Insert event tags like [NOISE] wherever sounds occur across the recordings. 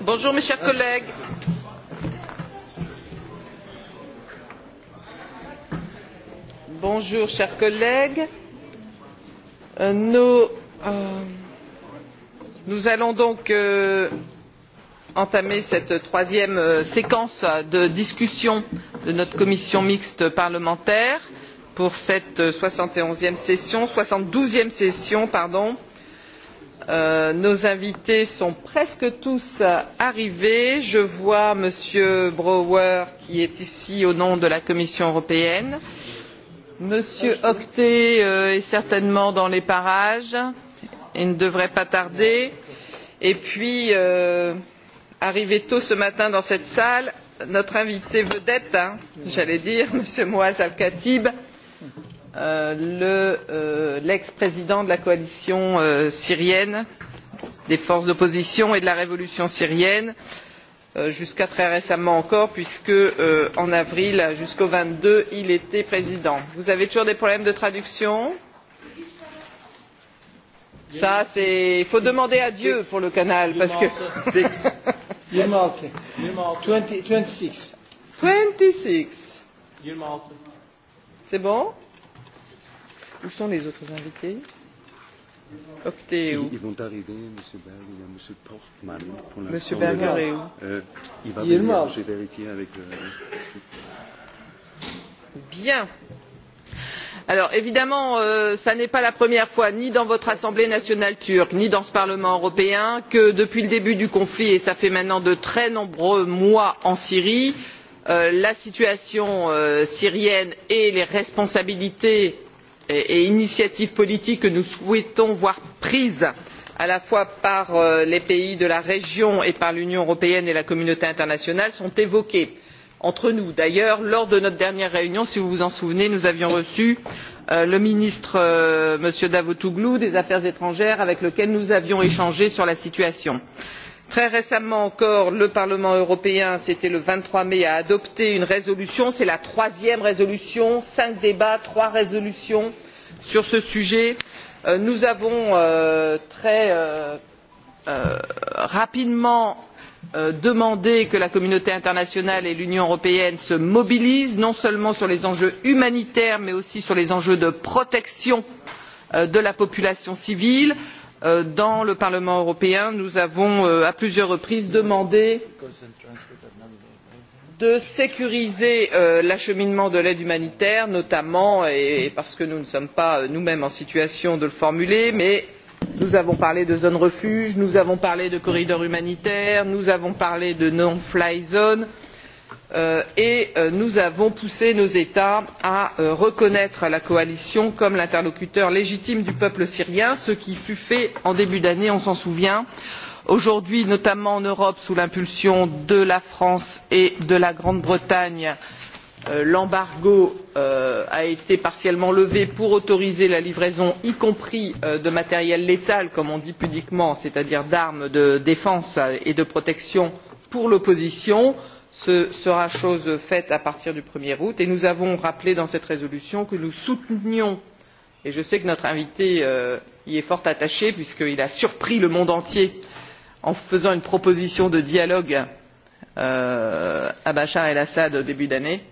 Bonjour mes chers collègues. Bonjour chers collègues. Euh, nous, euh, nous allons donc euh, entamer cette troisième euh, séquence de discussion de notre commission mixte parlementaire pour cette euh, soixante et onzième session soixante douzième session pardon Euh, nos invités sont presque tous arrivés. Je vois M. Brouwer qui est ici au nom de la Commission européenne. M. Octet euh, est certainement dans les parages. Il ne devrait pas tarder. Et puis, euh, arrivé tôt ce matin dans cette salle, notre invité vedette, j'allais dire, [LAUGHS] M. Moaz Al-Khatib, Euh, euh, l'ex-président de la coalition euh, syrienne des forces d'opposition et de la révolution syrienne jusqu'à très récemment encore puisque en avril jusqu'au vingt deux il était président. vous avez toujours des problèmes de traduction? Ça, c'est. Il faut demander à Dieu pour le canal, parce que. 26. 26. [LAUGHS] C'est bon Où sont les autres invités ils, vont arriver, M. Berg, il y a M. Portman pour l'instant. M. Berger est où euh, Il va il venir, j'ai vérifié avec Euh... Bien. Alors évidemment, euh, ce n'est pas la première fois, ni dans votre Assemblée nationale turque, ni dans ce Parlement européen, que depuis le début du conflit, et cela fait maintenant de très nombreux mois en Syrie, euh, la situation euh, syrienne et les responsabilités et initiatives politiques que nous souhaitons voir prises à la fois par euh, les pays de la région et par l'union européenne et la communauté internationale sont évoquées entre nous. d'ailleurs lors de notre dernière réunion si vous vous en souvenez nous avions reçu euh, le ministre euh, m. davutolu des affaires étrangères avec lequel nous avions échangé sur la situation en très récemment encore le parlement européen c'était le vingt trois mai a adopté une résolution c'est la troisième résolution cinq débats trois résolutions sur ce sujet. Euh, nous avons euh, très euh, euh, rapidement euh, demandé que la communauté internationale et l'union européenne se mobilisent non seulement sur les enjeux humanitaires mais aussi sur les enjeux de protection euh, de la population civile. Euh, dans le Parlement européen, nous avons euh, à plusieurs reprises demandé de sécuriser euh, l'acheminement de l'aide humanitaire, notamment et parce que nous ne sommes pas nous mêmes en situation de le formuler, mais nous avons parlé de zones refuge, nous avons parlé de corridors humanitaires, nous avons parlé de non fly zones Euh, et euh, nous avons poussé nos états à euh, reconnaître la coalition comme l'interlocuteur légitime du peuple syrien ce qui fut fait en début d'année on s'en souvient. aujourd'hui notamment en europe sous l'impulsion de la france et de la grande bretagne l'embargo a été partiellement levé pour autoriser la livraison y compris de matériel létal comme on dit pudiquement c'est à dire d'armes de défense et de protection pour l'opposition. nous ce sera chose faite à partir du un er août et nous avons rappelé dans cette résolution que nous soutenions et je sais que notre invité euh, y est fort attaché puisqu'il a surpris le monde entier en faisant une proposition de dialogue euh, à Bachar el-Assad au début d'année.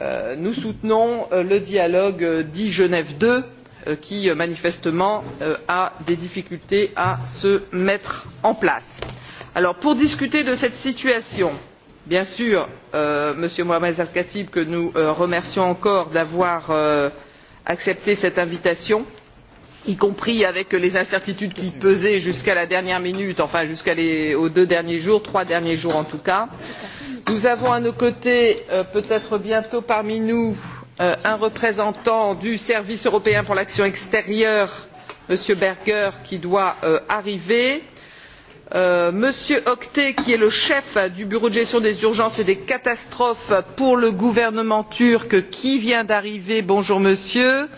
Euh, nous soutenons euh, le dialogue euh, dit Genève II euh, qui manifestement a des difficultés à se mettre en place. Alors pour discuter de cette situation, bien sûr euh, Monsieur Mohamed Al Khatib que nous euh, remercions encore d'avoir euh, accepté cette invitation, y compris avec les incertitudes qui pesaient jusqu'à la dernière minute, enfin jusqu'aux deux derniers jours, trois derniers jours en tout cas. Nous avons à nos côtés, euh, peut-être bientôt parmi nous, euh, un représentant du service européen pour l'action extérieure, monsieur Berger, qui doit euh, arriver. Euh, Euh, monsieur Octet, qui est le chef du bureau de gestion des urgences et des catastrophes pour le gouvernement turc, qui vient d'arriver. Bonjour, monsieur.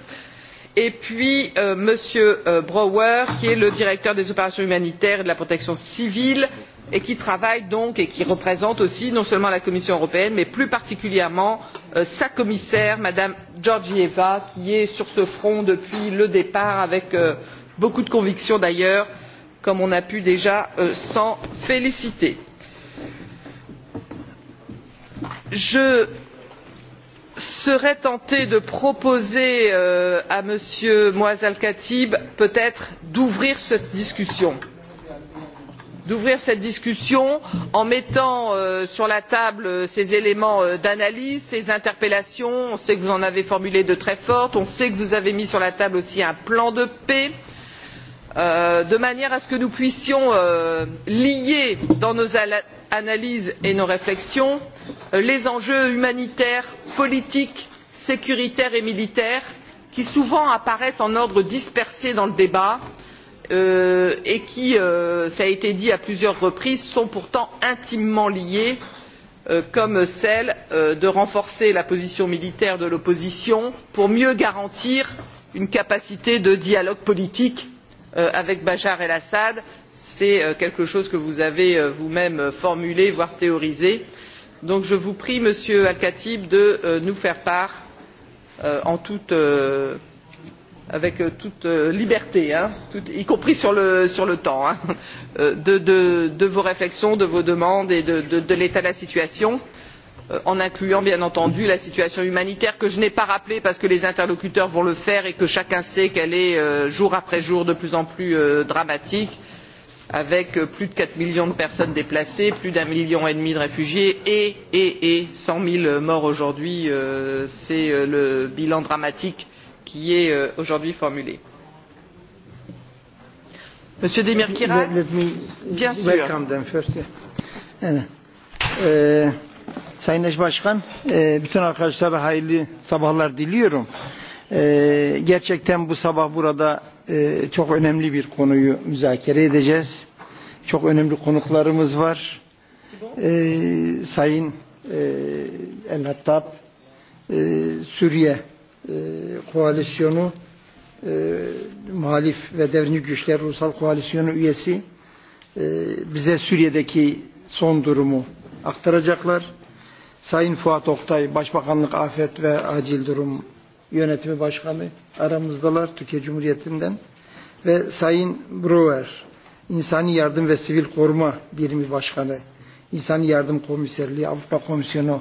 Et puis euh, Monsieur euh, Brouwer, qui est le directeur des opérations humanitaires et de la protection civile, et qui travaille donc et qui représente aussi non seulement la Commission européenne, mais plus particulièrement sa commissaire, Madame Georgieva, qui est sur ce front depuis le départ avec beaucoup de conviction d'ailleurs comme on a pu déjà euh, s'en féliciter. Je serais tentée de proposer euh, à M. Moaz Al-Khatib peut-être d'ouvrir cette discussion d'ouvrir cette discussion en mettant euh, sur la table euh, ces éléments euh, d'analyse, ces interpellations. On sait que vous en avez formulé de très fortes. On sait que vous avez mis sur la table aussi un plan de paix. Euh, Euh, de manière à ce que nous puissions euh, lier dans nos analyses et nos réflexions euh, les enjeux humanitaires politiques sécuritaires et militaires qui souvent apparaissent en ordre dispersé dans le débat et qui cela a été dit à plusieurs reprises sont pourtant intimement liés comme celle de renforcer la position militaire de l'opposition pour mieux garantir une capacité de dialogue politique Euh, avec Bachar el Assad, c'est euh, quelque chose que vous avez euh, vous même formulé, voire théorisé. Donc je vous prie, Monsieur Al Khatib, de nous faire part en toute avec toute liberté, hein, tout, y compris sur le, sur le temps, hein, de, de, de vos réflexions, de vos demandes et de, de, de l'état de la situation. Euh, en incluant bien entendu la situation humanitaire que je n'ai pas rappelée parce que les interlocuteurs vont le faire et que chacun sait qu'elle est euh, jour après jour de plus en plus euh, dramatique avec plus de quatre millions de personnes déplacées, plus d'un million et demi de réfugiés et, cent et morts aujourd'hui. C'est le bilan dramatique qui est aujourd'hui formulé. Monsieur Demirkiran, bien sûr. Sayın Eş Başkan, e, bütün arkadaşlara hayırlı sabahlar diliyorum. E, gerçekten bu sabah burada e, çok önemli bir konuyu müzakere edeceğiz. Çok önemli konuklarımız var. Sayın El Hattab, Suriye koalisyonu, muhalif ve devrimci güçler ulusal koalisyonu üyesi bize Suriye'deki son durumu aktaracaklar. Sayın Fuat Oktay, Başbakanlık Afet ve Acil Durum Yönetimi Başkanı aramızdalar Türkiye Cumhuriyeti'nden ve Sayın Brewer, İnsani Yardım ve Sivil Koruma Birimi Başkanı, İnsani Yardım Komiserliği Avrupa Komisyonu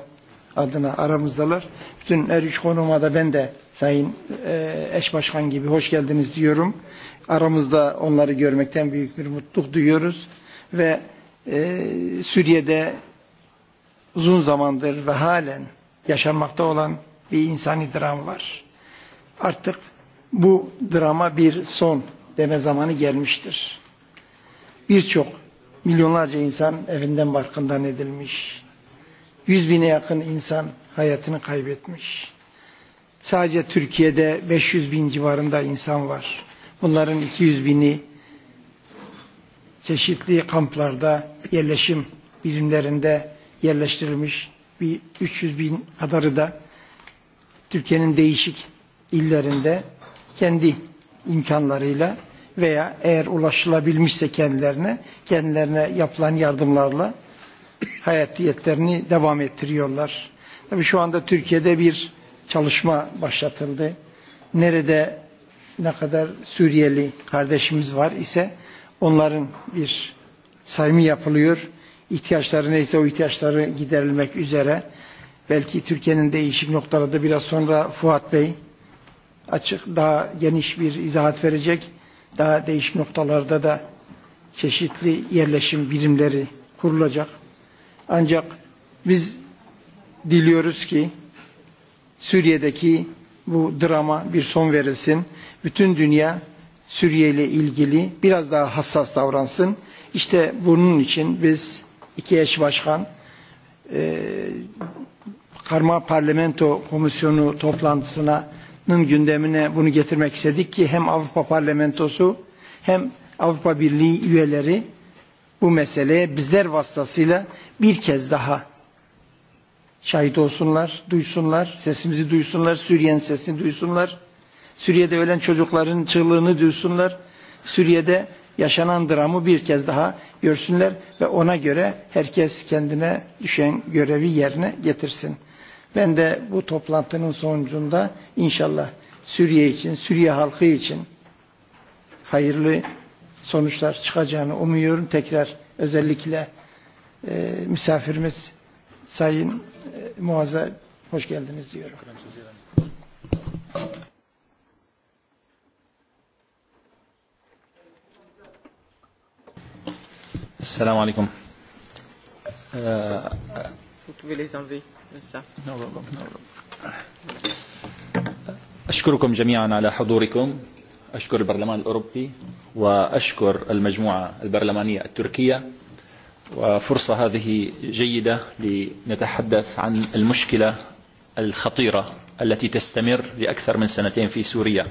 adına aramızdalar. Bütün her üç konuma da ben de Sayın e, Eş Başkan gibi hoş geldiniz diyorum. Aramızda onları görmekten büyük bir mutluluk duyuyoruz ve e, Suriye'de uzun zamandır ve halen yaşanmakta olan bir insani dram var. Artık bu drama bir son deme zamanı gelmiştir. Birçok milyonlarca insan evinden barkından edilmiş. Yüz bine yakın insan hayatını kaybetmiş. Sadece Türkiye'de 500 bin civarında insan var. Bunların 200 bini çeşitli kamplarda, yerleşim birimlerinde yerleştirilmiş bir 300 bin kadarı da Türkiye'nin değişik illerinde kendi imkanlarıyla veya eğer ulaşılabilmişse kendilerine, kendilerine yapılan yardımlarla hayatiyetlerini devam ettiriyorlar. Tabii şu anda Türkiye'de bir çalışma başlatıldı. Nerede ne kadar Suriyeli kardeşimiz var ise onların bir sayımı yapılıyor ihtiyaçları neyse o ihtiyaçları giderilmek üzere. Belki Türkiye'nin değişik noktalarda biraz sonra Fuat Bey açık daha geniş bir izahat verecek. Daha değişik noktalarda da çeşitli yerleşim birimleri kurulacak. Ancak biz diliyoruz ki Suriye'deki bu drama bir son verilsin. Bütün dünya Suriye ile ilgili biraz daha hassas davransın. İşte bunun için biz iki eş başkan, e, Karma Parlamento Komisyonu toplantısının gündemine bunu getirmek istedik ki hem Avrupa Parlamentosu hem Avrupa Birliği üyeleri bu meseleye bizler vasıtasıyla bir kez daha şahit olsunlar, duysunlar, sesimizi duysunlar, Suriye'nin sesini duysunlar, Suriye'de ölen çocukların çığlığını duysunlar, Suriye'de yaşanan dramı bir kez daha görsünler ve ona göre herkes kendine düşen görevi yerine getirsin. Ben de bu toplantının sonucunda inşallah Suriye için, Suriye halkı için hayırlı sonuçlar çıkacağını umuyorum. Tekrar özellikle e, misafirimiz Sayın e, Muazza hoş geldiniz diyorum. Assalamu alaikum. Uh, Vous pouvez les enlever, ça. Non, non, non. أشكركم جميعا على حضوركم أشكر البرلمان الأوروبي وأشكر المجموعة البرلمانية التركية وفرصة هذه جيدة لنتحدث عن المشكلة الخطيرة التي تستمر لأكثر من سنتين في سوريا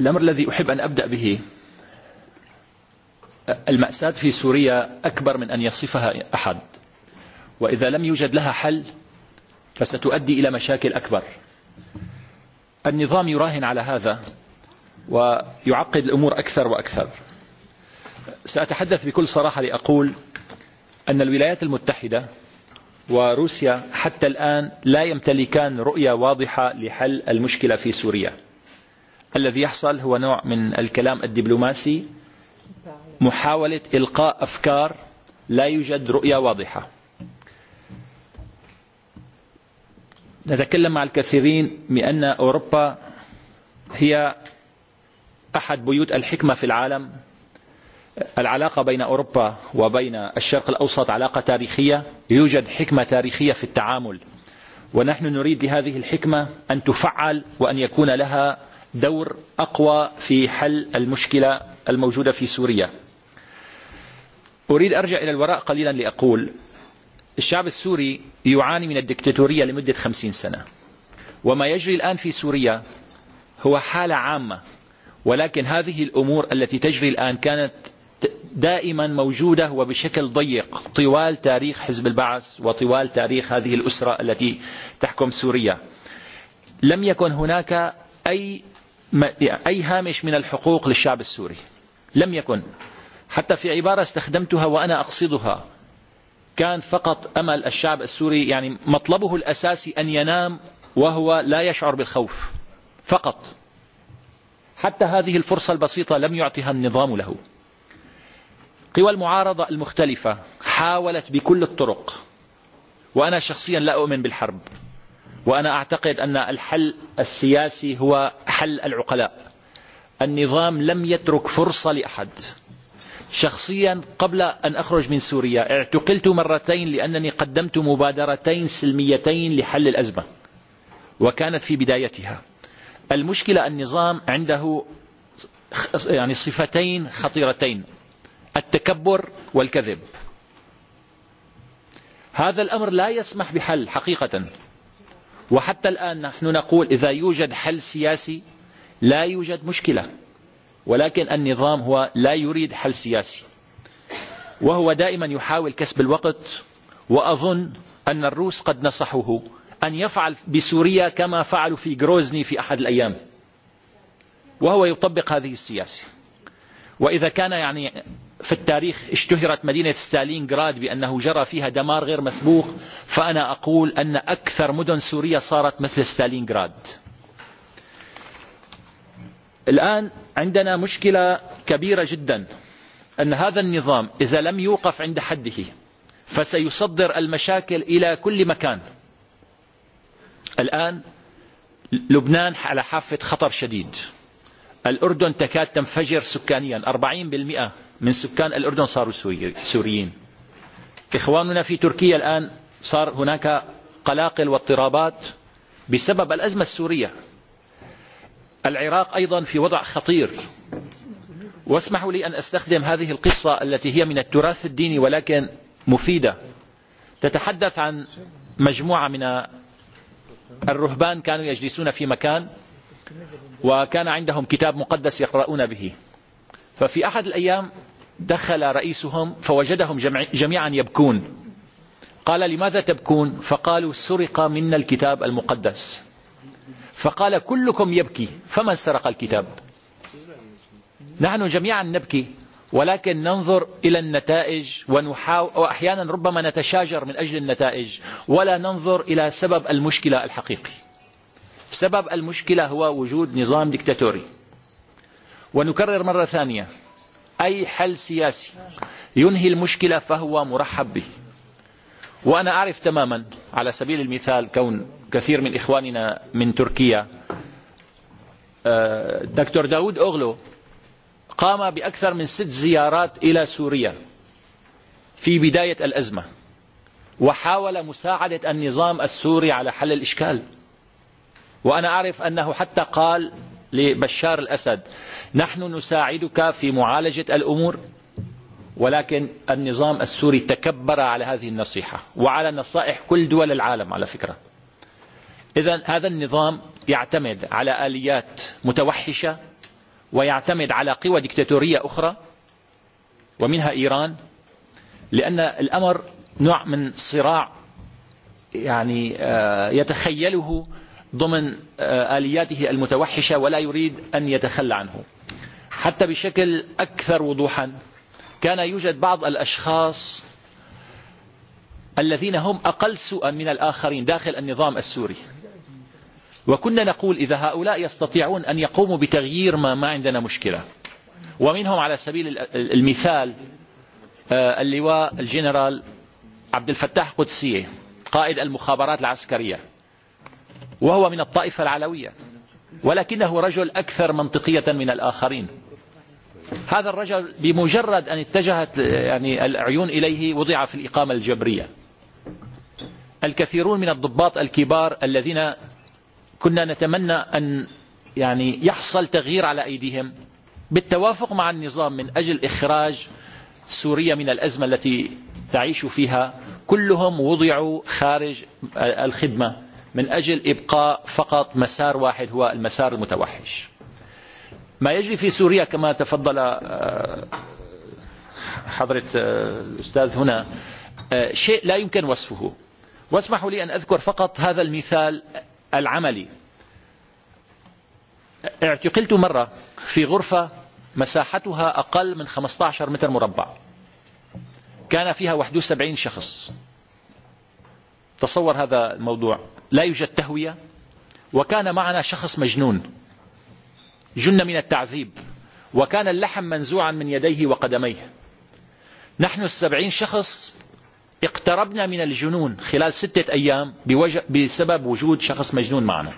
الأمر الذي أحب أن أبدأ به المأساة في سوريا أكبر من أن يصفها أحد وإذا لم يوجد لها حل فستؤدي إلى مشاكل أكبر النظام يراهن على هذا ويعقد الأمور أكثر وأكثر سأتحدث بكل صراحة لأقول أن الولايات المتحدة وروسيا حتى الآن لا يمتلكان رؤية واضحة لحل المشكلة في سوريا الذي يحصل هو نوع من الكلام الدبلوماسي محاولة إلقاء أفكار لا يوجد رؤية واضحة نتكلم مع الكثيرين بأن أوروبا هي أحد بيوت الحكمة في العالم العلاقة بين أوروبا وبين الشرق الأوسط علاقة تاريخية يوجد حكمة تاريخية في التعامل ونحن نريد لهذه الحكمة أن تفعل وأن يكون لها دور أقوى في حل المشكلة الموجودة في سوريا أريد أرجع إلى الوراء قليلا لأقول الشعب السوري يعاني من الدكتاتورية لمدة خمسين سنة وما يجري الآن في سوريا هو حالة عامة ولكن هذه الأمور التي تجري الآن كانت دائما موجودة وبشكل ضيق طوال تاريخ حزب البعث وطوال تاريخ هذه الأسرة التي تحكم سوريا لم يكن هناك أي أي هامش من الحقوق للشعب السوري لم يكن حتى في عبارة استخدمتها وأنا أقصدها كان فقط أمل الشعب السوري يعني مطلبه الأساسي أن ينام وهو لا يشعر بالخوف فقط حتى هذه الفرصة البسيطة لم يعطها النظام له قوى المعارضة المختلفة حاولت بكل الطرق وأنا شخصيا لا أؤمن بالحرب وأنا أعتقد أن الحل السياسي هو حل العقلاء النظام لم يترك فرصة لأحد شخصيا قبل أن أخرج من سوريا اعتقلت مرتين لأنني قدمت مبادرتين سلميتين لحل الأزمة وكانت في بدايتها المشكلة النظام عنده يعني صفتين خطيرتين التكبر والكذب هذا الأمر لا يسمح بحل حقيقة وحتى الآن نحن نقول إذا يوجد حل سياسي لا يوجد مشكلة ولكن النظام هو لا يريد حل سياسي وهو دائما يحاول كسب الوقت وأظن أن الروس قد نصحوه أن يفعل بسوريا كما فعلوا في جروزني في أحد الأيام وهو يطبق هذه السياسة وإذا كان يعني في التاريخ اشتهرت مدينة ستالين جراد بأنه جرى فيها دمار غير مسبوق فأنا أقول أن أكثر مدن سورية صارت مثل ستالين جراد الآن عندنا مشكلة كبيرة جدا أن هذا النظام إذا لم يوقف عند حده فسيصدر المشاكل إلى كل مكان الآن لبنان على حافة خطر شديد الأردن تكاد تنفجر سكانيا 40% من سكان الأردن صاروا سوريين إخواننا في تركيا الآن صار هناك قلاقل واضطرابات بسبب الأزمة السورية العراق أيضا في وضع خطير واسمحوا لي أن أستخدم هذه القصة التي هي من التراث الديني ولكن مفيدة تتحدث عن مجموعة من الرهبان كانوا يجلسون في مكان وكان عندهم كتاب مقدس يقرؤون به ففي أحد الأيام دخل رئيسهم فوجدهم جميعا يبكون قال لماذا تبكون فقالوا سرق منا الكتاب المقدس فقال كلكم يبكي فمن سرق الكتاب نحن جميعا نبكي ولكن ننظر إلى النتائج وأحيانا ربما نتشاجر من أجل النتائج ولا ننظر إلى سبب المشكلة الحقيقي سبب المشكلة هو وجود نظام ديكتاتوري ونكرر مرة ثانية أي حل سياسي ينهي المشكلة فهو مرحب به وأنا أعرف تماما على سبيل المثال كون كثير من إخواننا من تركيا دكتور داود أغلو قام بأكثر من ست زيارات إلى سوريا في بداية الأزمة وحاول مساعدة النظام السوري على حل الإشكال وأنا أعرف أنه حتى قال لبشار الأسد نحن نساعدك في معالجة الأمور ولكن النظام السوري تكبر على هذه النصيحة وعلى نصائح كل دول العالم على فكرة إذا هذا النظام يعتمد على آليات متوحشة ويعتمد على قوى ديكتاتورية أخرى ومنها إيران لأن الأمر نوع من صراع يعني يتخيله ضمن آلياته المتوحشة ولا يريد أن يتخلى عنه حتى بشكل أكثر وضوحا كان يوجد بعض الأشخاص الذين هم أقل سوءا من الآخرين داخل النظام السوري وكنا نقول إذا هؤلاء يستطيعون أن يقوموا بتغيير ما, ما عندنا مشكلة ومنهم على سبيل المثال اللواء الجنرال عبد الفتاح قدسية قائد المخابرات العسكرية وهو من الطائفة العلوية ولكنه رجل أكثر منطقية من الآخرين هذا الرجل بمجرد أن اتجهت يعني العيون إليه وضع في الإقامة الجبرية الكثيرون من الضباط الكبار الذين كنا نتمنى أن يعني يحصل تغيير على أيديهم بالتوافق مع النظام من أجل إخراج سوريا من الأزمة التي تعيش فيها كلهم وضعوا خارج الخدمة من أجل إبقاء فقط مسار واحد هو المسار المتوحش ما يجري في سوريا كما تفضل حضرة الأستاذ هنا شيء لا يمكن وصفه واسمحوا لي أن أذكر فقط هذا المثال العملي اعتقلت مرة في غرفة مساحتها أقل من 15 متر مربع كان فيها 71 شخص تصور هذا الموضوع لا يوجد تهوية وكان معنا شخص مجنون جن من التعذيب وكان اللحم منزوعا من يديه وقدميه نحن السبعين شخص اقتربنا من الجنون خلال ستة أيام بسبب وجود شخص مجنون معنا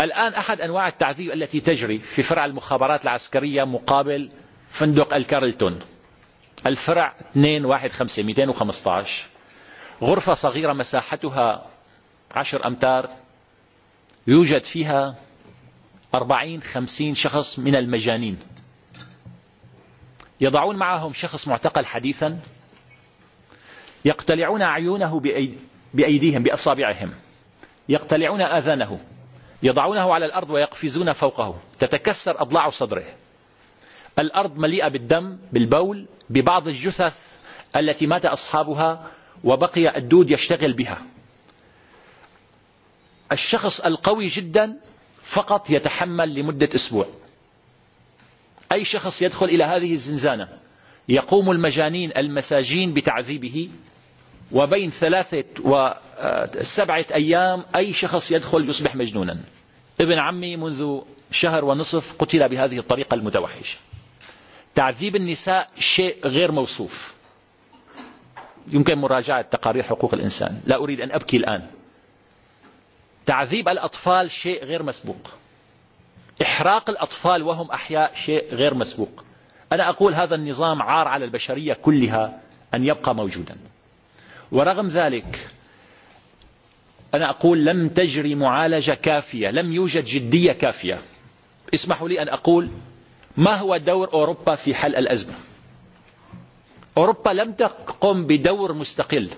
الآن أحد أنواع التعذيب التي تجري في فرع المخابرات العسكرية مقابل فندق الكارلتون الفرع 2-1-5-215 غرفة صغيرة مساحتها 10 أمتار يوجد فيها 40-50 شخص من المجانين يضعون معهم شخص معتقل حديثا يقتلعون عيونه بأيديهم بأصابعهم يقتلعون آذانه يضعونه على الأرض ويقفزون فوقه تتكسر أضلاع صدره الأرض مليئة بالدم بالبول ببعض الجثث التي مات أصحابها وبقي الدود يشتغل بها الشخص القوي جدا فقط يتحمل لمدة أسبوع أي شخص يدخل إلى هذه الزنزانة يقوم المجانين المساجين بتعذيبه وبين ثلاثة وسبعة أيام أي شخص يدخل يصبح مجنونا ابن عمي منذ شهر ونصف قتل بهذه الطريقة المتوحشة تعذيب النساء شيء غير موصوف يمكن مراجعة تقارير حقوق الإنسان لا أريد أن أبكي الآن تعذيب الأطفال شيء غير مسبوق إحراق الأطفال وهم أحياء شيء غير مسبوق أنا أقول هذا النظام عار على البشرية كلها أن يبقى موجوداً ورغم ذلك أنا أقول لم تجري معالجة كافية لم يوجد جدية كافية اسمحوا لي أن أقول ما هو دور أوروبا في حل الأزمة أوروبا لم تقم بدور مستقل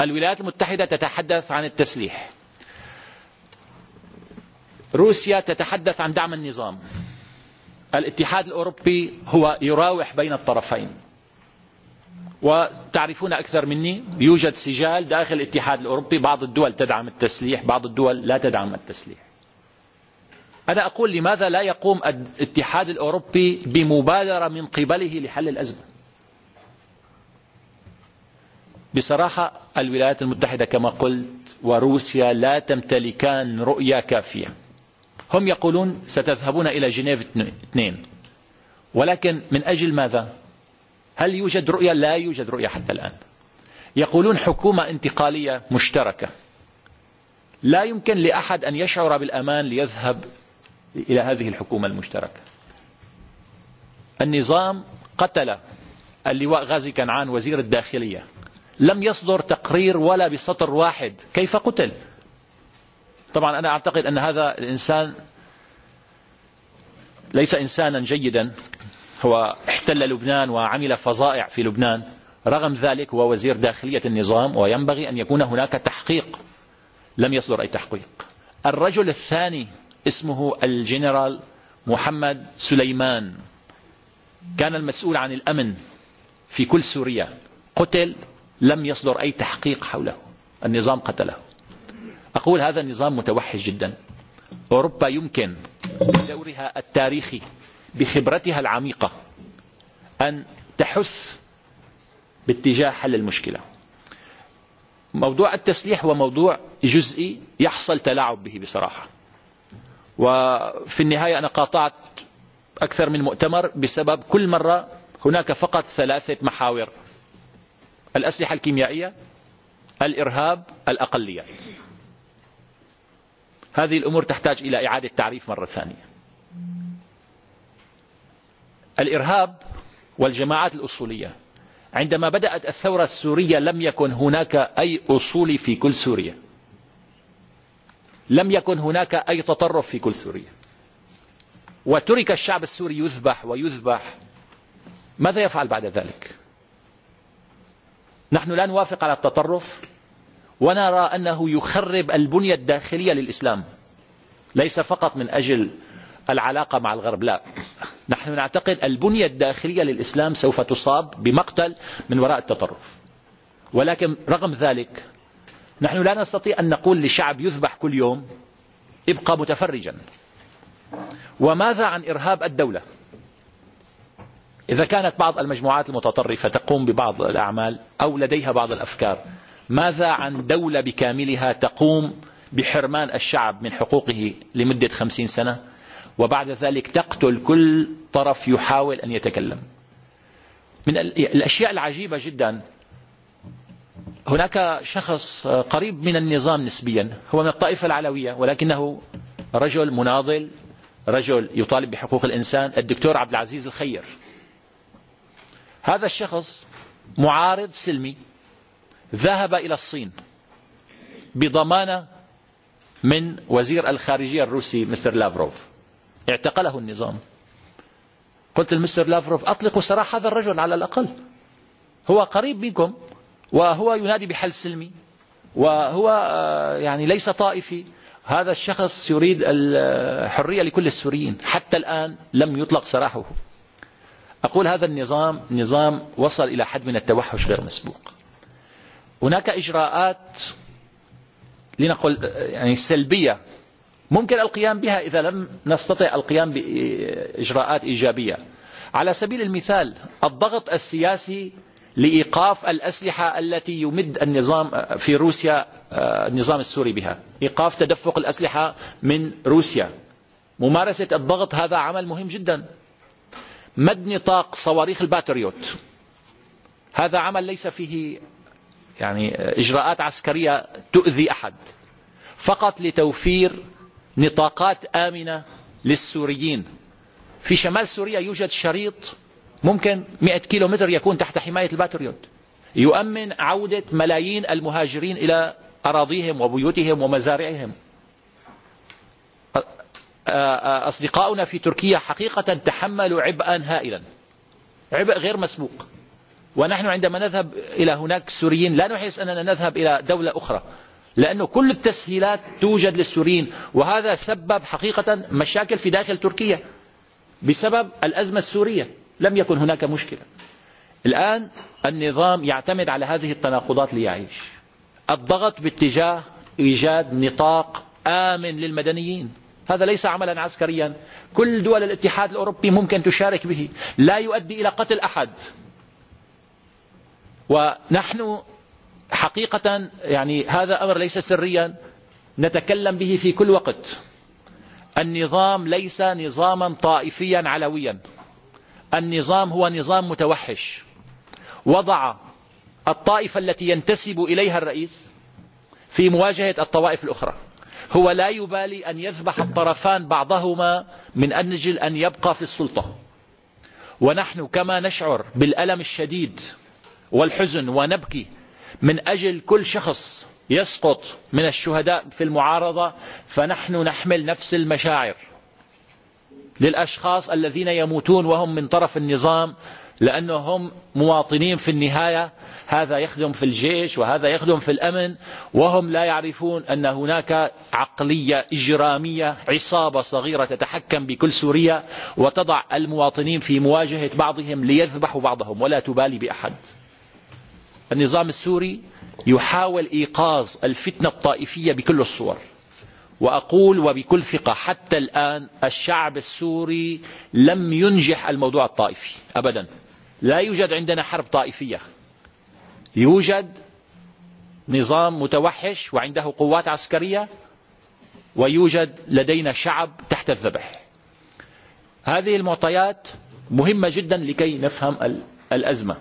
الولايات المتحدة تتحدث عن التسليح روسيا تتحدث عن دعم النظام الاتحاد الأوروبي هو يراوح بين الطرفين وتعرفون أكثر مني يوجد سجال داخل الاتحاد الأوروبي بعض الدول تدعم التسليح بعض الدول لا تدعم التسليح أنا أقول لماذا لا يقوم الاتحاد الأوروبي بمبادرة من قبله لحل الأزمة بصراحة الولايات المتحدة كما قلت وروسيا لا تمتلكان رؤية كافية هم يقولون ستذهبون إلى جنيف اثنين ولكن من أجل ماذا؟ هل يوجد رؤية لا يوجد رؤية حتى الآن يقولون حكومة انتقالية مشتركة لا يمكن لأحد أن يشعر بالأمان ليذهب إلى هذه الحكومة المشتركة النظام قتل اللواء غازي كنعان وزير الداخلية لم يصدر تقرير ولا بسطر واحد كيف قتل طبعا أنا أعتقد أن هذا الإنسان ليس إنسانا جيدا هو احتل لبنان وعمل فظائع في لبنان رغم ذلك هو وزير داخلية النظام وينبغي أن يكون هناك تحقيق لم يصدر أي تحقيق الرجل الثاني اسمه الجنرال محمد سليمان كان المسؤول عن الأمن في كل سوريا قتل لم يصدر أي تحقيق حوله النظام قتله أقول هذا النظام متوحش جدا أوروبا يمكن دورها التاريخي بخبرتها العميقة أن تحث باتجاه حل المشكلة موضوع التسليح هو موضوع جزئي يحصل تلاعب به بصراحة وفي النهاية أنا قاطعت أكثر من مؤتمر بسبب كل مرة هناك فقط ثلاثة محاور الأسلحة الكيميائية الإرهاب الأقليات هذه الأمور تحتاج إلى إعادة تعريف مرة ثانية الإرهاب والجماعات الأصولية عندما بدأت الثورة السورية لم يكن هناك أي أصول في كل سوريا لم يكن هناك أي تطرف في كل سوريا وترك الشعب السوري يذبح ويذبح ماذا يفعل بعد ذلك نحن لا نوافق على التطرف ونرى أنه يخرب البنية الداخلية للإسلام ليس فقط من أجل العلاقة مع الغرب لا نحن نعتقد البنية الداخلية للإسلام سوف تصاب بمقتل من وراء التطرف ولكن رغم ذلك نحن لا نستطيع أن نقول لشعب يذبح كل يوم ابقى متفرجا وماذا عن إرهاب الدولة إذا كانت بعض المجموعات المتطرفة تقوم ببعض الأعمال أو لديها بعض الأفكار ماذا عن دولة بكاملها تقوم بحرمان الشعب من حقوقه لمدة خمسين سنة وبعد ذلك تقتل كل طرف يحاول أن يتكلم من الأشياء العجيبة جدا هناك شخص قريب من النظام نسبيا هو من الطائفة العلوية ولكنه رجل مناضل رجل يطالب بحقوق الإنسان الدكتور عبد العزيز الخير هذا الشخص معارض سلمي ذهب إلى الصين بضمانة من وزير الخارجية الروسي مستر لافروف اعتقله النظام قلت المستر لافروف أطلقوا سراح هذا الرجل على الأقل هو قريب منكم وهو ينادي بحل سلمي وهو يعني ليس طائفي هذا الشخص يريد الحرية لكل السوريين حتى الآن لم يطلق سراحه أقول هذا النظام نظام وصل إلى حد من التوحش غير مسبوق هناك إجراءات لنقول يعني سلبية ممكن القيام بها إذا لم نستطع القيام بإجراءات إيجابية على سبيل المثال الضغط السياسي لإيقاف الأسلحة التي يمد النظام في روسيا النظام السوري بها إيقاف تدفق الأسلحة من روسيا ممارسة الضغط هذا عمل مهم جدا مد نطاق صواريخ الباتريوت هذا عمل ليس فيه يعني إجراءات عسكرية تؤذي أحد فقط لتوفير نطاقات آمنة للسوريين في شمال سوريا يوجد شريط ممكن 100 متر يكون تحت حماية الباتريوت يؤمن عودة ملايين المهاجرين إلى أراضيهم وبيوتهم ومزارعهم أصدقاؤنا في تركيا حقيقة تحملوا عبئا هائلا عبء غير مسبوق ونحن عندما نذهب إلى هناك سوريين لا نحس أننا نذهب إلى دولة أخرى لأن كل التسهيلات توجد للسوريين وهذا سبب حقيقة مشاكل في داخل تركيا بسبب الأزمة السورية لم يكن هناك مشكلة الآن النظام يعتمد على هذه التناقضات ليعيش الضغط باتجاه إيجاد نطاق آمن للمدنيين هذا ليس عملا عسكريا كل دول الاتحاد الأوروبي ممكن تشارك به لا يؤدي إلى قتل أحد ونحن حقيقة يعني هذا أمر ليس سريا نتكلم به في كل وقت النظام ليس نظاما طائفيا علويا النظام هو نظام متوحش وضع الطائفة التي ينتسب إليها الرئيس في مواجهة الطوائف الأخرى هو لا يبالي أن يذبح الطرفان بعضهما من أنجل أن يبقى في السلطة ونحن كما نشعر بالألم الشديد والحزن ونبكي من أجل كل شخص يسقط من الشهداء في المعارضة فنحن نحمل نفس المشاعر للأشخاص الذين يموتون وهم من طرف النظام لأنهم مواطنين في النهاية هذا يخدم في الجيش وهذا يخدم في الأمن وهم لا يعرفون أن هناك عقلية إجرامية عصابة صغيرة تتحكم بكل سوريا وتضع المواطنين في مواجهة بعضهم ليذبحوا بعضهم ولا تبالي بأحد النظام السوري يحاول إيقاظ الفتنة الطائفية بكل الصور وأقول وبكل ثقة حتى الآن الشعب السوري لم ينجح الموضوع الطائفي أبدا لا يوجد عندنا حرب طائفية يوجد نظام متوحش وعنده قوات عسكرية ويوجد لدينا شعب تحت الذبح هذه المعطيات مهمة جدا لكي نفهم الأزمة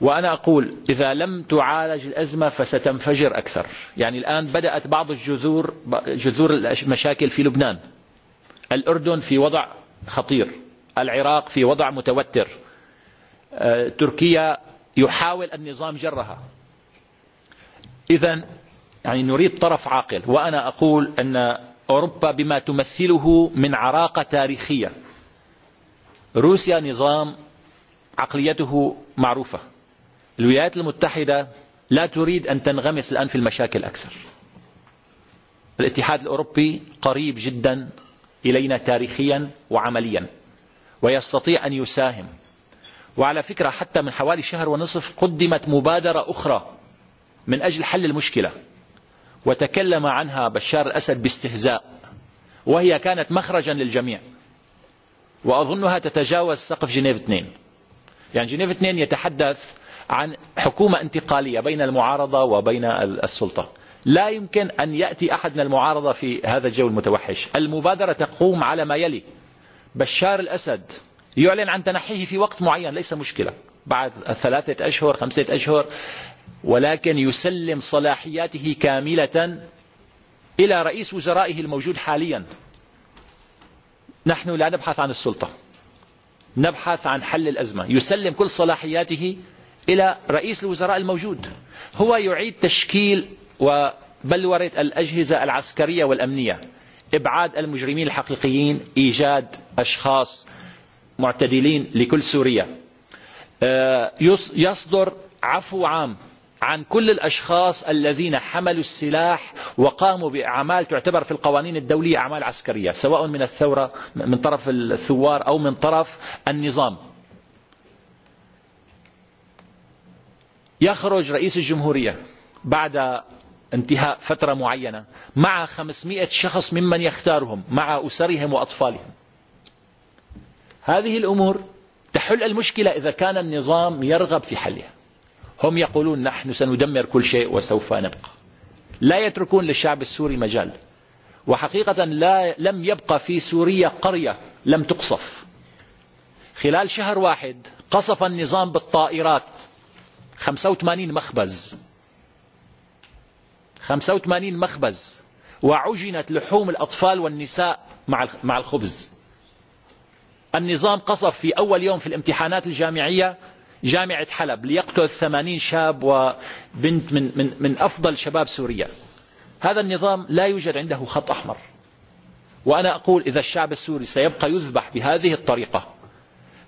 وأنا أقول إذا لم تعالج الأزمة فستنفجر أكثر يعني الآن بدأت بعض الجذور جذور المشاكل في لبنان الأردن في وضع خطير العراق في وضع متوتر تركيا يحاول النظام جرها إذا يعني نريد طرف عاقل وأنا أقول أن أوروبا بما تمثله من عراقة تاريخية روسيا نظام عقليته معروفة الولايات المتحدة لا تريد أن تنغمس الآن في المشاكل أكثر الاتحاد الأوروبي قريب جدا إلينا تاريخيا وعمليا ويستطيع أن يساهم وعلى فكرة حتى من حوالي شهر ونصف قدمت مبادرة أخرى من أجل حل المشكلة وتكلم عنها بشار الأسد باستهزاء وهي كانت مخرجا للجميع وأظنها تتجاوز سقف جنيف 2 يعني جنيف 2 يتحدث عن حكومة انتقالية بين المعارضة وبين السلطة لا يمكن أن يأتي أحد من المعارضة في هذا الجو المتوحش المبادرة تقوم على ما يلي بشار الأسد يعلن عن تنحيه في وقت معين ليس مشكلة بعد ثلاثة أشهر خمسة أشهر ولكن يسلم صلاحياته كاملة إلى رئيس وزرائه الموجود حاليا نحن لا نبحث عن السلطة نبحث عن حل الأزمة يسلم كل صلاحياته إلى رئيس الوزراء الموجود هو يعيد تشكيل وبلورة الأجهزة العسكرية والأمنية إبعاد المجرمين الحقيقيين إيجاد أشخاص معتدلين لكل سوريا يصدر عفو عام عن كل الأشخاص الذين حملوا السلاح وقاموا بأعمال تعتبر في القوانين الدولية أعمال عسكرية سواء من الثورة من طرف الثوار أو من طرف النظام يخرج رئيس الجمهورية بعد انتهاء فترة معينة مع 500 شخص ممن يختارهم مع أسرهم وأطفالهم هذه الأمور تحل المشكلة إذا كان النظام يرغب في حلها هم يقولون نحن سندمر كل شيء وسوف نبقى لا يتركون للشعب السوري مجال وحقيقة لا لم يبقى في سوريا قرية لم تقصف خلال شهر واحد قصف النظام بالطائرات 85 مخبز 85 مخبز وعجنت لحوم الأطفال والنساء مع الخبز النظام قصف في أول يوم في الامتحانات الجامعية جامعة حلب ليقتل 80 شاب وبنت من, من, من أفضل شباب سوريا هذا النظام لا يوجد عنده خط أحمر وأنا أقول إذا الشعب السوري سيبقى يذبح بهذه الطريقة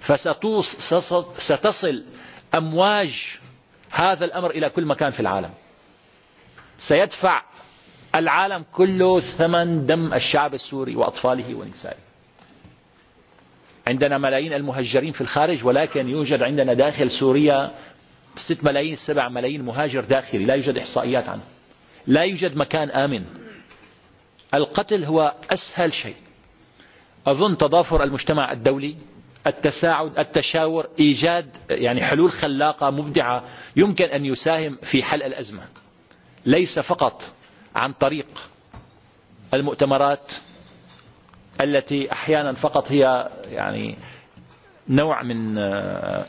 فستصل أمواج هذا الأمر إلى كل مكان في العالم سيدفع العالم كله ثمن دم الشعب السوري وأطفاله ونسائه عندنا ملايين المهجرين في الخارج ولكن يوجد عندنا داخل سوريا 6 ملايين 7 ملايين مهاجر داخلي لا يوجد إحصائيات عنه لا يوجد مكان آمن القتل هو أسهل شيء أظن تضافر المجتمع الدولي التساعد التشاور إيجاد يعني حلول خلاقة مبدعة يمكن أن يساهم في حل الأزمة ليس فقط عن طريق المؤتمرات التي أحيانا فقط هي يعني نوع من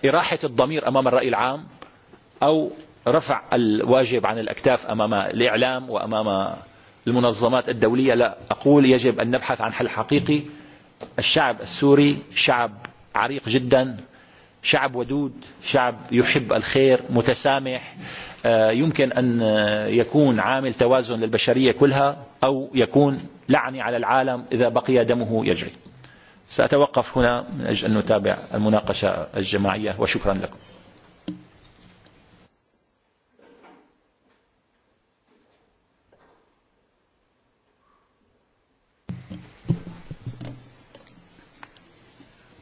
إراحة الضمير أمام الرأي العام أو رفع الواجب عن الأكتاف أمام الإعلام وأمام المنظمات الدولية لا أقول يجب أن نبحث عن حل حقيقي الشعب السوري شعب عريق جدا شعب ودود شعب يحب الخير متسامح يمكن أن يكون عامل توازن للبشرية كلها أو يكون لعني على العالم إذا بقي دمه يجري سأتوقف هنا من أجل أن نتابع المناقشة الجماعية وشكرا لكم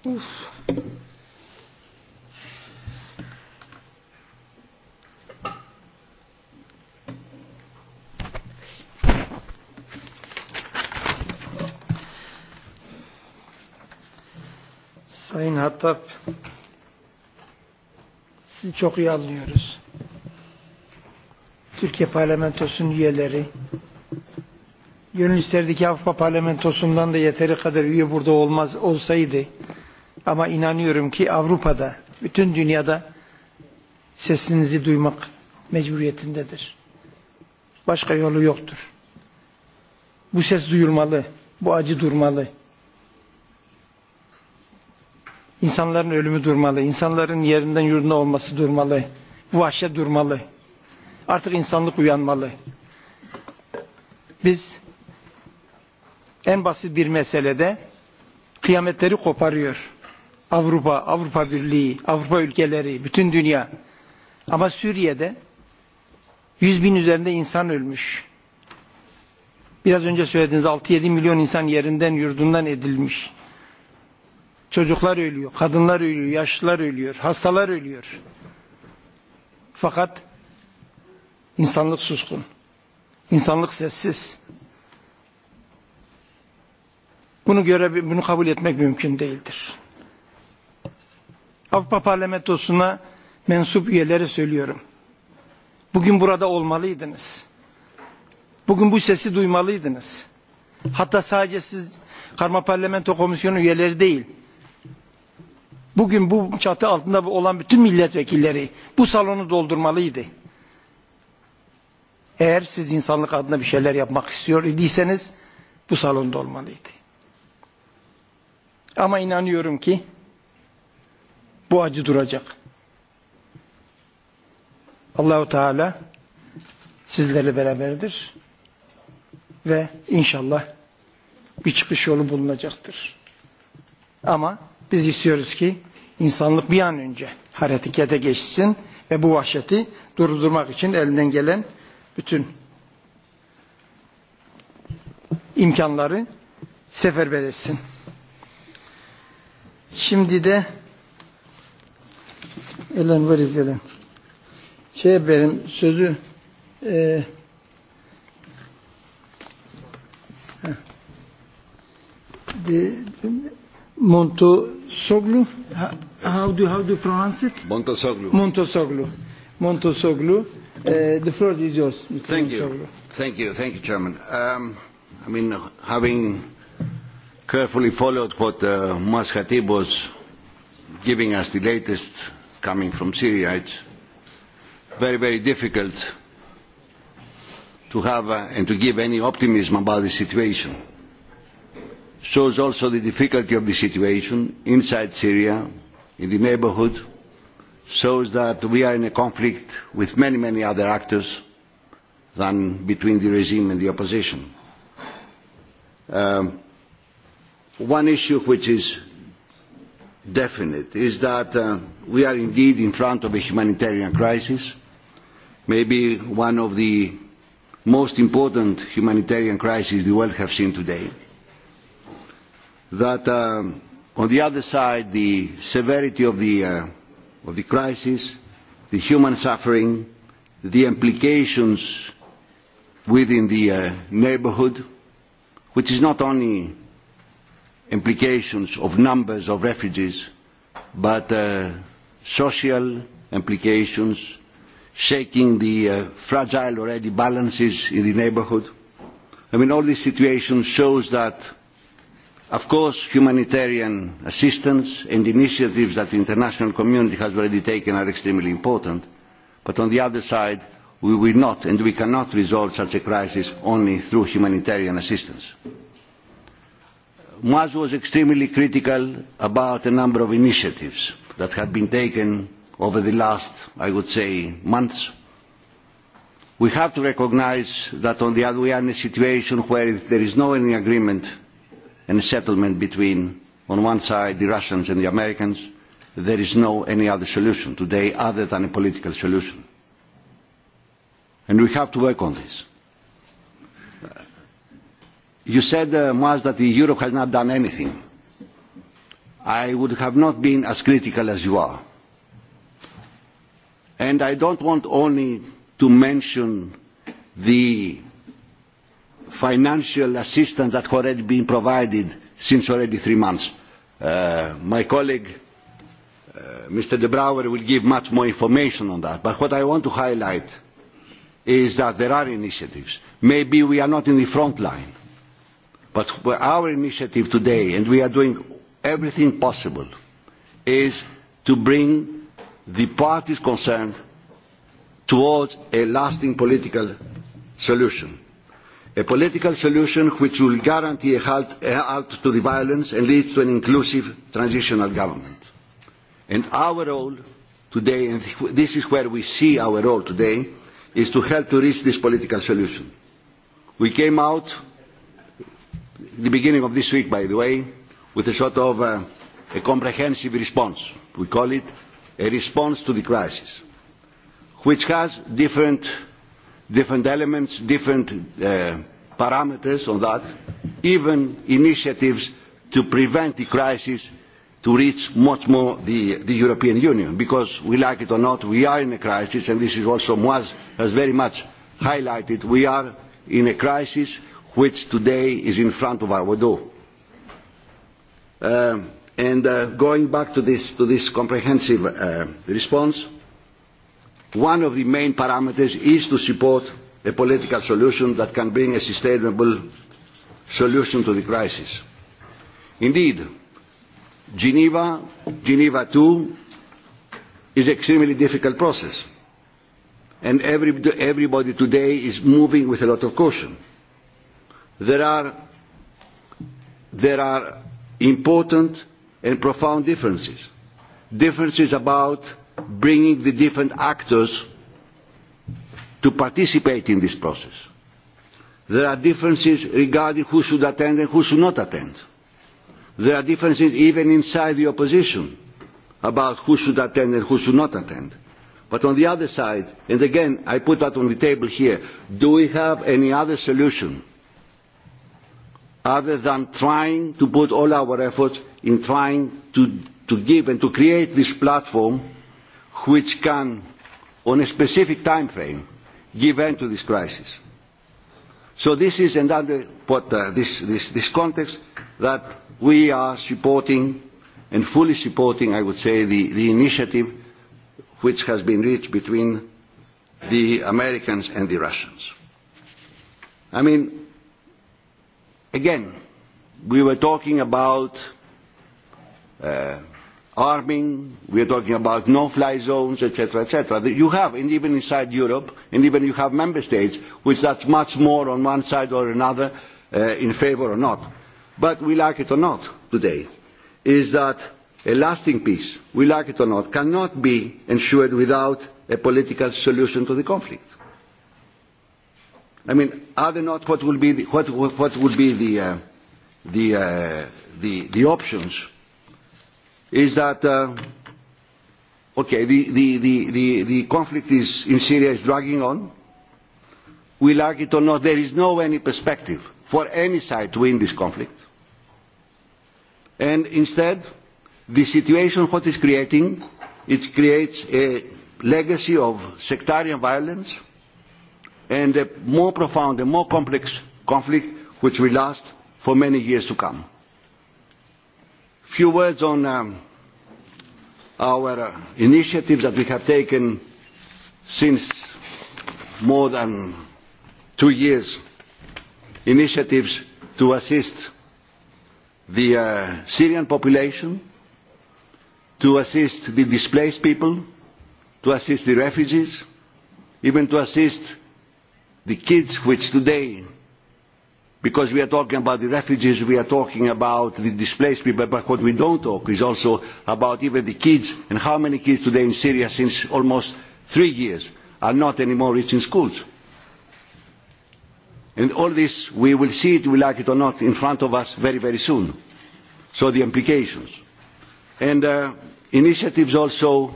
Oof. Sayın Hattab, sizi çok iyi anlıyoruz. Türkiye Parlamentosu'nun üyeleri, gönül ki Avrupa Parlamentosu'ndan da yeteri kadar üye burada olmaz olsaydı. Ama inanıyorum ki Avrupa'da, bütün dünyada sesinizi duymak mecburiyetindedir. Başka yolu yoktur. Bu ses duyulmalı, bu acı durmalı. İnsanların ölümü durmalı, insanların yerinden yurduna olması durmalı, bu vahşet durmalı. Artık insanlık uyanmalı. Biz en basit bir meselede kıyametleri koparıyor. Avrupa, Avrupa Birliği, Avrupa ülkeleri, bütün dünya. Ama Suriye'de yüz bin üzerinde insan ölmüş. Biraz önce söylediğiniz 6-7 milyon insan yerinden, yurdundan edilmiş. Çocuklar ölüyor, kadınlar ölüyor, yaşlılar ölüyor, hastalar ölüyor. Fakat insanlık suskun, İnsanlık sessiz. Bunu göre bunu kabul etmek mümkün değildir. Avrupa Parlamentosu'na mensup üyeleri söylüyorum. Bugün burada olmalıydınız. Bugün bu sesi duymalıydınız. Hatta sadece siz Karma Parlamento Komisyonu üyeleri değil, Bugün bu çatı altında olan bütün milletvekilleri bu salonu doldurmalıydı. Eğer siz insanlık adına bir şeyler yapmak istiyor idiyseniz bu salonda olmalıydı. Ama inanıyorum ki bu acı duracak. Allahu Teala sizlerle beraberdir ve inşallah bir çıkış yolu bulunacaktır. Ama Biz istiyoruz ki insanlık bir an önce harekete geçsin ve bu vahşeti durdurmak için elinden gelen bütün imkanları seferber etsin. Şimdi de Elen var izlenen. Şey benim sözü e, heh, de, Montosoglu? How do, how do you pronounce it? Montosoglu. Montosoglu. Montosoglu. Uh, the floor is yours, Mr. Thank you. Thank you. Thank you, Chairman. Um, I mean, having carefully followed what uh, Mas Khatib was giving us the latest coming from Syria, it's very, very difficult to have uh, and to give any optimism about the situation shows also the difficulty of the situation inside Syria, in the neighborhood, shows that we are in a conflict with many, many other actors than between the regime and the opposition. Um, one issue which is definite is that uh, we are indeed in front of a humanitarian crisis, maybe one of the most important humanitarian crises the world has seen today that um, on the other side the severity of the, uh, of the crisis, the human suffering, the implications within the uh, neighborhood, which is not only implications of numbers of refugees, but uh, social implications, shaking the uh, fragile already balances in the neighborhood. I mean, all this situation shows that Of course, humanitarian assistance and initiatives that the international community has already taken are extremely important, but on the other side, we will not and we cannot resolve such a crisis only through humanitarian assistance. Maz was extremely critical about a number of initiatives that have been taken over the last, I would say, months. We have to recognize that on the other we are in a situation where there is no any agreement and a settlement between, on one side, the Russians and the Americans, there is no any other solution today other than a political solution. And we have to work on this. You said, uh, Mas, that the Europe has not done anything. I would have not been as critical as you are. And I don't want only to mention the financial assistance that already been provided since already three months. Uh, my colleague, uh, Mr. De Brouwer, will give much more information on that. But what I want to highlight is that there are initiatives. Maybe we are not in the front line, but our initiative today, and we are doing everything possible, is to bring the parties concerned towards a lasting political solution a political solution which will guarantee a halt, a halt to the violence and lead to an inclusive transitional government. And our role today, and this is where we see our role today, is to help to reach this political solution. We came out, the beginning of this week, by the way, with a sort of a, uh, a comprehensive response. We call it a response to the crisis, which has different different elements, different uh, parameters on that, even initiatives to prevent the crisis to reach much more the, the European Union, because we like it or not, we are in a crisis, and this is also Moaz has very much highlighted, we are in a crisis which today is in front of our door. Um, and uh, going back to this, to this comprehensive uh, response, One of the main parameters is to support a political solution that can bring a sustainable solution to the crisis. Indeed, Geneva, Geneva II, is an extremely difficult process. And every, everybody today is moving with a lot of caution. There are, there are important and profound differences. Differences about bringing the different actors to participate in this process. There are differences regarding who should attend and who should not attend. There are differences even inside the opposition about who should attend and who should not attend. But on the other side, and again, I put that on the table here, do we have any other solution other than trying to put all our efforts in trying to, to give and to create this platform which can, on a specific time frame, give end to this crisis. So this is another what, uh, this, this, this context that we are supporting and fully supporting, I would say, the, the initiative which has been reached between the Americans and the Russians. I mean, again, we were talking about uh, arming, we are talking about no-fly zones, etc., etc. You have, and even inside Europe, and even you have member states, which that's much more on one side or another, uh, in favor or not. But we like it or not today, is that a lasting peace, we like it or not, cannot be ensured without a political solution to the conflict. I mean, are they not what will be the, what, what would be the, uh, the, uh, the, the options is that, uh, okay, the, the, the, the, the conflict is in Syria is dragging on. We like it or not, there is no any perspective for any side to win this conflict. And instead, the situation what is creating, it creates a legacy of sectarian violence and a more profound and more complex conflict which will last for many years to come few words on um, our uh, initiative that we have taken since more than two years, initiatives to assist the uh, Syrian population, to assist the displaced people, to assist the refugees, even to assist the kids which today because we are talking about the refugees, we are talking about the displaced people, but what we don't talk is also about even the kids and how many kids today in Syria since almost three years are not anymore reaching schools. And all this, we will see it, we like it or not, in front of us very, very soon. So the implications. And uh, initiatives also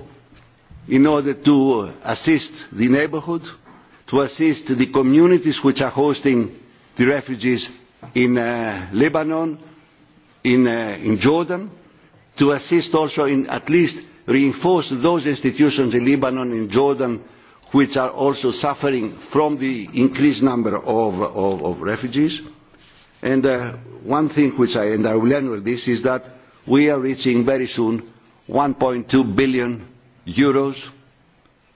in order to assist the neighborhood, to assist the communities which are hosting the refugees in uh, Lebanon, in, uh, in Jordan, to assist also in at least reinforce those institutions in Lebanon and Jordan which are also suffering from the increased number of, of, of refugees. And uh, one thing which I, and I will end with this, is that we are reaching very soon 1.2 billion euros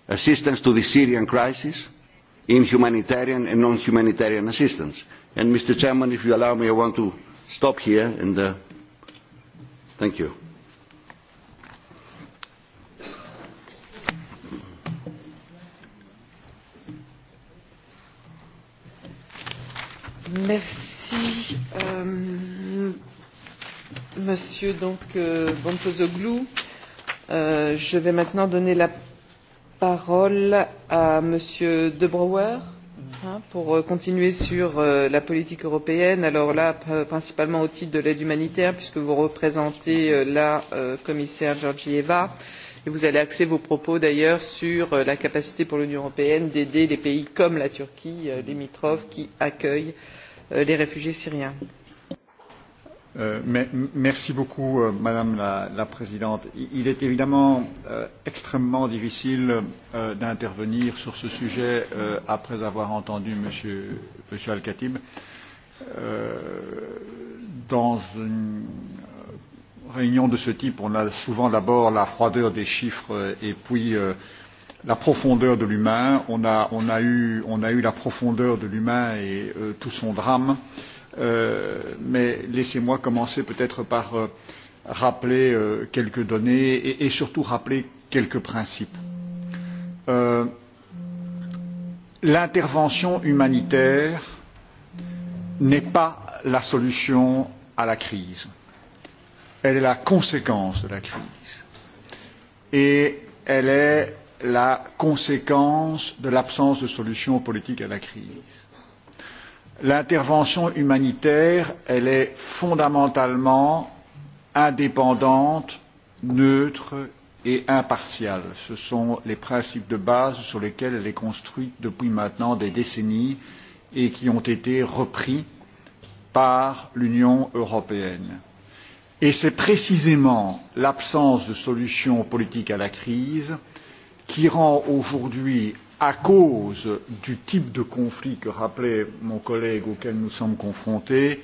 assistance to the Syrian crisis in humanitarian and non-humanitarian assistance. And Mr. Chairman, if you allow me, I want to stop here and uh, thank you. Merci, Um, Monsieur donc euh, Bonpozoglou. Euh, je vais maintenant donner la parole à Monsieur De Brouwer hein, pour euh, continuer sur euh, la politique européenne. Alors là, euh, principalement au titre de l'aide humanitaire, puisque vous représentez la commissaire Georgieva. Et vous allez axer vos propos d'ailleurs sur la capacité pour l'Union européenne d'aider les pays comme la Turquie, limitrophe, limitrophes, qui accueillent les réfugiés syriens. Euh, merci beaucoup, euh, Madame la, la Présidente. Il est évidemment euh, extrêmement difficile euh, d'intervenir sur ce sujet euh, après avoir entendu Monsieur, monsieur Al-Khatib euh, dans une réunion de ce type, on a souvent d'abord la froideur des chiffres et puis euh, la profondeur de l'humain. On a, on, a eu, on a eu la profondeur de l'humain et euh, tout son drame. Euh, Euh, mais laissez-moi commencer peut-être par euh, rappeler euh, quelques données et, et surtout rappeler quelques principes. Euh, L'intervention humanitaire n'est pas la solution à la crise. Elle est la conséquence de la crise. Et elle est la conséquence de l'absence de solution politique à la crise L'intervention humanitaire, elle est fondamentalement indépendante, neutre et impartiale. Ce sont les principes de base sur lesquels elle est construite depuis maintenant des décennies et qui ont été repris par l'Union européenne. Et c'est précisément l'absence de solution politique à la crise qui rend aujourd'hui, à cause du type de conflit que rappelait mon collègue auquel nous sommes confrontés,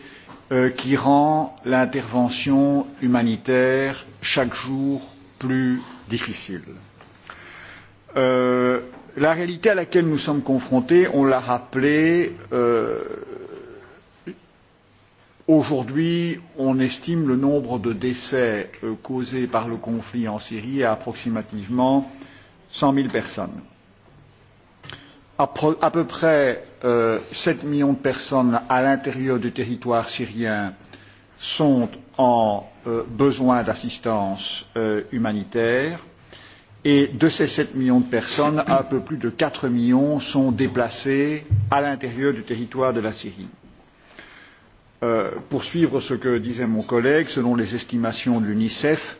euh, qui rend l'intervention humanitaire chaque jour plus difficile. Euh, la réalité à laquelle nous sommes confrontés, on l'a rappelé, euh, Aujourd'hui, on estime le nombre de décès euh, causés par le conflit en Syrie à approximativement 100 000 personnes. À, à peu près euh, 7 millions de personnes à l'intérieur du territoire syrien sont en euh, besoin d'assistance euh, humanitaire et de ces 7 millions de personnes, un peu plus de 4 millions sont déplacés à l'intérieur du territoire de la Syrie. Euh, pour suivre ce que disait mon collègue, selon les estimations de l'UNICEF, euh,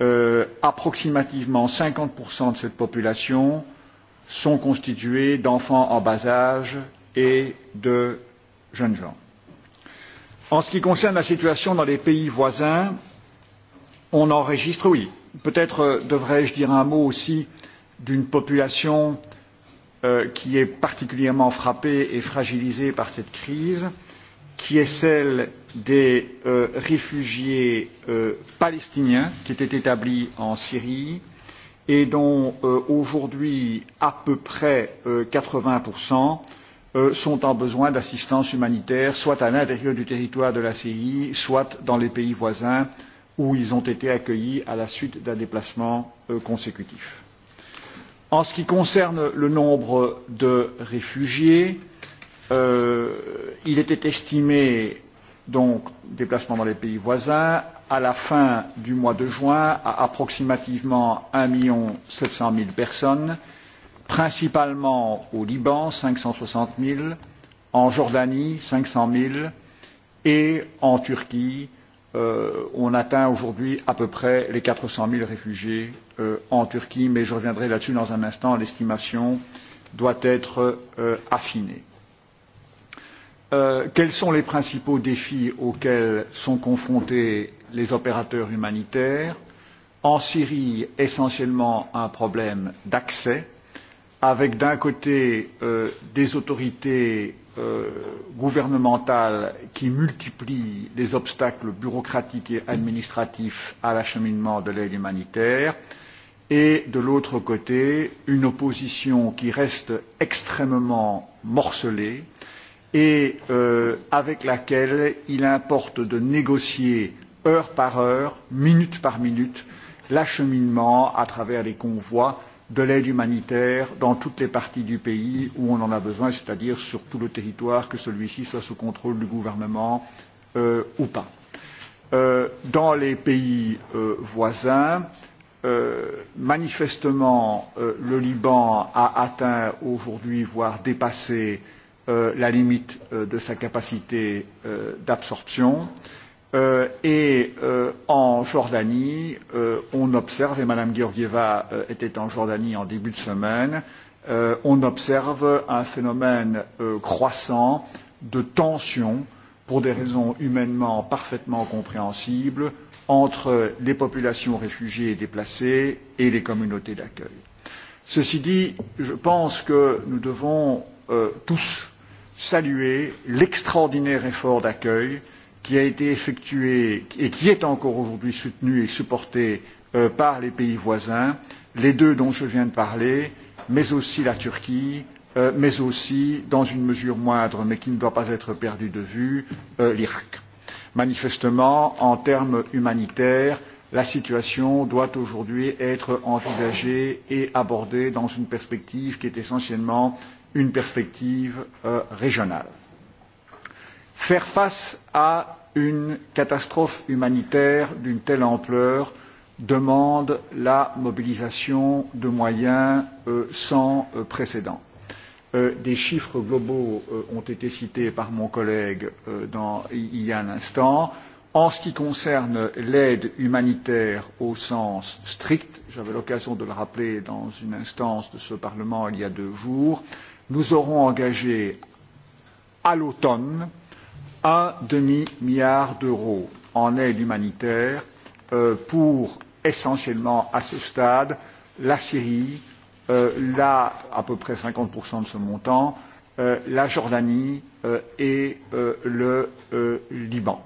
euh, approximativement 50% de cette population sont constitués d'enfants en bas âge et de jeunes gens. En ce qui concerne la situation dans les pays voisins, on enregistre, oui, peut-être euh, devrais-je dire un mot aussi d'une population euh, qui est particulièrement frappée et fragilisée par cette crise. Euh, qui est celle des euh, réfugiés euh, palestiniens qui étaient établis en Syrie et dont euh, aujourd'hui à peu près euh, 80% euh, sont en besoin d'assistance humanitaire, soit à l'intérieur du territoire de la Syrie, soit dans les pays voisins où ils ont été accueillis à la suite d'un déplacement euh, consécutif. En ce qui concerne le nombre de réfugiés, euh, euh, il était estimé, donc déplacement dans les pays voisins, à la fin du mois de juin à approximativement 1 700 000 personnes, principalement au Liban, 560 000, en Jordanie, 500 000, et en Turquie, euh, on atteint aujourd'hui à peu près les 400 000 réfugiés euh, en Turquie, mais je reviendrai là-dessus dans un instant, l'estimation doit être euh, affinée. Euh, quels sont les principaux défis auxquels sont confrontés les opérateurs humanitaires En Syrie, essentiellement un problème d'accès, avec d'un côté euh, des autorités euh, gouvernementales qui multiplient les obstacles bureaucratiques et administratifs à l'acheminement de l'aide humanitaire, et de l'autre côté une opposition qui reste extrêmement morcelée, euh, et euh, avec laquelle il importe de négocier heure par heure, minute par minute, l'acheminement à travers les convois de l'aide humanitaire dans toutes les parties du pays où on en a besoin, c'est-à-dire sur tout le territoire, que celui-ci soit sous contrôle du gouvernement euh, ou pas. Euh, dans les pays euh, voisins, euh, manifestement, euh, le Liban a atteint aujourd'hui, voire dépassé, euh, Euh, la limite euh, de sa capacité euh, d'absorption. Euh, et euh, en Jordanie, euh, on observe, et Mme Georgieva euh, était en Jordanie en début de semaine, euh, on observe un phénomène euh, croissant de tension, pour des raisons humainement parfaitement compréhensibles, entre les populations réfugiées et déplacées et les communautés d'accueil. Ceci dit, je pense que nous devons euh, tous saluer l'extraordinaire effort d'accueil qui a été effectué et qui est encore aujourd'hui soutenu et supporté euh, par les pays voisins, les deux dont je viens de parler, mais aussi la Turquie, euh, mais aussi, dans une mesure moindre, mais qui ne doit pas être perdue de vue, euh, l'Irak. Manifestement, en termes humanitaires, la situation doit aujourd'hui être envisagée et abordée dans une perspective qui est essentiellement une perspective euh, régionale. Faire face à une catastrophe humanitaire d'une telle ampleur demande la mobilisation de moyens euh, sans euh, précédent. Euh, des chiffres globaux euh, ont été cités par mon collègue euh, dans, il y a un instant. En ce qui concerne l'aide humanitaire au sens strict, j'avais l'occasion de le rappeler dans une instance de ce Parlement il y a deux jours, euh, nous aurons engagé à l'automne un demi milliard d'euros en aide humanitaire euh, pour essentiellement à ce stade la Syrie, euh, là à peu près 50% de ce montant, euh, la Jordanie euh, et euh, le euh, Liban.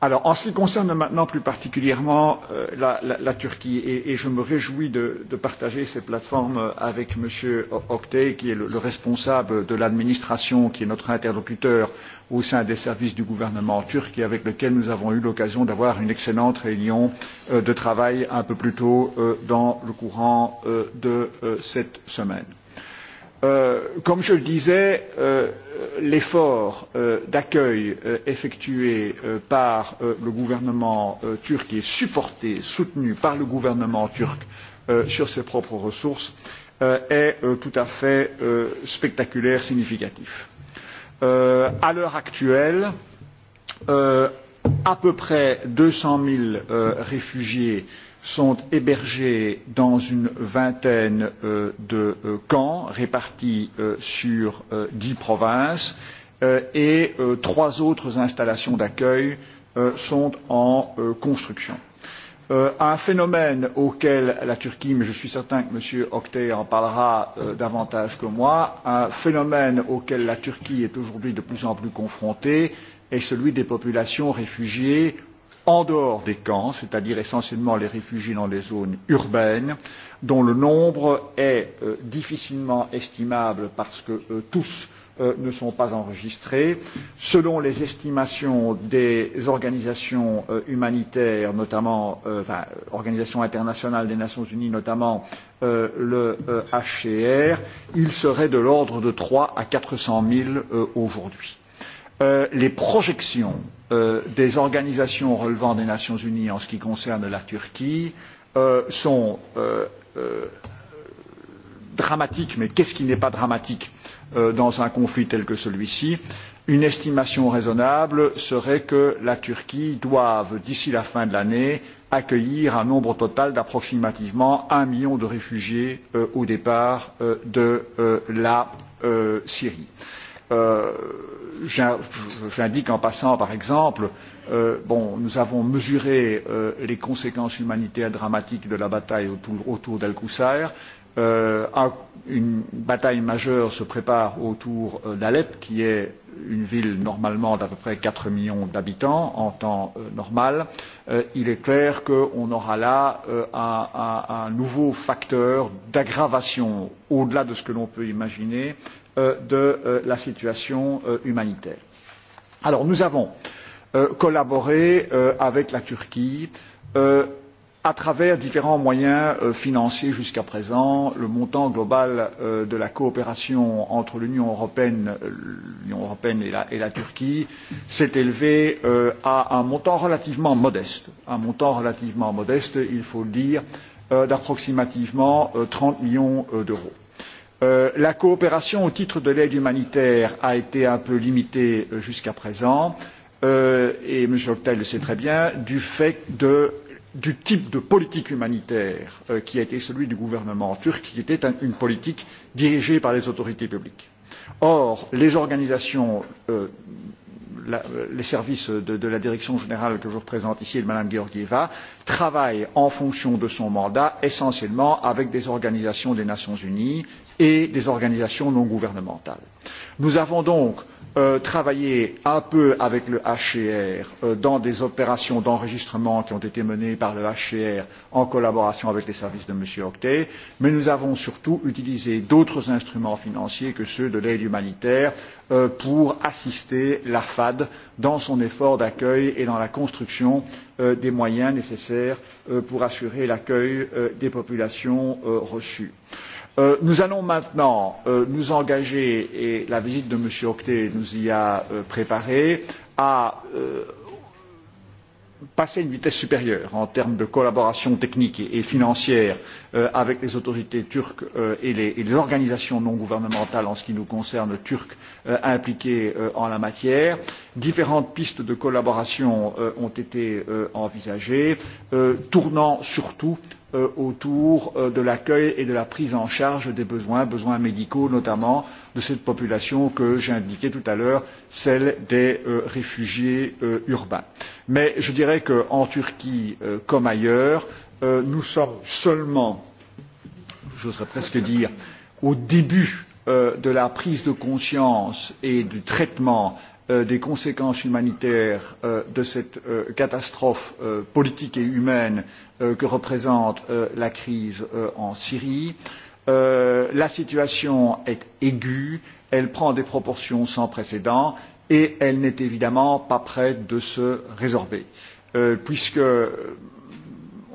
Alors, en ce qui concerne maintenant plus particulièrement euh, la, la, la Turquie, et, et je me réjouis de, de partager ces plateformes avec M. Octay, qui est le, le responsable de l'administration, qui est notre interlocuteur au sein des services du gouvernement turc, et avec lequel nous avons eu l'occasion d'avoir une excellente réunion euh, de travail un peu plus tôt euh, dans le courant euh, de euh, cette semaine. Euh, Euh, comme je le disais, euh, l'effort euh, d'accueil euh, effectué euh, par euh, le gouvernement euh, turc et supporté, soutenu par le gouvernement turc euh, sur ses propres ressources euh, est euh, tout à fait euh, spectaculaire, significatif. Euh, à l'heure actuelle, euh, à peu près 200 000 euh, réfugiés euh, sont hébergés dans une vingtaine euh, de euh, camps répartis euh, sur euh, dix provinces euh, et euh, trois autres installations d'accueil sont en construction. un phénomène auquel la Turquie, mais je suis certain que M. Octay en parlera davantage que moi, un phénomène auquel la Turquie est aujourd'hui de plus en plus confrontée est celui des populations réfugiées en dehors des camps, c'est-à-dire essentiellement les réfugiés dans les zones urbaines, dont le nombre est euh, difficilement estimable parce que euh, tous euh, ne sont pas enregistrés. Selon les estimations des organisations euh, humanitaires, notamment euh, enfin, organisations internationales des Nations Unies, notamment euh, le euh, HCR, il serait de l'ordre de 3 à 400 000 euh, aujourd'hui. Euh, les projections euh, des organisations relevant des Nations Unies en ce qui concerne la Turquie euh, sont euh, euh, dramatiques, mais qu'est-ce qui n'est pas dramatique euh, dans un conflit tel que celui-ci Une estimation raisonnable serait que la Turquie doive, d'ici la fin de l'année, accueillir un nombre total d'approximativement un million de réfugiés euh, au départ euh, de euh, la euh, Syrie. Euh, Euh, J'indique en passant, par exemple, euh, bon, nous avons mesuré euh, les conséquences humanitaires dramatiques de la bataille autour, autour d'Al-Qoussair. Euh, une bataille majeure se prépare autour euh, d'Alep, qui est une ville normalement d'à peu près 4 millions d'habitants en temps euh, normal. Euh, il est clair qu'on aura là euh, un, un, un nouveau facteur d'aggravation, au-delà de ce que l'on peut imaginer, Euh, de euh, la situation euh, humanitaire. Alors nous avons collaboré avec la Turquie à travers différents moyens financiers jusqu'à présent, le montant global de la coopération entre l'Union européenne, l'Union européenne et, la, et la Turquie s'est élevé à un montant relativement modeste, un montant relativement modeste, il faut le dire, d'approximativement 30 millions d'euros. Euh, la coopération au titre de l'aide humanitaire a été un peu limitée euh, jusqu'à présent, euh, et M. Hoptel le sait très bien, du fait de, du type de politique humanitaire euh, qui a été celui du gouvernement turc, qui était un, une politique dirigée par les autorités publiques. Or, les organisations euh, la, les services de, de la direction générale que je représente ici, de Mme Georgieva, travaille en fonction de son mandat essentiellement avec des organisations des Nations Unies et des organisations non gouvernementales. Nous avons donc euh, travaillé un peu avec le HCR euh, dans des opérations d'enregistrement qui ont été menées par le HCR en collaboration avec les services de M. Octet, mais nous avons surtout utilisé d'autres instruments financiers que ceux de l'aide humanitaire euh, pour assister la FAD dans son effort d'accueil et dans la construction euh, des moyens nécessaires euh, pour assurer l'accueil euh, des populations euh, reçues. Euh, Euh, nous allons maintenant euh, nous engager, et la visite de M. Octet nous y a euh, préparé, à euh, passer une vitesse supérieure en termes de collaboration technique et, et financière euh, avec les autorités turques euh, et, les, et les organisations non gouvernementales en ce qui nous concerne turques euh, impliquées euh, en la matière. Différentes pistes de collaboration euh, ont été euh, envisagées, euh, tournant surtout euh, autour euh, de l'accueil et de la prise en charge des besoins, besoins médicaux notamment, de cette population que j'ai indiquée tout à l'heure, celle des euh, réfugiés euh, urbains. Mais je dirais qu'en Turquie, euh, comme ailleurs, euh, nous sommes seulement, j'oserais presque dire, au début euh, de la prise de conscience et du traitement Euh, des conséquences humanitaires euh, de cette euh, catastrophe politique et humaine que représente la crise en Syrie. La situation est aiguë, elle prend des proportions sans précédent et elle n'est évidemment pas prête de se résorber, puisque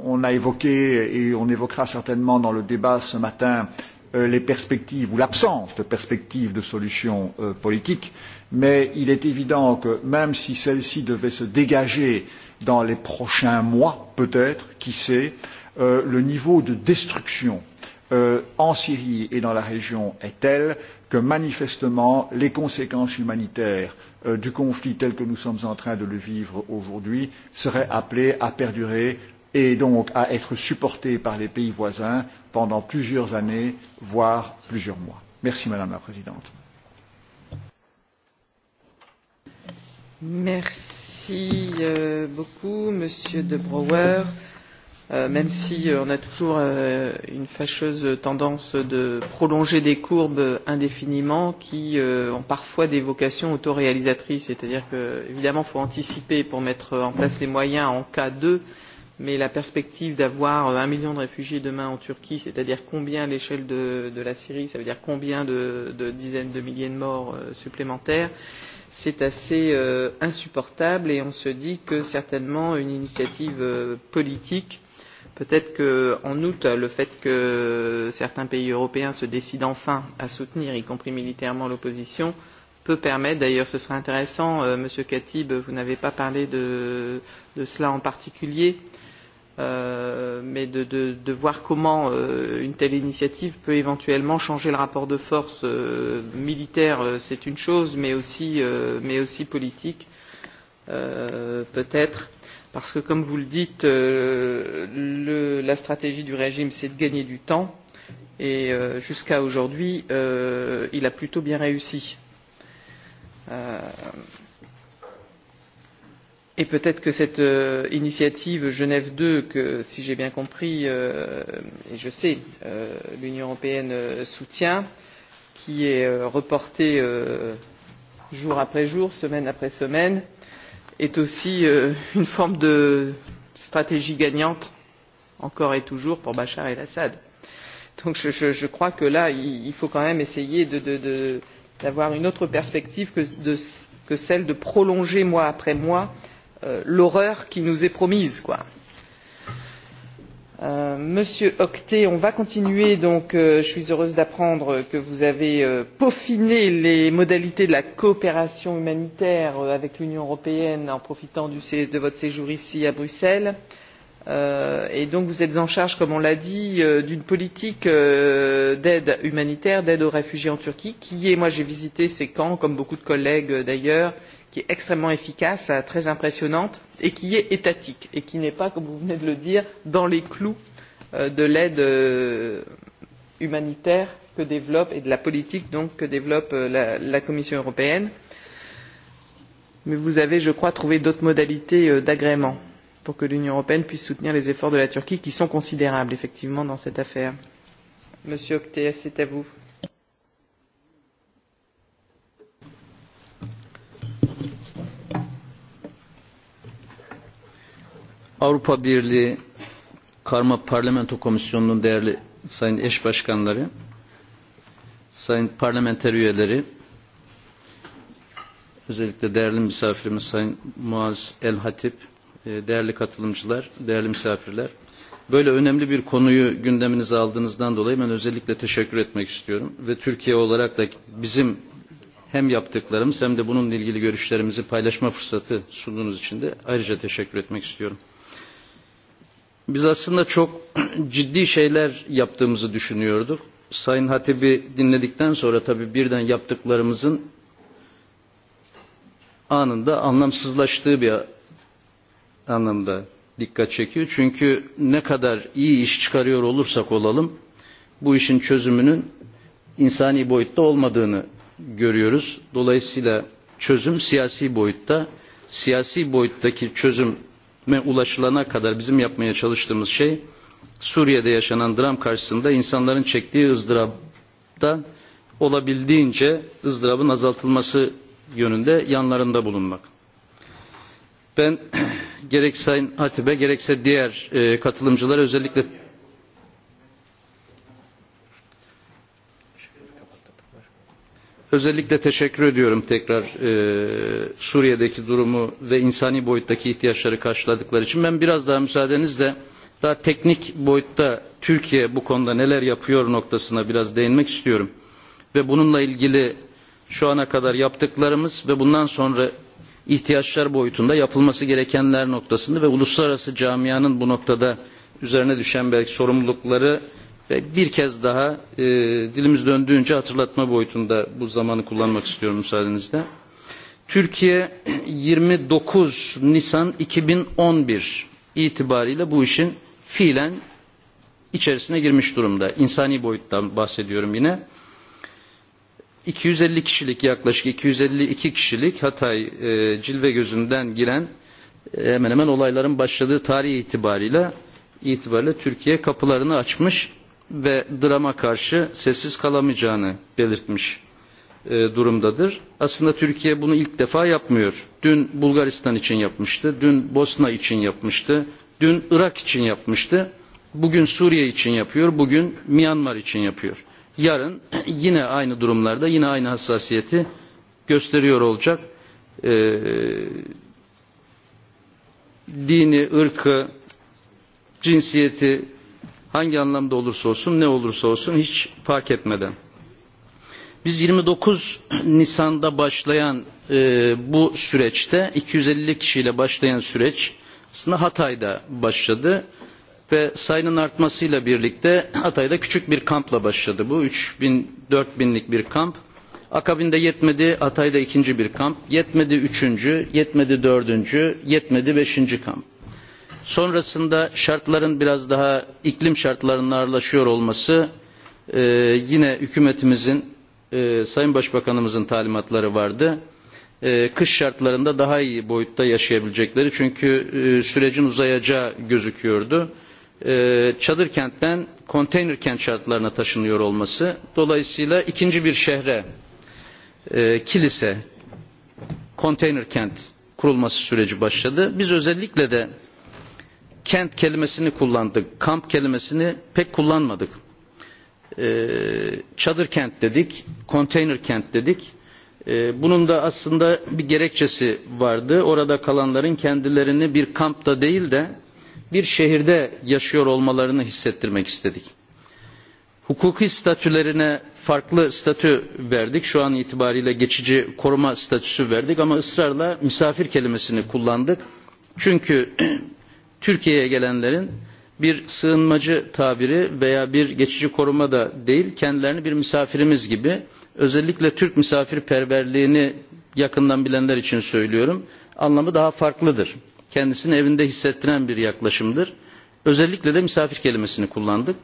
on a évoqué et on évoquera certainement dans le débat ce matin euh, Euh, les perspectives ou l'absence de perspectives de solutions euh, politiques, mais il est évident que même si celle-ci devait se dégager dans les prochains mois, peut-être, qui sait, euh, le niveau de destruction euh, en Syrie et dans la région est tel que manifestement les conséquences humanitaires euh, du conflit tel que nous sommes en train de le vivre aujourd'hui seraient appelées à perdurer et donc à être supportés par les pays voisins pendant plusieurs années, voire plusieurs mois. Merci Madame la Présidente. Merci euh, beaucoup Monsieur De Brouwer. Euh, même si euh, on a toujours euh, une fâcheuse tendance de prolonger des courbes indéfiniment qui euh, ont parfois des vocations autoréalisatrices, c'est-à-dire que évidemment il faut anticiper pour mettre en place les moyens en cas d'eux, euh, mais la perspective d'avoir un million de réfugiés demain en Turquie, c'est-à-dire combien à l'échelle de, de la Syrie, ça veut dire combien de, de dizaines de milliers de morts euh, supplémentaires, c'est assez euh, insupportable et on se dit que certainement une initiative euh, politique Peut-être qu'en août, le fait que certains pays européens se décident enfin à soutenir, y compris militairement, l'opposition, peut permettre, d'ailleurs ce serait intéressant, euh, Monsieur Katib, vous n'avez pas parlé de, de cela en particulier, euh, Euh, mais de, de, de voir comment euh, une telle initiative peut éventuellement changer le rapport de force euh, militaire, euh, c'est une chose, mais aussi, euh, mais aussi politique, euh, peut-être. Parce que, comme vous le dites, euh, le, la stratégie du régime, c'est de gagner du temps. Et euh, jusqu'à aujourd'hui, euh, il a plutôt bien réussi. Euh, Et peut-être que cette euh, initiative Genève II, que si j'ai bien compris, euh, et je sais, euh, l'Union européenne euh, soutient, qui est euh, reportée euh, jour après jour, semaine après semaine, est aussi euh, une forme de stratégie gagnante, encore et toujours, pour Bachar el-Assad. Donc je, je, je crois que là, il, il faut quand même essayer de, de, de, d'avoir une autre perspective que, de, que celle de prolonger mois après mois Euh, l'horreur qui nous est promise. Quoi. Euh, Monsieur Octet, on va continuer. Donc, euh, je suis heureuse d'apprendre que vous avez euh, peaufiné les modalités de la coopération humanitaire euh, avec l'Union européenne en profitant du, de votre séjour ici à Bruxelles. Euh, et donc, vous êtes en charge, comme on l'a dit, euh, d'une politique euh, d'aide humanitaire, d'aide aux réfugiés en Turquie, qui est, moi j'ai visité ces camps, comme beaucoup de collègues euh, d'ailleurs, qui est extrêmement efficace, euh, très impressionnante, et qui est étatique, et qui n'est pas, comme vous venez de le dire, dans les clous euh, de l'aide euh, humanitaire que développe et de la politique donc que développe la, la Commission européenne. Mais vous avez, je crois, trouvé d'autres modalités d'agrément pour que l'Union européenne puisse soutenir les efforts de la Turquie qui sont considérables effectivement dans cette affaire. Monsieur Octea, c'est à vous. Avrupa Birliği Karma Parlamento Komisyonu'nun değerli sayın eş başkanları, sayın parlamenter üyeleri, özellikle değerli misafirimiz sayın Muaz El Hatip, e, değerli katılımcılar, değerli misafirler. Böyle önemli bir konuyu gündeminize aldığınızdan dolayı ben özellikle teşekkür etmek istiyorum. Ve Türkiye olarak da bizim hem yaptıklarımız hem de bununla ilgili görüşlerimizi paylaşma fırsatı sunduğunuz için de ayrıca teşekkür etmek istiyorum. Biz aslında çok [CLEARS THROAT] ciddi şeyler yaptığımızı düşünüyorduk. Sayın Hatibi dinledikten sonra tabi birden yaptıklarımızın anında anlamsızlaştığı bir anlamda dikkat çekiyor. Çünkü ne kadar iyi iş çıkarıyor olursak olalım bu işin çözümünün insani boyutta olmadığını görüyoruz. Dolayısıyla çözüm siyasi boyutta, siyasi boyuttaki çözüm ulaşılana kadar bizim yapmaya çalıştığımız şey Suriye'de yaşanan dram karşısında insanların çektiği ızdırapta olabildiğince ızdırabın azaltılması yönünde yanlarında bulunmak. Ben [CLEARS THROAT] gerek Sayın Hatip'e gerekse diğer e, katılımcılara özellikle Özellikle teşekkür ediyorum tekrar e, Suriye'deki durumu ve insani boyuttaki ihtiyaçları karşıladıkları için. Ben biraz daha müsaadenizle daha teknik boyutta Türkiye bu konuda neler yapıyor noktasına biraz değinmek istiyorum. Ve bununla ilgili şu ana kadar yaptıklarımız ve bundan sonra ihtiyaçlar boyutunda yapılması gerekenler noktasında ve uluslararası camianın bu noktada üzerine düşen belki sorumlulukları Ve bir kez daha e, dilimiz döndüğünce hatırlatma boyutunda bu zamanı kullanmak istiyorum müsaadenizle. Türkiye 29 Nisan 2011 itibariyle bu işin fiilen içerisine girmiş durumda. İnsani boyuttan bahsediyorum yine. 250 kişilik yaklaşık 252 kişilik Hatay e, cilve gözünden giren e, hemen hemen olayların başladığı tarih itibariyle itibariyle Türkiye kapılarını açmış ve drama karşı sessiz kalamayacağını belirtmiş e, durumdadır. Aslında Türkiye bunu ilk defa yapmıyor. Dün Bulgaristan için yapmıştı, dün Bosna için yapmıştı, dün Irak için yapmıştı, bugün Suriye için yapıyor, bugün Myanmar için yapıyor. Yarın [CLEARS THROAT] yine aynı durumlarda, yine aynı hassasiyeti gösteriyor olacak. E, dini, ırkı, cinsiyeti hangi anlamda olursa olsun ne olursa olsun hiç fark etmeden. Biz 29 Nisan'da başlayan e, bu süreçte 250 kişiyle başlayan süreç aslında Hatay'da başladı ve sayının artmasıyla birlikte Hatay'da küçük bir kampla başladı bu 3000-4000'lik bir kamp. Akabinde yetmedi Hatay'da ikinci bir kamp, yetmedi üçüncü, yetmedi dördüncü, yetmedi beşinci kamp. Sonrasında şartların biraz daha iklim şartlarının ağırlaşıyor olması e, yine hükümetimizin, e, Sayın Başbakanımızın talimatları vardı. E, kış şartlarında daha iyi boyutta yaşayabilecekleri çünkü e, sürecin uzayacağı gözüküyordu. E, çadır kentten konteyner kent şartlarına taşınıyor olması dolayısıyla ikinci bir şehre e, kilise konteyner kent kurulması süreci başladı. Biz özellikle de kent kelimesini kullandık, kamp kelimesini pek kullanmadık. E, çadır kent dedik, konteyner kent dedik. E, bunun da aslında bir gerekçesi vardı. Orada kalanların kendilerini bir kampta değil de bir şehirde yaşıyor olmalarını hissettirmek istedik. Hukuki statülerine farklı statü verdik. Şu an itibariyle geçici koruma statüsü verdik ama ısrarla misafir kelimesini kullandık. Çünkü [CLEARS THROAT] Türkiye'ye gelenlerin bir sığınmacı tabiri veya bir geçici koruma da değil, kendilerini bir misafirimiz gibi, özellikle Türk misafirperverliğini yakından bilenler için söylüyorum, anlamı daha farklıdır. Kendisini evinde hissettiren bir yaklaşımdır. Özellikle de misafir kelimesini kullandık.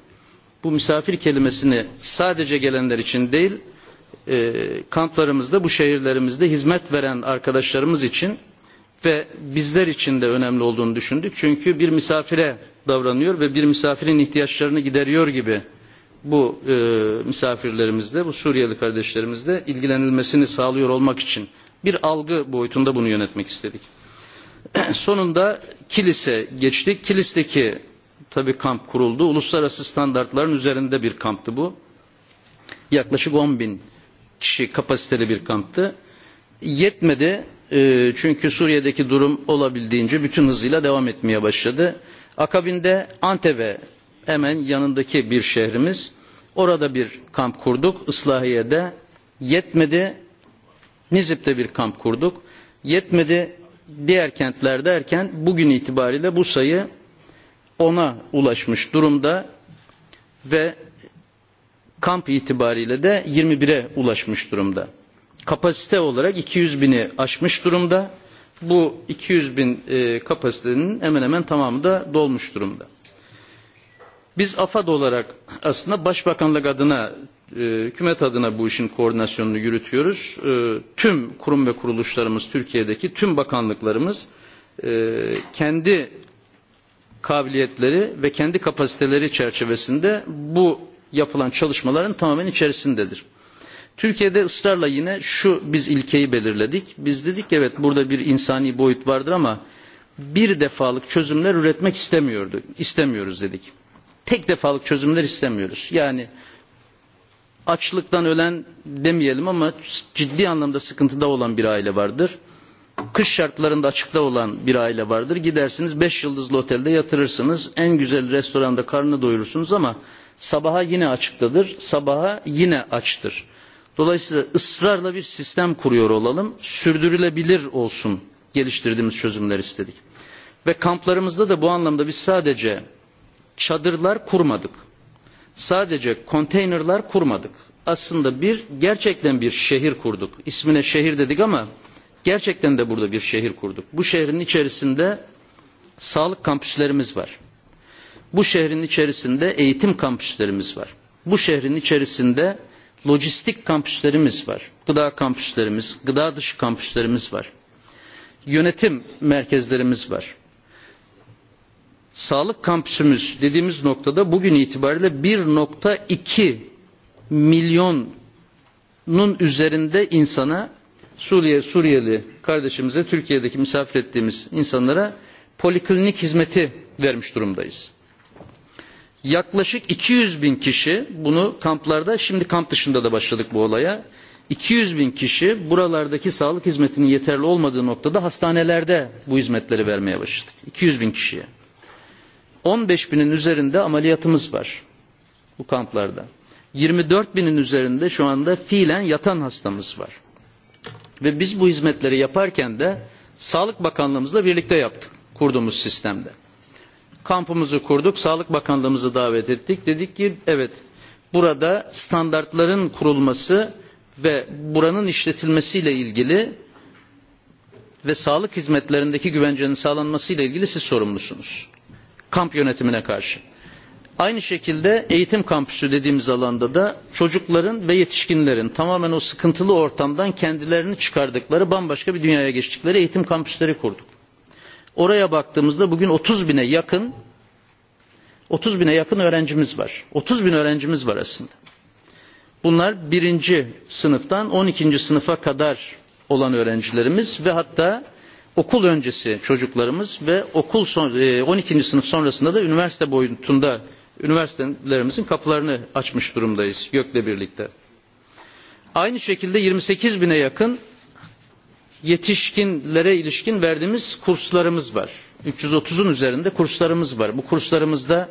Bu misafir kelimesini sadece gelenler için değil, e, kamplarımızda, bu şehirlerimizde hizmet veren arkadaşlarımız için ve bizler için de önemli olduğunu düşündük. Çünkü bir misafire davranıyor ve bir misafirin ihtiyaçlarını gideriyor gibi bu e, misafirlerimizde, bu Suriyeli kardeşlerimizde ilgilenilmesini sağlıyor olmak için bir algı boyutunda bunu yönetmek istedik. [CLEARS THROAT] Sonunda kilise geçtik. Kilisteki tabi kamp kuruldu. Uluslararası standartların üzerinde bir kamptı bu. Yaklaşık 10 bin kişi kapasiteli bir kamptı. Yetmedi. E, çünkü Suriye'deki durum olabildiğince bütün hızıyla devam etmeye başladı. Akabinde Antep'e hemen yanındaki bir şehrimiz. Orada bir kamp kurduk. Islahiye'de yetmedi. Nizip'te bir kamp kurduk. Yetmedi diğer kentler derken bugün itibariyle bu sayı ona ulaşmış durumda ve kamp itibariyle de 21'e ulaşmış durumda kapasite olarak 200 bini aşmış durumda. Bu 200 bin e, kapasitenin hemen hemen tamamı da dolmuş durumda. Biz AFAD olarak aslında Başbakanlık adına, e, hükümet adına bu işin koordinasyonunu yürütüyoruz. E, tüm kurum ve kuruluşlarımız, Türkiye'deki tüm bakanlıklarımız e, kendi kabiliyetleri ve kendi kapasiteleri çerçevesinde bu yapılan çalışmaların tamamen içerisindedir. Türkiye'de ısrarla yine şu biz ilkeyi belirledik. Biz dedik evet burada bir insani boyut vardır ama bir defalık çözümler üretmek istemiyordu. İstemiyoruz dedik. Tek defalık çözümler istemiyoruz. Yani açlıktan ölen demeyelim ama ciddi anlamda sıkıntıda olan bir aile vardır. Kış şartlarında açıkta olan bir aile vardır. Gidersiniz 5 yıldızlı otelde yatırırsınız. En güzel restoranda karnını doyurursunuz ama sabaha yine açıktadır. Sabaha yine açtır. Dolayısıyla ısrarla bir sistem kuruyor olalım, sürdürülebilir olsun geliştirdiğimiz çözümler istedik. Ve kamplarımızda da bu anlamda biz sadece çadırlar kurmadık. Sadece konteynerlar kurmadık. Aslında bir gerçekten bir şehir kurduk. İsmine şehir dedik ama gerçekten de burada bir şehir kurduk. Bu şehrin içerisinde sağlık kampüslerimiz var. Bu şehrin içerisinde eğitim kampüslerimiz var. Bu şehrin içerisinde lojistik kampüslerimiz var. Gıda kampüslerimiz, gıda dışı kampüslerimiz var. Yönetim merkezlerimiz var. Sağlık kampüsümüz dediğimiz noktada bugün itibariyle 1.2 milyonun üzerinde insana Suriye Suriyeli kardeşimize Türkiye'deki misafir ettiğimiz insanlara poliklinik hizmeti vermiş durumdayız. Yaklaşık 200 bin kişi bunu kamplarda, şimdi kamp dışında da başladık bu olaya. 200 bin kişi buralardaki sağlık hizmetinin yeterli olmadığı noktada hastanelerde bu hizmetleri vermeye başladık. 200 bin kişiye. 15 binin üzerinde ameliyatımız var bu kamplarda. 24 binin üzerinde şu anda fiilen yatan hastamız var. Ve biz bu hizmetleri yaparken de Sağlık Bakanlığımızla birlikte yaptık kurduğumuz sistemde kampımızı kurduk. Sağlık Bakanlığımızı davet ettik. Dedik ki evet burada standartların kurulması ve buranın işletilmesiyle ilgili ve sağlık hizmetlerindeki güvencenin sağlanmasıyla ilgili siz sorumlusunuz. Kamp yönetimine karşı. Aynı şekilde eğitim kampüsü dediğimiz alanda da çocukların ve yetişkinlerin tamamen o sıkıntılı ortamdan kendilerini çıkardıkları bambaşka bir dünyaya geçtikleri eğitim kampüsleri kurduk. Oraya baktığımızda bugün 30 bine yakın 30 bine yakın öğrencimiz var. 30 bin öğrencimiz var aslında. Bunlar birinci sınıftan 12. sınıfa kadar olan öğrencilerimiz ve hatta okul öncesi çocuklarımız ve okul son, 12. E, sınıf sonrasında da üniversite boyutunda üniversitelerimizin kapılarını açmış durumdayız YÖK'le birlikte. Aynı şekilde 28 bine yakın yetişkinlere ilişkin verdiğimiz kurslarımız var. 330'un üzerinde kurslarımız var. Bu kurslarımızda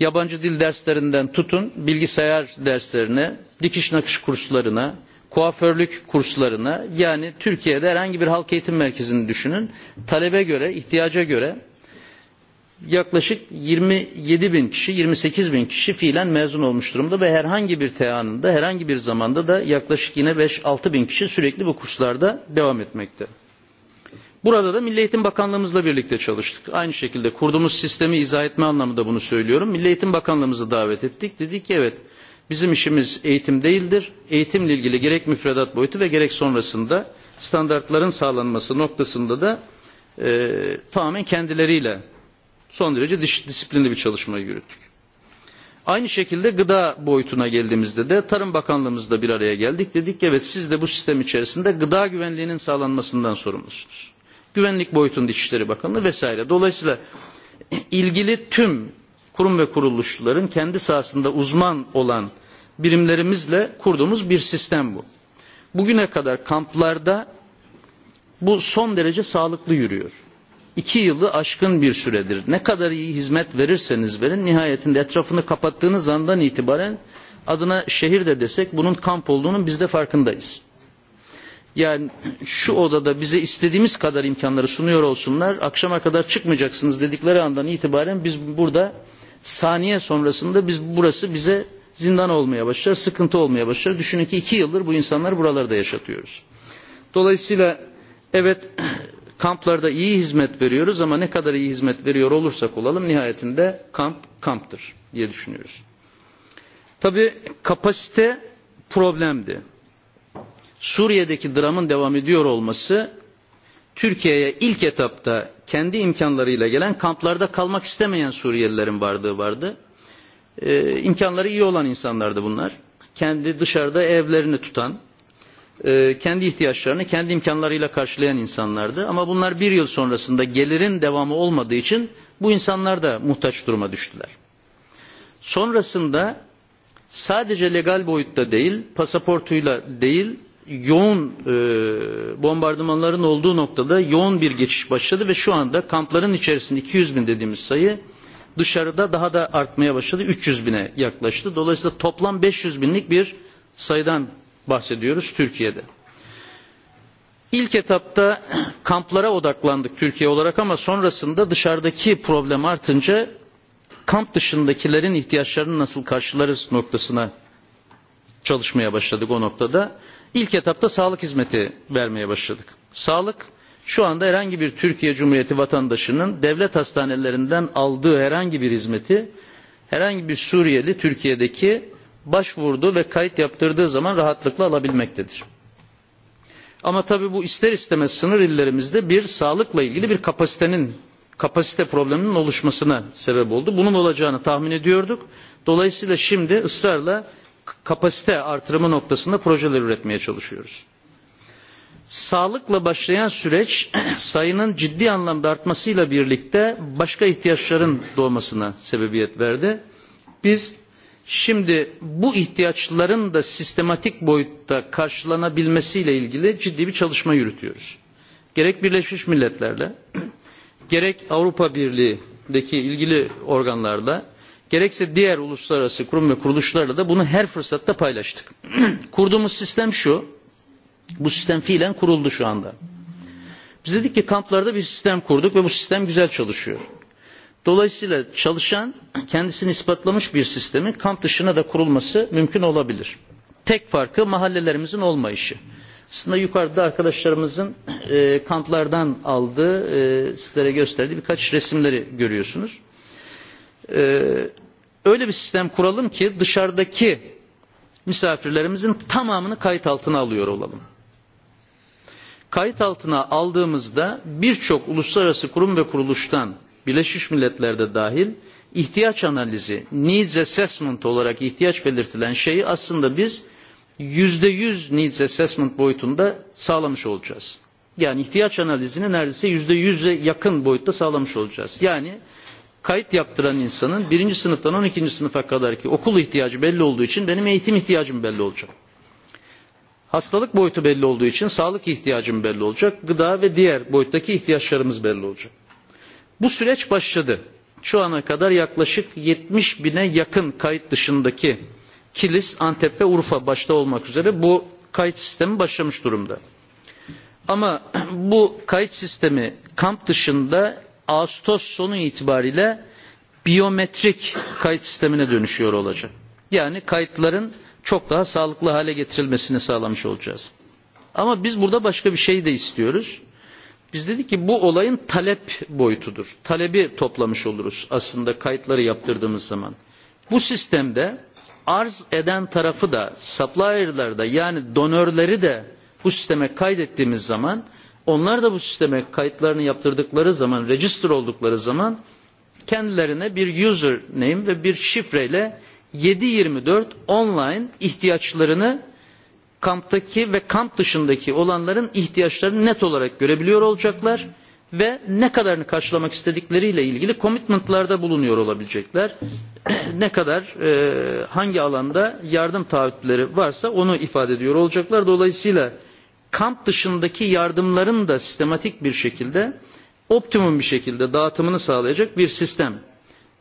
yabancı dil derslerinden tutun bilgisayar derslerine, dikiş nakış kurslarına, kuaförlük kurslarına yani Türkiye'de herhangi bir halk eğitim merkezini düşünün. Talebe göre, ihtiyaca göre yaklaşık 27 bin kişi, 28 bin kişi fiilen mezun olmuş durumda ve herhangi bir teanında, herhangi bir zamanda da yaklaşık yine 5-6 bin kişi sürekli bu kurslarda devam etmekte. Burada da Milli Eğitim Bakanlığımızla birlikte çalıştık. Aynı şekilde kurduğumuz sistemi izah etme anlamında bunu söylüyorum. Milli Eğitim Bakanlığımızı davet ettik. Dedik ki evet bizim işimiz eğitim değildir. Eğitimle ilgili gerek müfredat boyutu ve gerek sonrasında standartların sağlanması noktasında da e, tamamen kendileriyle son derece diş, disiplinli bir çalışmayı yürüttük. Aynı şekilde gıda boyutuna geldiğimizde de Tarım Bakanlığımızla bir araya geldik. Dedik ki evet siz de bu sistem içerisinde gıda güvenliğinin sağlanmasından sorumlusunuz. Güvenlik boyutunda İçişleri Bakanlığı vesaire. Dolayısıyla [CLEARS THROAT] ilgili tüm kurum ve kuruluşların kendi sahasında uzman olan birimlerimizle kurduğumuz bir sistem bu. Bugüne kadar kamplarda bu son derece sağlıklı yürüyor iki yılı aşkın bir süredir. Ne kadar iyi hizmet verirseniz verin nihayetinde etrafını kapattığınız andan itibaren adına şehir de desek bunun kamp olduğunun biz de farkındayız. Yani şu odada bize istediğimiz kadar imkanları sunuyor olsunlar, akşama kadar çıkmayacaksınız dedikleri andan itibaren biz burada saniye sonrasında biz burası bize zindan olmaya başlar, sıkıntı olmaya başlar. Düşünün ki iki yıldır bu insanlar buralarda yaşatıyoruz. Dolayısıyla evet Kamplarda iyi hizmet veriyoruz ama ne kadar iyi hizmet veriyor olursak olalım nihayetinde kamp kamptır diye düşünüyoruz. Tabi kapasite problemdi. Suriye'deki dramın devam ediyor olması Türkiye'ye ilk etapta kendi imkanlarıyla gelen kamplarda kalmak istemeyen Suriyelilerin vardığı vardı. Ee, i̇mkanları iyi olan insanlardı bunlar. Kendi dışarıda evlerini tutan, E, kendi ihtiyaçlarını kendi imkanlarıyla karşılayan insanlardı. Ama bunlar bir yıl sonrasında gelirin devamı olmadığı için bu insanlar da muhtaç duruma düştüler. Sonrasında sadece legal boyutta değil, pasaportuyla değil, yoğun e, bombardımanların olduğu noktada yoğun bir geçiş başladı ve şu anda kampların içerisinde 200 bin dediğimiz sayı dışarıda daha da artmaya başladı. 300 bine yaklaştı. Dolayısıyla toplam 500 binlik bir sayıdan bahsediyoruz Türkiye'de. İlk etapta [CLEARS THROAT] kamplara odaklandık Türkiye olarak ama sonrasında dışarıdaki problem artınca kamp dışındakilerin ihtiyaçlarını nasıl karşılarız noktasına çalışmaya başladık o noktada. İlk etapta sağlık hizmeti vermeye başladık. Sağlık şu anda herhangi bir Türkiye Cumhuriyeti vatandaşının devlet hastanelerinden aldığı herhangi bir hizmeti herhangi bir Suriyeli Türkiye'deki başvurduğu ve kayıt yaptırdığı zaman rahatlıkla alabilmektedir. Ama tabii bu ister istemez sınır illerimizde bir sağlıkla ilgili bir kapasitenin, kapasite probleminin oluşmasına sebep oldu. Bunun olacağını tahmin ediyorduk. Dolayısıyla şimdi ısrarla kapasite artırımı noktasında projeler üretmeye çalışıyoruz. Sağlıkla başlayan süreç [CLEARS THROAT] sayının ciddi anlamda artmasıyla birlikte başka ihtiyaçların doğmasına sebebiyet verdi. Biz Şimdi bu ihtiyaçların da sistematik boyutta karşılanabilmesiyle ilgili ciddi bir çalışma yürütüyoruz. Gerek Birleşmiş Milletler'le, gerek Avrupa Birliği'deki ilgili organlarla, gerekse diğer uluslararası kurum ve kuruluşlarla da bunu her fırsatta paylaştık. [CLEARS THROAT] Kurduğumuz sistem şu, bu sistem fiilen kuruldu şu anda. Biz dedik ki kamplarda bir sistem kurduk ve bu sistem güzel çalışıyor. Dolayısıyla çalışan kendisini ispatlamış bir sistemin kamp dışına da kurulması mümkün olabilir. Tek farkı mahallelerimizin olmayışı. Aslında yukarıda arkadaşlarımızın e, kamplardan aldığı, e, sizlere gösterdiği birkaç resimleri görüyorsunuz. E, öyle bir sistem kuralım ki dışarıdaki misafirlerimizin tamamını kayıt altına alıyor olalım. Kayıt altına aldığımızda birçok uluslararası kurum ve kuruluştan Birleşmiş Milletler de dahil ihtiyaç analizi, needs assessment olarak ihtiyaç belirtilen şeyi aslında biz yüzde yüz needs assessment boyutunda sağlamış olacağız. Yani ihtiyaç analizini neredeyse yüzde yüze yakın boyutta sağlamış olacağız. Yani kayıt yaptıran insanın birinci sınıftan on ikinci sınıfa kadar ki okul ihtiyacı belli olduğu için benim eğitim ihtiyacım belli olacak. Hastalık boyutu belli olduğu için sağlık ihtiyacım belli olacak. Gıda ve diğer boyuttaki ihtiyaçlarımız belli olacak. Bu süreç başladı. Şu ana kadar yaklaşık 70 bine yakın kayıt dışındaki Kilis, Antep ve Urfa başta olmak üzere bu kayıt sistemi başlamış durumda. Ama [CLEARS THROAT] bu kayıt sistemi kamp dışında Ağustos sonu itibariyle biyometrik kayıt sistemine dönüşüyor olacak. Yani kayıtların çok daha sağlıklı hale getirilmesini sağlamış olacağız. Ama biz burada başka bir şey de istiyoruz. Biz dedik ki bu olayın talep boyutudur. Talebi toplamış oluruz aslında kayıtları yaptırdığımız zaman. Bu sistemde arz eden tarafı da supplier'lar da yani donörleri de bu sisteme kaydettiğimiz zaman onlar da bu sisteme kayıtlarını yaptırdıkları zaman register oldukları zaman kendilerine bir username ve bir şifreyle 724 online ihtiyaçlarını kamptaki ve kamp dışındaki olanların ihtiyaçlarını net olarak görebiliyor olacaklar ve ne kadarını karşılamak istedikleriyle ilgili komitmentlarda bulunuyor olabilecekler. [CLEARS THROAT] ne kadar e, hangi alanda yardım taahhütleri varsa onu ifade ediyor olacaklar. Dolayısıyla kamp dışındaki yardımların da sistematik bir şekilde optimum bir şekilde dağıtımını sağlayacak bir sistem.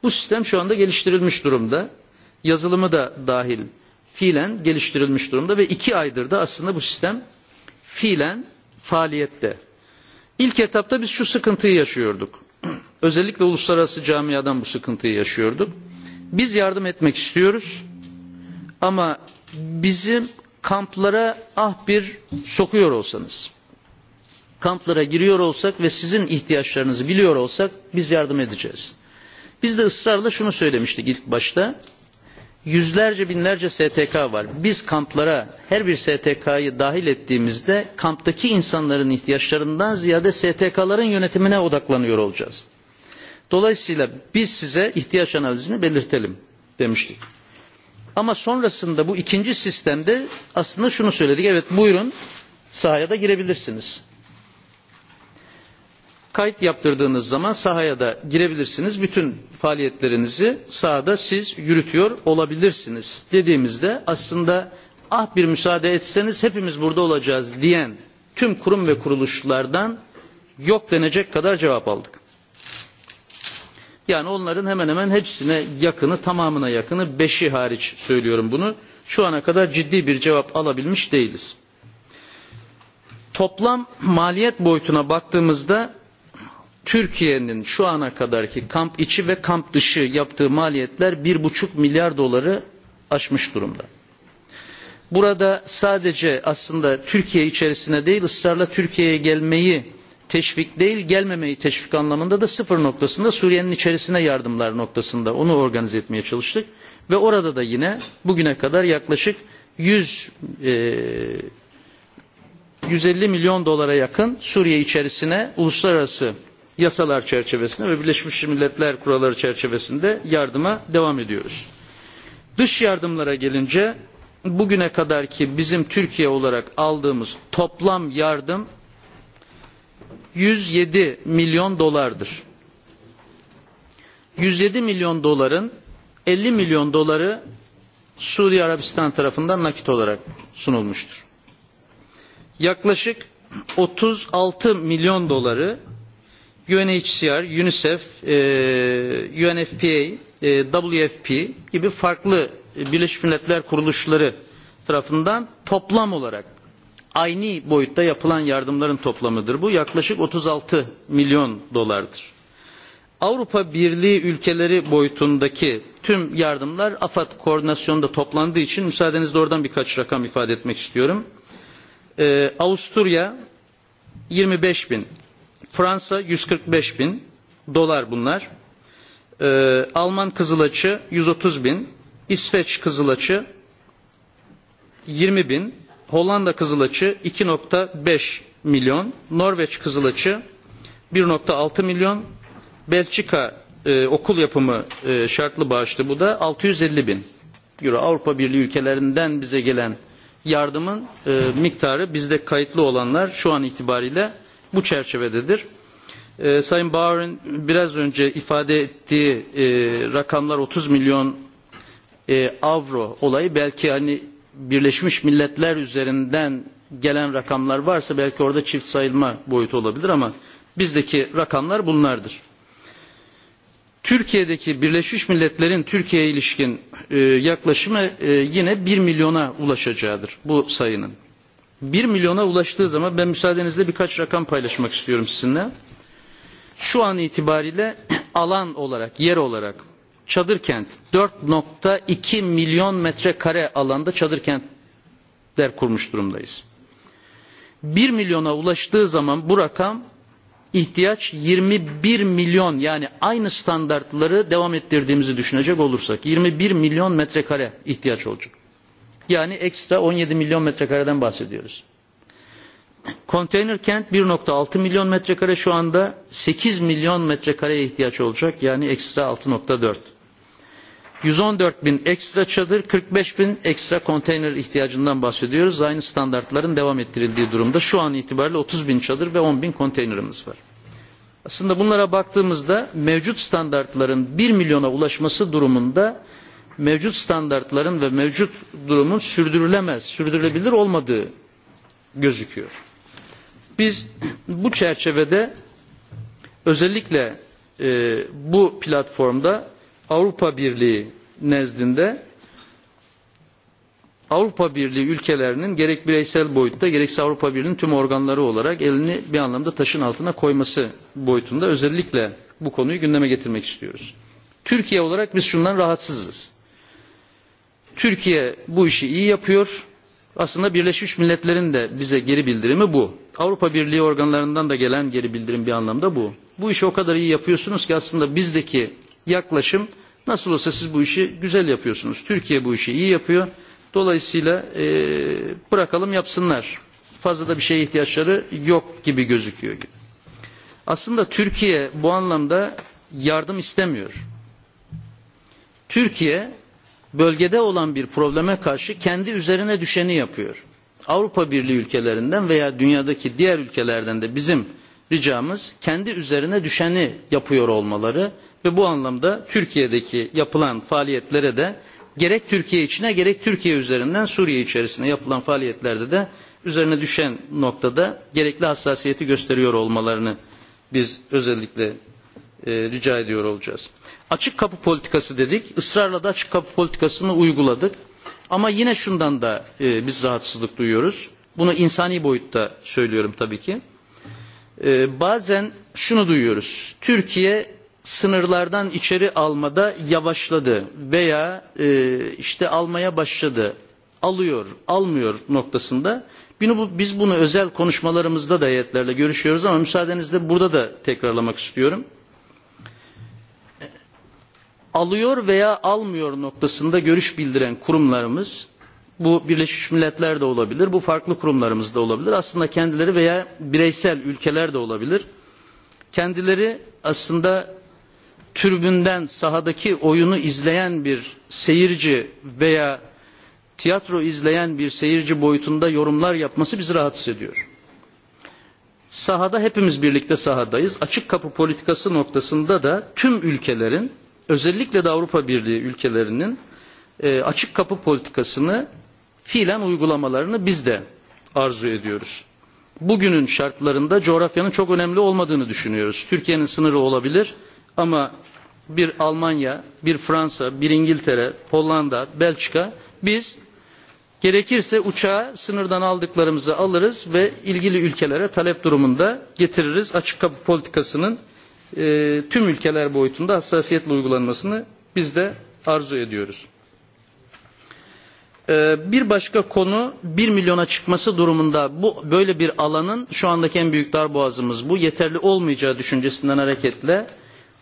Bu sistem şu anda geliştirilmiş durumda. Yazılımı da dahil fiilen geliştirilmiş durumda ve iki aydır da aslında bu sistem fiilen faaliyette. İlk etapta biz şu sıkıntıyı yaşıyorduk. [CLEARS THROAT] Özellikle uluslararası camiadan bu sıkıntıyı yaşıyorduk. Biz yardım etmek istiyoruz ama bizim kamplara ah bir sokuyor olsanız, kamplara giriyor olsak ve sizin ihtiyaçlarınızı biliyor olsak biz yardım edeceğiz. Biz de ısrarla şunu söylemiştik ilk başta yüzlerce binlerce STK var. Biz kamplara her bir STK'yı dahil ettiğimizde kamptaki insanların ihtiyaçlarından ziyade STK'ların yönetimine odaklanıyor olacağız. Dolayısıyla biz size ihtiyaç analizini belirtelim demiştik. Ama sonrasında bu ikinci sistemde aslında şunu söyledik. Evet buyurun sahaya da girebilirsiniz. Kayıt yaptırdığınız zaman sahaya da girebilirsiniz. Bütün faaliyetlerinizi sahada siz yürütüyor olabilirsiniz dediğimizde aslında ah bir müsaade etseniz hepimiz burada olacağız diyen tüm kurum ve kuruluşlardan yok denecek kadar cevap aldık. Yani onların hemen hemen hepsine yakını, tamamına yakını, beşi hariç söylüyorum bunu. Şu ana kadar ciddi bir cevap alabilmiş değiliz. Toplam maliyet boyutuna baktığımızda Türkiye'nin şu ana kadarki kamp içi ve kamp dışı yaptığı maliyetler 1,5 milyar doları aşmış durumda. Burada sadece aslında Türkiye içerisine değil ısrarla Türkiye'ye gelmeyi teşvik değil gelmemeyi teşvik anlamında da sıfır noktasında Suriye'nin içerisine yardımlar noktasında onu organize etmeye çalıştık. Ve orada da yine bugüne kadar yaklaşık 100 e, 150 milyon dolara yakın Suriye içerisine uluslararası yasalar çerçevesinde ve Birleşmiş Milletler kuralları çerçevesinde yardıma devam ediyoruz. Dış yardımlara gelince bugüne kadar ki bizim Türkiye olarak aldığımız toplam yardım 107 milyon dolardır. 107 milyon doların 50 milyon doları Suudi Arabistan tarafından nakit olarak sunulmuştur. Yaklaşık 36 milyon doları UNHCR, UNICEF, e, UNFPA, e, WFP gibi farklı Birleşmiş Milletler kuruluşları tarafından toplam olarak aynı boyutta yapılan yardımların toplamıdır. Bu yaklaşık 36 milyon dolardır. Avrupa Birliği ülkeleri boyutundaki tüm yardımlar AFAD koordinasyonunda toplandığı için müsaadenizle oradan birkaç rakam ifade etmek istiyorum. Ee, Avusturya 25 bin, Fransa 145 bin dolar bunlar. Ee, Alman kızılaçı 130 bin, İsveç kızılaçı 20 bin, Hollanda kızılaçı 2.5 milyon, Norveç kızılaçı 1.6 milyon, Belçika e, okul yapımı e, şartlı bağışlı bu da 650 bin euro. Avrupa Birliği ülkelerinden bize gelen yardımın e, miktarı bizde kayıtlı olanlar şu an itibariyle Bu çerçevededir. E, Sayın Bağır'ın biraz önce ifade ettiği e, rakamlar 30 milyon e, avro olayı belki hani Birleşmiş Milletler üzerinden gelen rakamlar varsa belki orada çift sayılma boyutu olabilir ama bizdeki rakamlar bunlardır. Türkiye'deki Birleşmiş Milletler'in Türkiye'ye ilişkin e, yaklaşımı e, yine 1 milyona ulaşacağıdır bu sayının. 1 milyona ulaştığı zaman ben müsaadenizle birkaç rakam paylaşmak istiyorum sizinle. Şu an itibariyle [CLEARS THROAT] alan olarak, yer olarak çadır kent 4.2 milyon metrekare alanda çadır kentler kurmuş durumdayız. 1 milyona ulaştığı zaman bu rakam ihtiyaç 21 milyon yani aynı standartları devam ettirdiğimizi düşünecek olursak 21 milyon metrekare ihtiyaç olacak. Yani ekstra 17 milyon metrekareden bahsediyoruz. Konteyner kent 1.6 milyon metrekare şu anda 8 milyon metrekareye ihtiyaç olacak yani ekstra 6.4. 114 bin ekstra çadır, 45 bin ekstra konteyner ihtiyacından bahsediyoruz. Aynı standartların devam ettirildiği durumda şu an itibariyle 30 bin çadır ve 10 bin konteynerimiz var. Aslında bunlara baktığımızda mevcut standartların 1 milyona ulaşması durumunda mevcut standartların ve mevcut durumun sürdürülemez, sürdürülebilir olmadığı gözüküyor. Biz bu çerçevede özellikle e, bu platformda Avrupa Birliği nezdinde Avrupa Birliği ülkelerinin gerek bireysel boyutta gerekse Avrupa Birliği'nin tüm organları olarak elini bir anlamda taşın altına koyması boyutunda özellikle bu konuyu gündeme getirmek istiyoruz. Türkiye olarak biz şundan rahatsızız. Türkiye bu işi iyi yapıyor. Aslında Birleşmiş Milletler'in de bize geri bildirimi bu. Avrupa Birliği organlarından da gelen geri bildirim bir anlamda bu. Bu işi o kadar iyi yapıyorsunuz ki aslında bizdeki yaklaşım nasıl olsa siz bu işi güzel yapıyorsunuz. Türkiye bu işi iyi yapıyor. Dolayısıyla e, bırakalım yapsınlar. Fazla da bir şeye ihtiyaçları yok gibi gözüküyor. Aslında Türkiye bu anlamda yardım istemiyor. Türkiye bölgede olan bir probleme karşı kendi üzerine düşeni yapıyor. Avrupa Birliği ülkelerinden veya dünyadaki diğer ülkelerden de bizim ricamız kendi üzerine düşeni yapıyor olmaları ve bu anlamda Türkiye'deki yapılan faaliyetlere de gerek Türkiye içine gerek Türkiye üzerinden Suriye içerisinde yapılan faaliyetlerde de üzerine düşen noktada gerekli hassasiyeti gösteriyor olmalarını biz özellikle e, rica ediyor olacağız. Açık kapı politikası dedik. Israrla da açık kapı politikasını uyguladık. Ama yine şundan da e, biz rahatsızlık duyuyoruz. Bunu insani boyutta söylüyorum tabii ki. E, bazen şunu duyuyoruz. Türkiye sınırlardan içeri almada yavaşladı veya e, işte almaya başladı. Alıyor, almıyor noktasında. Biz bunu özel konuşmalarımızda da heyetlerle görüşüyoruz ama müsaadenizle burada da tekrarlamak istiyorum alıyor veya almıyor noktasında görüş bildiren kurumlarımız bu Birleşmiş Milletler de olabilir, bu farklı kurumlarımız da olabilir. Aslında kendileri veya bireysel ülkeler de olabilir. Kendileri aslında türbünden sahadaki oyunu izleyen bir seyirci veya tiyatro izleyen bir seyirci boyutunda yorumlar yapması bizi rahatsız ediyor. Sahada hepimiz birlikte sahadayız. Açık kapı politikası noktasında da tüm ülkelerin özellikle de Avrupa Birliği ülkelerinin e, açık kapı politikasını fiilen uygulamalarını biz de arzu ediyoruz. Bugünün şartlarında coğrafyanın çok önemli olmadığını düşünüyoruz. Türkiye'nin sınırı olabilir ama bir Almanya, bir Fransa, bir İngiltere, Hollanda, Belçika biz gerekirse uçağı sınırdan aldıklarımızı alırız ve ilgili ülkelere talep durumunda getiririz. Açık kapı politikasının e, tüm ülkeler boyutunda hassasiyetle uygulanmasını biz de arzu ediyoruz. E, bir başka konu 1 milyona çıkması durumunda bu böyle bir alanın şu andaki en büyük darboğazımız bu yeterli olmayacağı düşüncesinden hareketle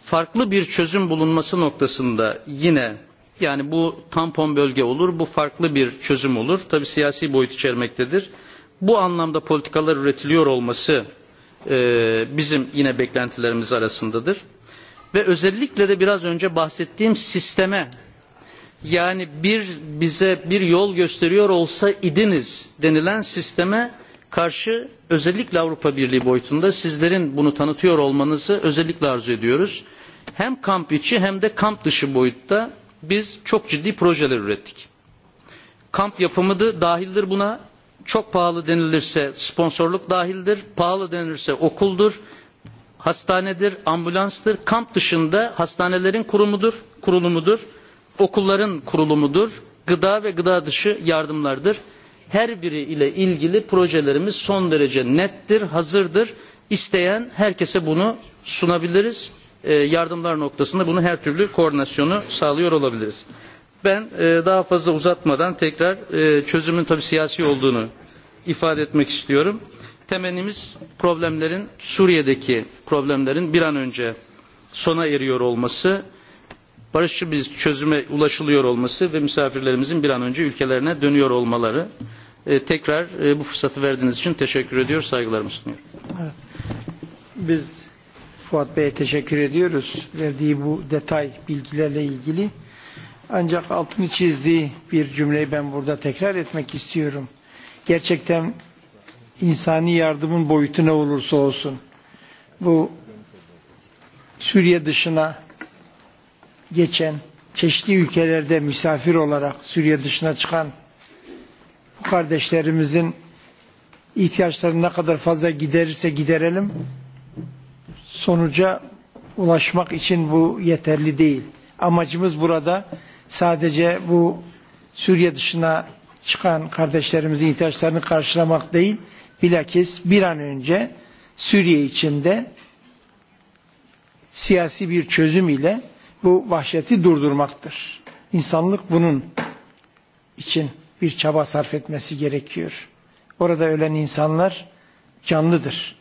farklı bir çözüm bulunması noktasında yine yani bu tampon bölge olur, bu farklı bir çözüm olur. Tabi siyasi boyut içermektedir. Bu anlamda politikalar üretiliyor olması e, bizim yine beklentilerimiz arasındadır. Ve özellikle de biraz önce bahsettiğim sisteme yani bir bize bir yol gösteriyor olsa idiniz denilen sisteme karşı özellikle Avrupa Birliği boyutunda sizlerin bunu tanıtıyor olmanızı özellikle arzu ediyoruz. Hem kamp içi hem de kamp dışı boyutta biz çok ciddi projeler ürettik. Kamp yapımı da dahildir buna, çok pahalı denilirse sponsorluk dahildir, pahalı denilirse okuldur, hastanedir, ambulanstır, kamp dışında hastanelerin kurumudur, kurulumudur, okulların kurulumudur, gıda ve gıda dışı yardımlardır. Her biri ile ilgili projelerimiz son derece nettir, hazırdır. İsteyen herkese bunu sunabiliriz. E, yardımlar noktasında bunu her türlü koordinasyonu sağlıyor olabiliriz. Ben e, daha fazla uzatmadan tekrar e, çözümün tabi siyasi olduğunu ifade etmek istiyorum. Temennimiz problemlerin Suriye'deki problemlerin bir an önce sona eriyor olması, barışçı bir çözüme ulaşılıyor olması ve misafirlerimizin bir an önce ülkelerine dönüyor olmaları. E, tekrar e, bu fırsatı verdiğiniz için teşekkür ediyor, saygılarımı sunuyorum. Evet. Biz Fuat Bey'e teşekkür ediyoruz verdiği bu detay bilgilerle ilgili. Ancak altını çizdiği bir cümleyi ben burada tekrar etmek istiyorum. Gerçekten insani yardımın boyutu ne olursa olsun bu Suriye dışına geçen çeşitli ülkelerde misafir olarak Suriye dışına çıkan bu kardeşlerimizin ihtiyaçlarını ne kadar fazla giderirse giderelim sonuca ulaşmak için bu yeterli değil. Amacımız burada bu sadece bu Suriye dışına çıkan kardeşlerimizin ihtiyaçlarını karşılamak değil, bilakis bir an önce Suriye içinde siyasi bir çözüm ile bu vahşeti durdurmaktır. İnsanlık bunun için bir çaba sarf etmesi gerekiyor. Orada ölen insanlar canlıdır.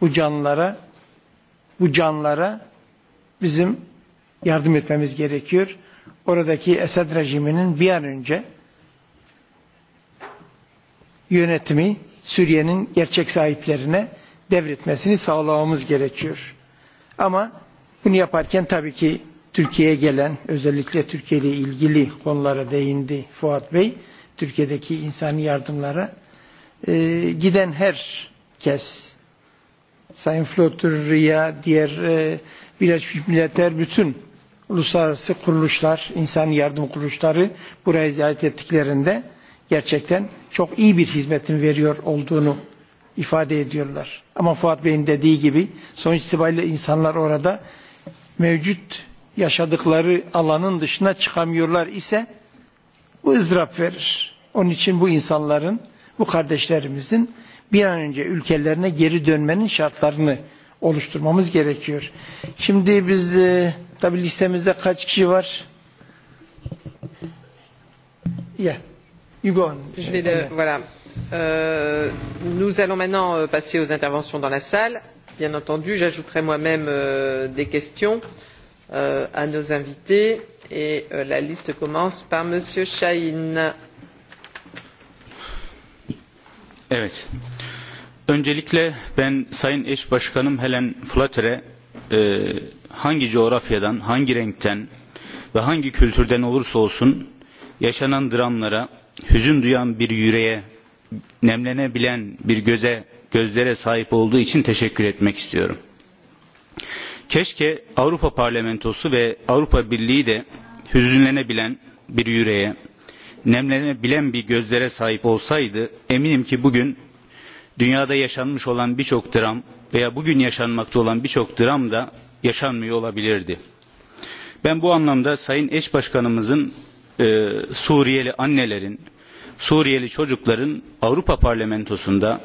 Bu canlara bu canlara bizim yardım etmemiz gerekiyor. Oradaki Esad rejiminin bir an önce yönetimi Suriye'nin gerçek sahiplerine devretmesini sağlamamız gerekiyor. Ama bunu yaparken tabii ki Türkiye'ye gelen özellikle Türkiye ile ilgili konulara değindi Fuat Bey. Türkiye'deki insani yardımlara e, giden her kes Sayın Flotur, Riya, diğer e, Birleşmiş Milletler bütün uluslararası kuruluşlar, insan yardım kuruluşları buraya ziyaret ettiklerinde gerçekten çok iyi bir hizmetin veriyor olduğunu ifade ediyorlar. Ama Fuat Bey'in dediği gibi sonuç itibariyle insanlar orada mevcut yaşadıkları alanın dışına çıkamıyorlar ise bu ızdırap verir. Onun için bu insanların, bu kardeşlerimizin bir an önce ülkelerine geri dönmenin şartlarını oluşturmamız gerekiyor. Şimdi biz e, tabi listemizde kaç kişi var? Yeah. You Je vais de, voilà. Euh, nous allons maintenant euh, passer aux interventions dans la salle. Bien entendu, j'ajouterai moi-même euh, des questions euh, à nos invités et euh, la liste commence par Monsieur Chahine. Evet. Eh Öncelikle ben Sayın Eş Başkanım Helen Flatter'e e, hangi coğrafyadan, hangi renkten ve hangi kültürden olursa olsun yaşanan dramlara, hüzün duyan bir yüreğe, nemlenebilen bir göze, gözlere sahip olduğu için teşekkür etmek istiyorum. Keşke Avrupa Parlamentosu ve Avrupa Birliği de hüzünlenebilen bir yüreğe, nemlenebilen bir gözlere sahip olsaydı eminim ki bugün dünyada yaşanmış olan birçok dram veya bugün yaşanmakta olan birçok dram da yaşanmıyor olabilirdi. Ben bu anlamda Sayın Eş Başkanımızın e, Suriyeli annelerin, Suriyeli çocukların Avrupa Parlamentosu'nda,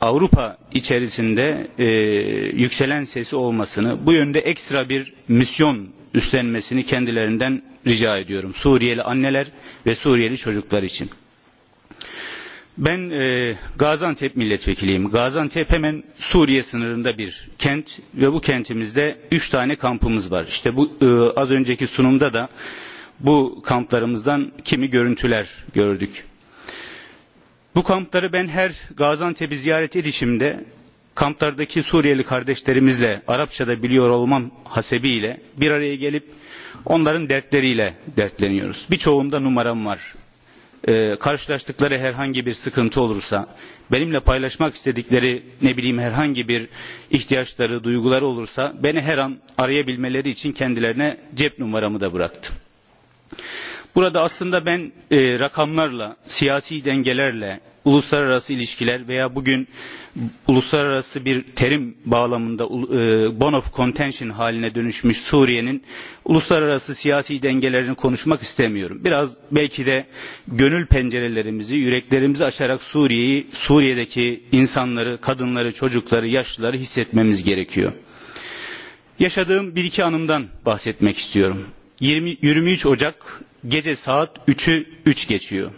Avrupa içerisinde e, yükselen sesi olmasını, bu yönde ekstra bir misyon üstlenmesini kendilerinden rica ediyorum. Suriyeli anneler ve Suriyeli çocuklar için. Ben e, Gaziantep milletvekiliyim. Gaziantep hemen Suriye sınırında bir kent ve bu kentimizde 3 tane kampımız var. İşte bu e, az önceki sunumda da bu kamplarımızdan kimi görüntüler gördük. Bu kampları ben her Gaziantep'i ziyaret edişimde kamplardaki Suriyeli kardeşlerimizle Arapçada biliyor olmam hasebiyle bir araya gelip onların dertleriyle dertleniyoruz. Birçoğunda numaram var e, karşılaştıkları herhangi bir sıkıntı olursa, benimle paylaşmak istedikleri ne bileyim herhangi bir ihtiyaçları, duyguları olursa beni her an arayabilmeleri için kendilerine cep numaramı da bıraktım. Burada aslında ben e, rakamlarla, siyasi dengelerle, uluslararası ilişkiler veya bugün uluslararası bir terim bağlamında e, bone of contention haline dönüşmüş Suriye'nin uluslararası siyasi dengelerini konuşmak istemiyorum. Biraz belki de gönül pencerelerimizi, yüreklerimizi açarak Suriye'yi, Suriye'deki insanları, kadınları, çocukları, yaşlıları hissetmemiz gerekiyor. Yaşadığım bir iki anımdan bahsetmek istiyorum. 23 Ocak gece saat 3'ü 3 geçiyor.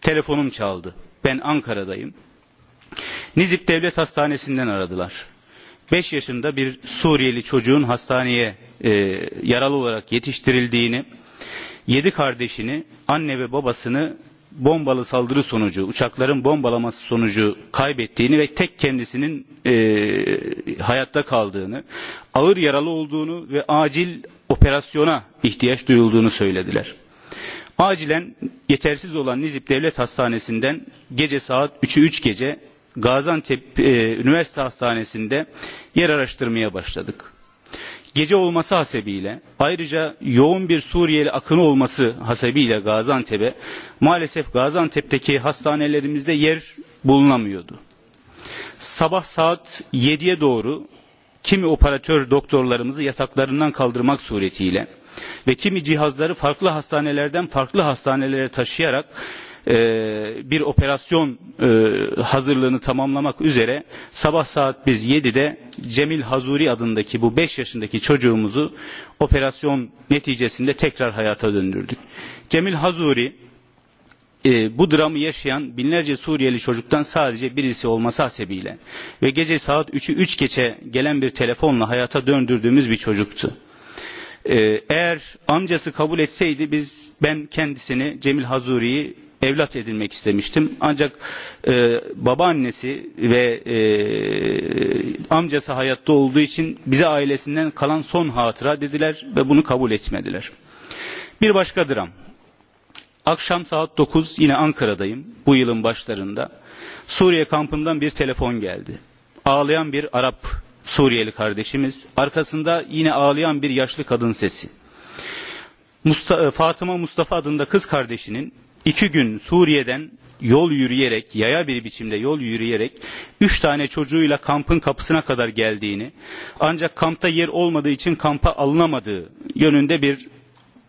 Telefonum çaldı. Ben Ankara'dayım. Nizip Devlet Hastanesi'nden aradılar. 5 yaşında bir Suriyeli çocuğun hastaneye e, yaralı olarak yetiştirildiğini, 7 kardeşini, anne ve babasını bombalı saldırı sonucu, uçakların bombalaması sonucu kaybettiğini ve tek kendisinin e, hayatta kaldığını, ağır yaralı olduğunu ve acil operasyona ihtiyaç duyulduğunu söylediler. Acilen yetersiz olan Nizip Devlet Hastanesi'nden gece saat 3'ü 3 gece Gaziantep e, Üniversite Hastanesi'nde yer araştırmaya başladık. Gece olması hasebiyle ayrıca yoğun bir Suriyeli akını olması hasebiyle Gaziantep'e maalesef Gaziantep'teki hastanelerimizde yer bulunamıyordu. Sabah saat 7'ye doğru kimi operatör doktorlarımızı yataklarından kaldırmak suretiyle ve kimi cihazları farklı hastanelerden farklı hastanelere taşıyarak e, bir operasyon e, hazırlığını tamamlamak üzere sabah saat biz 7'de Cemil Hazuri adındaki bu 5 yaşındaki çocuğumuzu operasyon neticesinde tekrar hayata döndürdük. Cemil Hazuri e, bu dramı yaşayan binlerce Suriyeli çocuktan sadece birisi olması hasebiyle ve gece saat 3'ü 3 geçe gelen bir telefonla hayata döndürdüğümüz bir çocuktu. E, eğer amcası kabul etseydi biz ben kendisini Cemil Hazuri'yi evlat edinmek istemiştim. Ancak e, babaannesi ve e, amcası hayatta olduğu için bize ailesinden kalan son hatıra dediler ve bunu kabul etmediler. Bir başka dram. Akşam saat 9 yine Ankara'dayım bu yılın başlarında. Suriye kampından bir telefon geldi. Ağlayan bir Arap Suriyeli kardeşimiz, arkasında yine ağlayan bir yaşlı kadın sesi. Mustafa, Fatıma Mustafa adında kız kardeşinin iki gün Suriye'den yol yürüyerek, yaya bir biçimde yol yürüyerek üç tane çocuğuyla kampın kapısına kadar geldiğini ancak kampta yer olmadığı için kampa alınamadığı yönünde bir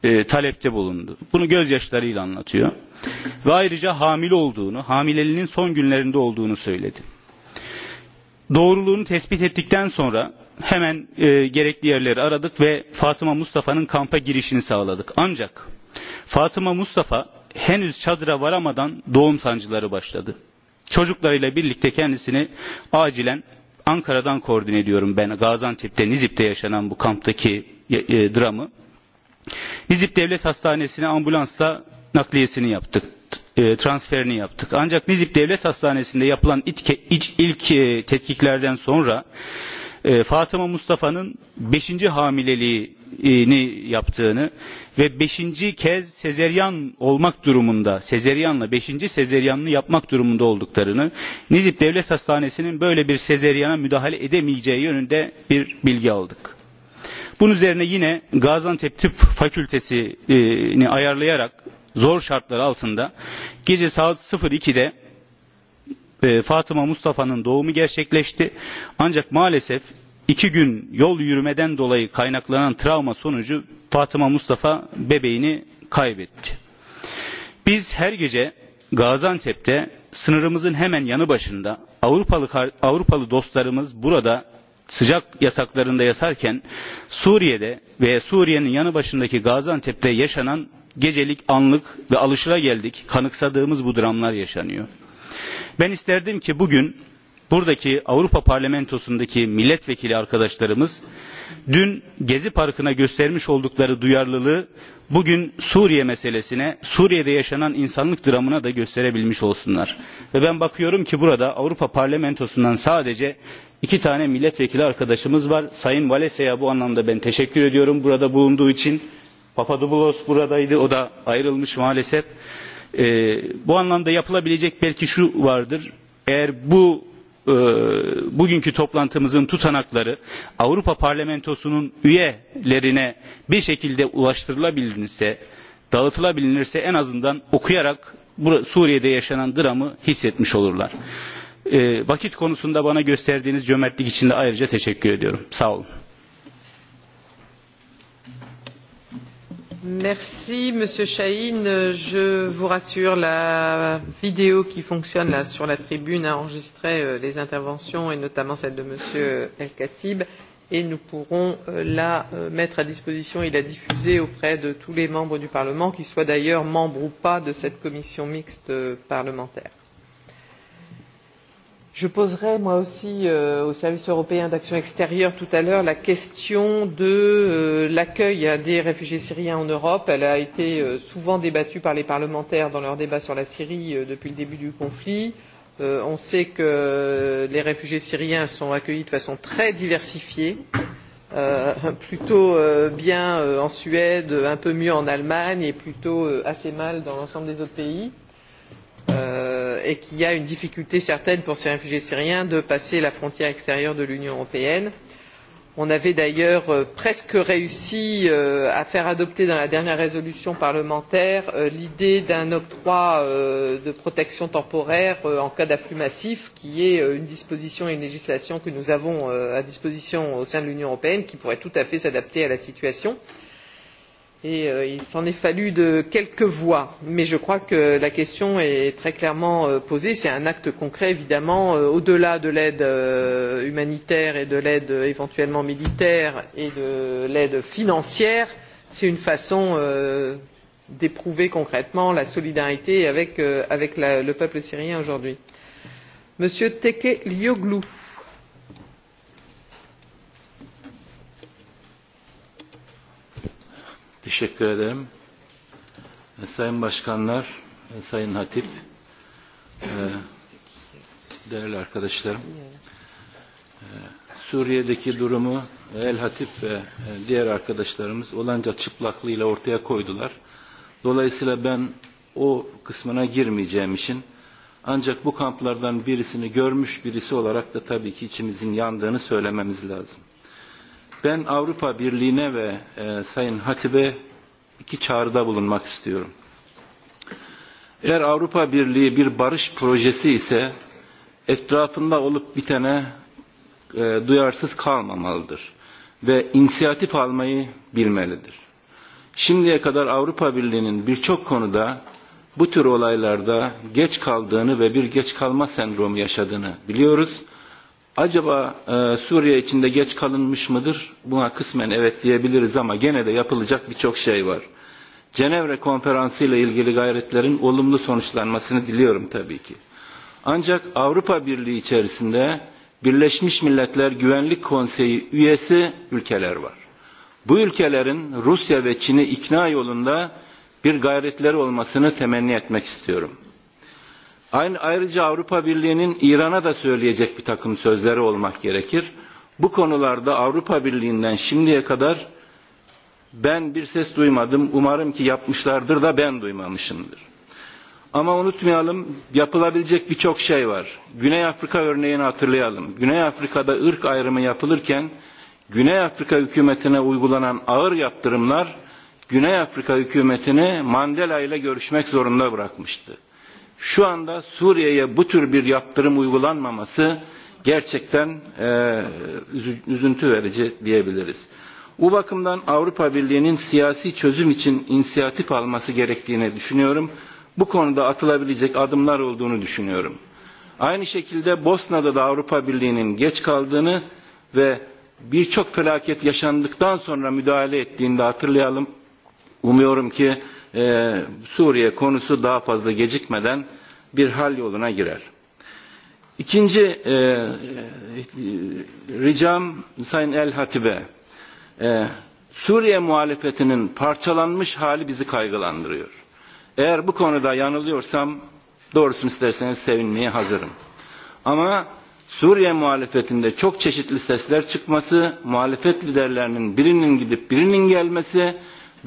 e, talepte bulundu. Bunu gözyaşlarıyla anlatıyor. Ve ayrıca hamile olduğunu, hamileliğinin son günlerinde olduğunu söyledi. Doğruluğunu tespit ettikten sonra hemen e, gerekli yerleri aradık ve Fatıma Mustafa'nın kampa girişini sağladık. Ancak Fatıma Mustafa henüz çadıra varamadan doğum sancıları başladı. Çocuklarıyla birlikte kendisini acilen Ankara'dan koordine ediyorum ben Gaziantep'te Nizip'te yaşanan bu kamptaki e, e dramı. Nizip Devlet Hastanesi'ne ambulansla nakliyesini yaptık, e, transferini yaptık. Ancak Nizip Devlet Hastanesi'nde yapılan itke, iç, ilk e, tetkiklerden sonra E, Fatıma Mustafa'nın beşinci hamileliğini yaptığını ve beşinci kez sezeryan olmak durumunda, sezeryanla beşinci sezeryanını yapmak durumunda olduklarını, Nizip Devlet Hastanesi'nin böyle bir sezeryana müdahale edemeyeceği yönünde bir bilgi aldık. Bunun üzerine yine Gaziantep Tıp Fakültesi'ni ayarlayarak zor şartlar altında gece saat 02'de E, Fatıma Mustafa'nın doğumu gerçekleşti. Ancak maalesef iki gün yol yürümeden dolayı kaynaklanan travma sonucu Fatıma Mustafa bebeğini kaybetti. Biz her gece Gaziantep'te sınırımızın hemen yanı başında Avrupalı, Avrupalı dostlarımız burada sıcak yataklarında yatarken Suriye'de ve Suriye'nin yanı başındaki Gaziantep'te yaşanan gecelik anlık ve geldik kanıksadığımız bu dramlar yaşanıyor. Ben isterdim ki bugün buradaki Avrupa Parlamentosu'ndaki milletvekili arkadaşlarımız dün Gezi Parkı'na göstermiş oldukları duyarlılığı bugün Suriye meselesine, Suriye'de yaşanan insanlık dramına da gösterebilmiş olsunlar. Ve ben bakıyorum ki burada Avrupa Parlamentosu'ndan sadece iki tane milletvekili arkadaşımız var. Sayın Valese'ye bu anlamda ben teşekkür ediyorum burada bulunduğu için. Papadopoulos buradaydı, o da ayrılmış maalesef. E, bu anlamda yapılabilecek belki şu vardır. Eğer bu e, bugünkü toplantımızın tutanakları Avrupa Parlamentosu'nun üyelerine bir şekilde ulaştırılabilirse, dağıtılabilirse en azından okuyarak Suriye'de yaşanan dramı hissetmiş olurlar. E, vakit konusunda bana gösterdiğiniz cömertlik için de ayrıca teşekkür ediyorum. Sağ olun. Merci, Monsieur Chahine. Je vous rassure, la vidéo qui fonctionne là sur la tribune a enregistré euh, les interventions et notamment celle de Monsieur euh, El Khatib et nous pourrons euh, la euh, mettre à disposition et la diffuser auprès de tous les membres du Parlement, qu'ils soient d'ailleurs membres ou pas de cette commission mixte euh, parlementaire. Je poserai moi aussi euh, au service européen d'action extérieure tout à l'heure la question de euh, l'accueil des réfugiés syriens en Europe. Elle a été euh, souvent débattue par les parlementaires dans leur débat sur la Syrie euh, depuis le début du conflit. Euh, on sait que les réfugiés syriens sont accueillis de façon très diversifiée. Euh, [LAUGHS] plutôt euh, bien euh, en Suède, un peu mieux en Allemagne et plutôt euh, assez mal dans l'ensemble des autres pays. Euh, et qu'il y a une difficulté certaine pour ces réfugiés syriens de passer la frontière extérieure de l'Union européenne. On avait d'ailleurs euh, presque réussi euh, à faire adopter dans la dernière résolution parlementaire euh, l'idée d'un octroi de protection temporaire en cas d'afflux massif, qui est une disposition et une législation que nous avons à disposition au sein de l'Union européenne qui pourrait tout à fait s'adapter à la situation et euh, il s'en est fallu de quelques voix mais je crois que la question est très clairement euh, posée c'est un acte concret évidemment euh, au delà de l'aide euh, humanitaire et de l'aide euh, éventuellement militaire et de l'aide financière c'est une façon euh, d'éprouver concrètement la solidarité avec, avec la, le peuple syrien aujourd'hui. monsieur Euh, Teşekkür ederim. Sayın Başkanlar, e, Sayın Hatip, e, değerli arkadaşlarım. E, Suriye'deki durumu El Hatip ve diğer arkadaşlarımız olanca çıplaklığıyla ortaya koydular. Dolayısıyla ben o kısmına girmeyeceğim için ancak bu kamplardan birisini görmüş birisi olarak da tabii ki içimizin yandığını söylememiz lazım. Ben Avrupa Birliği'ne ve e, Sayın Hatibe iki çağrıda bulunmak istiyorum. Eğer Avrupa Birliği bir barış projesi ise etrafında olup bitene e, duyarsız kalmamalıdır ve inisiyatif almayı bilmelidir. Şimdiye kadar Avrupa Birliği'nin birçok konuda bu tür olaylarda geç kaldığını ve bir geç kalma sendromu yaşadığını biliyoruz. Acaba e, Suriye içinde geç kalınmış mıdır? Buna kısmen evet diyebiliriz ama gene de yapılacak birçok şey var. Cenevre Konferansı ile ilgili gayretlerin olumlu sonuçlanmasını diliyorum tabii ki. Ancak Avrupa Birliği içerisinde Birleşmiş Milletler Güvenlik Konseyi üyesi ülkeler var. Bu ülkelerin Rusya ve Çin'i ikna yolunda bir gayretleri olmasını temenni etmek istiyorum. Aynı, ayrıca Avrupa Birliği'nin İran'a da söyleyecek bir takım sözleri olmak gerekir. Bu konularda Avrupa Birliği'nden şimdiye kadar ben bir ses duymadım. Umarım ki yapmışlardır da ben duymamışımdır. Ama unutmayalım yapılabilecek birçok şey var. Güney Afrika örneğini hatırlayalım. Güney Afrika'da ırk ayrımı yapılırken Güney Afrika hükümetine uygulanan ağır yaptırımlar Güney Afrika hükümetini Mandela ile görüşmek zorunda bırakmıştı şu anda Suriye'ye bu tür bir yaptırım uygulanmaması gerçekten e, üzüntü verici diyebiliriz. Bu bakımdan Avrupa Birliği'nin siyasi çözüm için inisiyatif alması gerektiğini düşünüyorum. Bu konuda atılabilecek adımlar olduğunu düşünüyorum. Aynı şekilde Bosna'da da Avrupa Birliği'nin geç kaldığını ve birçok felaket yaşandıktan sonra müdahale ettiğini de hatırlayalım. Umuyorum ki e, Suriye konusu daha fazla gecikmeden bir hal yoluna girer. İkinci e, e, ricam Sayın El Hatibe, e, Suriye muhalefetinin parçalanmış hali bizi kaygılandırıyor. Eğer bu konuda yanılıyorsam doğrusunu isterseniz sevinmeye hazırım. Ama Suriye muhalefetinde çok çeşitli sesler çıkması, muhalefet liderlerinin birinin gidip birinin gelmesi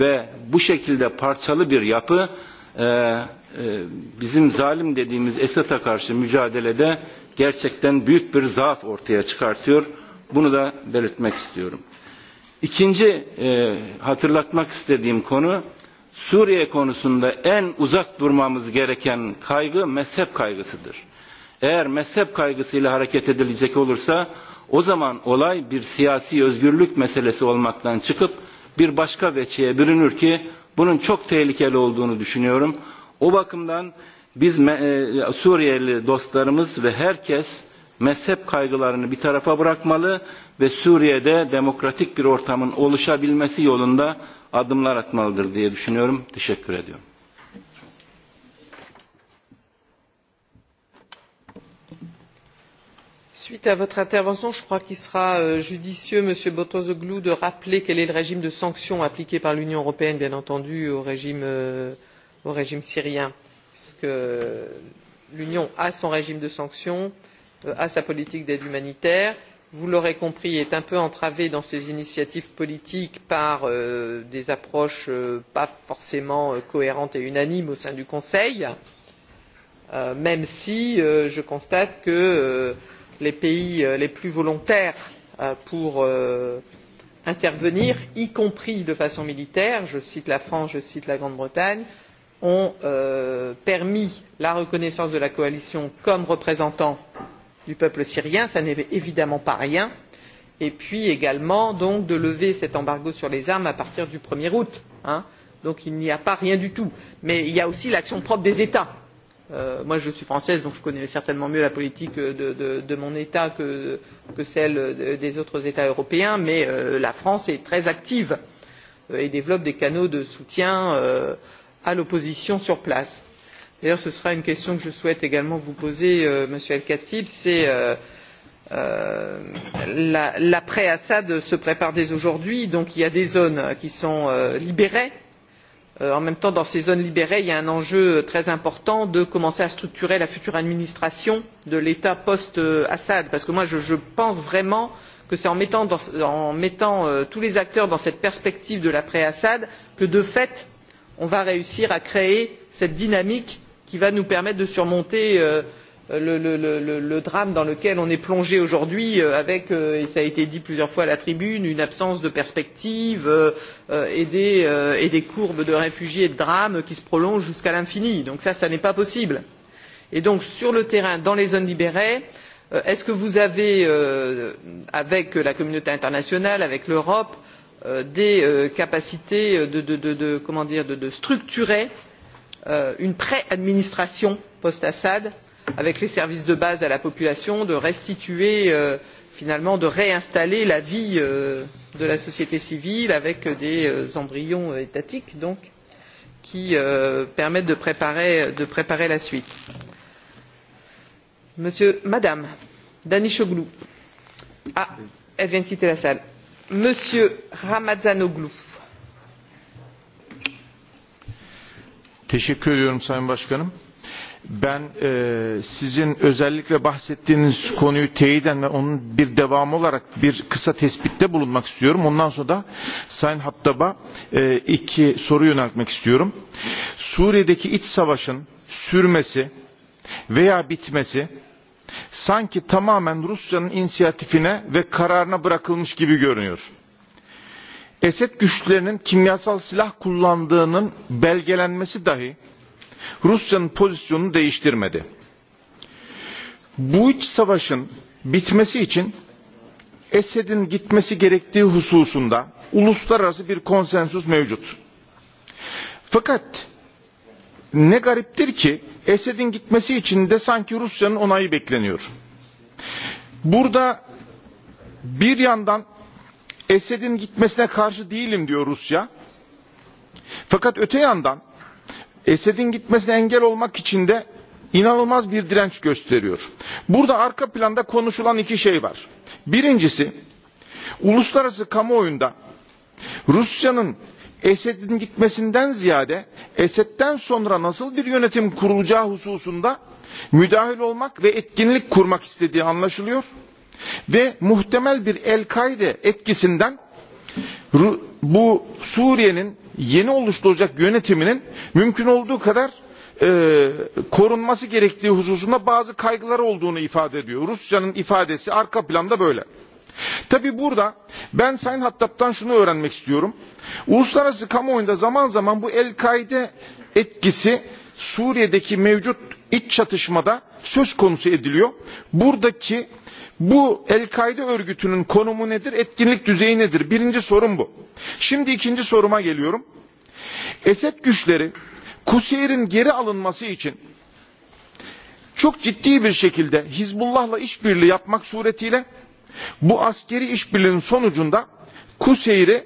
ve bu şekilde parçalı bir yapı e, e, bizim zalim dediğimiz Esad'a karşı mücadelede gerçekten büyük bir zaaf ortaya çıkartıyor. Bunu da belirtmek istiyorum. İkinci e, hatırlatmak istediğim konu Suriye konusunda en uzak durmamız gereken kaygı mezhep kaygısıdır. Eğer mezhep kaygısıyla hareket edilecek olursa o zaman olay bir siyasi özgürlük meselesi olmaktan çıkıp bir başka veçeye bürünür ki bunun çok tehlikeli olduğunu düşünüyorum. O bakımdan biz e, Suriyeli dostlarımız ve herkes mezhep kaygılarını bir tarafa bırakmalı ve Suriye'de demokratik bir ortamın oluşabilmesi yolunda adımlar atmalıdır diye düşünüyorum. Teşekkür ediyorum. suite à votre intervention je crois qu'il sera euh, judicieux monsieur botozoglou de rappeler quel est le régime de sanctions appliqué par l'union européenne bien entendu au régime, euh, au régime syrien puisque l'union a son régime de sanctions euh, a sa politique d'aide humanitaire vous l'aurez compris est un peu entravée dans ses initiatives politiques par euh, des approches euh, pas forcément euh, cohérentes et unanimes au sein du conseil même si je constate que les pays euh, les plus volontaires euh, pour euh, intervenir, y compris de façon militaire, je cite la France, je cite la Grande-Bretagne, ont permis la reconnaissance de la coalition comme représentant du peuple syrien, ce n'est évidemment pas rien, et puis également donc de lever cet embargo sur les armes à partir du un er août. Donc il n'y a pas rien du tout. Mais il y a aussi l'action propre des États Euh, moi, je suis française, donc je connais certainement mieux la politique de, de, de mon État que, que celle des autres États européens, mais euh, la France est très active euh, et développe des canaux de soutien euh, à l'opposition sur place. D'ailleurs, ce sera une question que je souhaite également vous poser, euh, Monsieur El Khatib, c'est euh, euh, l'après-Assad la, se prépare dès aujourd'hui, donc il y a des zones qui sont euh, libérées Euh, en même temps dans ces zones libérées il y a un enjeu euh, très important de commencer à structurer la future administration de l'état post assad parce que je, pense vraiment que c'est en mettant, euh, tous les acteurs dans cette perspective de l'après assad que de fait on va réussir à créer cette dynamique qui va nous permettre de surmonter cette le, le, le, le drame dans lequel on est plongé aujourd'hui euh, avec, euh, et ça a été dit plusieurs fois à la tribune, une absence de perspective euh, et, des, et des courbes de réfugiés et de drames qui se prolongent jusqu'à l'infini. Donc ça, ça n'est pas possible. Et donc sur le terrain, dans les zones libérées, est ce que vous avez euh, avec la communauté internationale avec l'europe euh, des euh, capacités de, de, de, de comment dire de structurer une pré administration post assad avec les services de base à la population de restituer euh, finalement de réinstaller la vie euh, de la société civile avec des euh, embryons étatiques donc qui permettent de préparer, de préparer la suite. Monsieur, Madame Dani Choglou. Ah, elle vient de quitter la salle. Monsieur Ramazanoglou. Teşekkür ediyorum Sayın Başkanım. Ben e, sizin özellikle bahsettiğiniz konuyu teyiden ve onun bir devamı olarak bir kısa tespitte bulunmak istiyorum. Ondan sonra da Sayın Hattab'a e, iki soru yöneltmek istiyorum. Suriye'deki iç savaşın sürmesi veya bitmesi sanki tamamen Rusya'nın inisiyatifine ve kararına bırakılmış gibi görünüyor. Esed güçlerinin kimyasal silah kullandığının belgelenmesi dahi Rusya'nın pozisyonunu değiştirmedi. Bu iç savaşın bitmesi için Esed'in gitmesi gerektiği hususunda uluslararası bir konsensus mevcut. Fakat ne gariptir ki Esed'in gitmesi için de sanki Rusya'nın onayı bekleniyor. Burada bir yandan Esed'in gitmesine karşı değilim diyor Rusya. Fakat öte yandan Esed'in gitmesine engel olmak için de inanılmaz bir direnç gösteriyor. Burada arka planda konuşulan iki şey var. Birincisi, uluslararası kamuoyunda Rusya'nın Esed'in gitmesinden ziyade Esed'den sonra nasıl bir yönetim kurulacağı hususunda müdahil olmak ve etkinlik kurmak istediği anlaşılıyor ve muhtemel bir El-Kaide etkisinden bu Suriye'nin yeni oluşturacak yönetiminin mümkün olduğu kadar e, korunması gerektiği hususunda bazı kaygılar olduğunu ifade ediyor. Rusya'nın ifadesi arka planda böyle. Tabi burada ben Sayın Hattab'tan şunu öğrenmek istiyorum. Uluslararası kamuoyunda zaman zaman bu El-Kaide etkisi Suriye'deki mevcut iç çatışmada söz konusu ediliyor. Buradaki Bu El-Kaide örgütünün konumu nedir, etkinlik düzeyi nedir? Birinci sorun bu. Şimdi ikinci soruma geliyorum. Esed güçleri Kuseyir'in geri alınması için çok ciddi bir şekilde Hizbullah'la işbirliği yapmak suretiyle bu askeri işbirliğinin sonucunda Kuseyir'i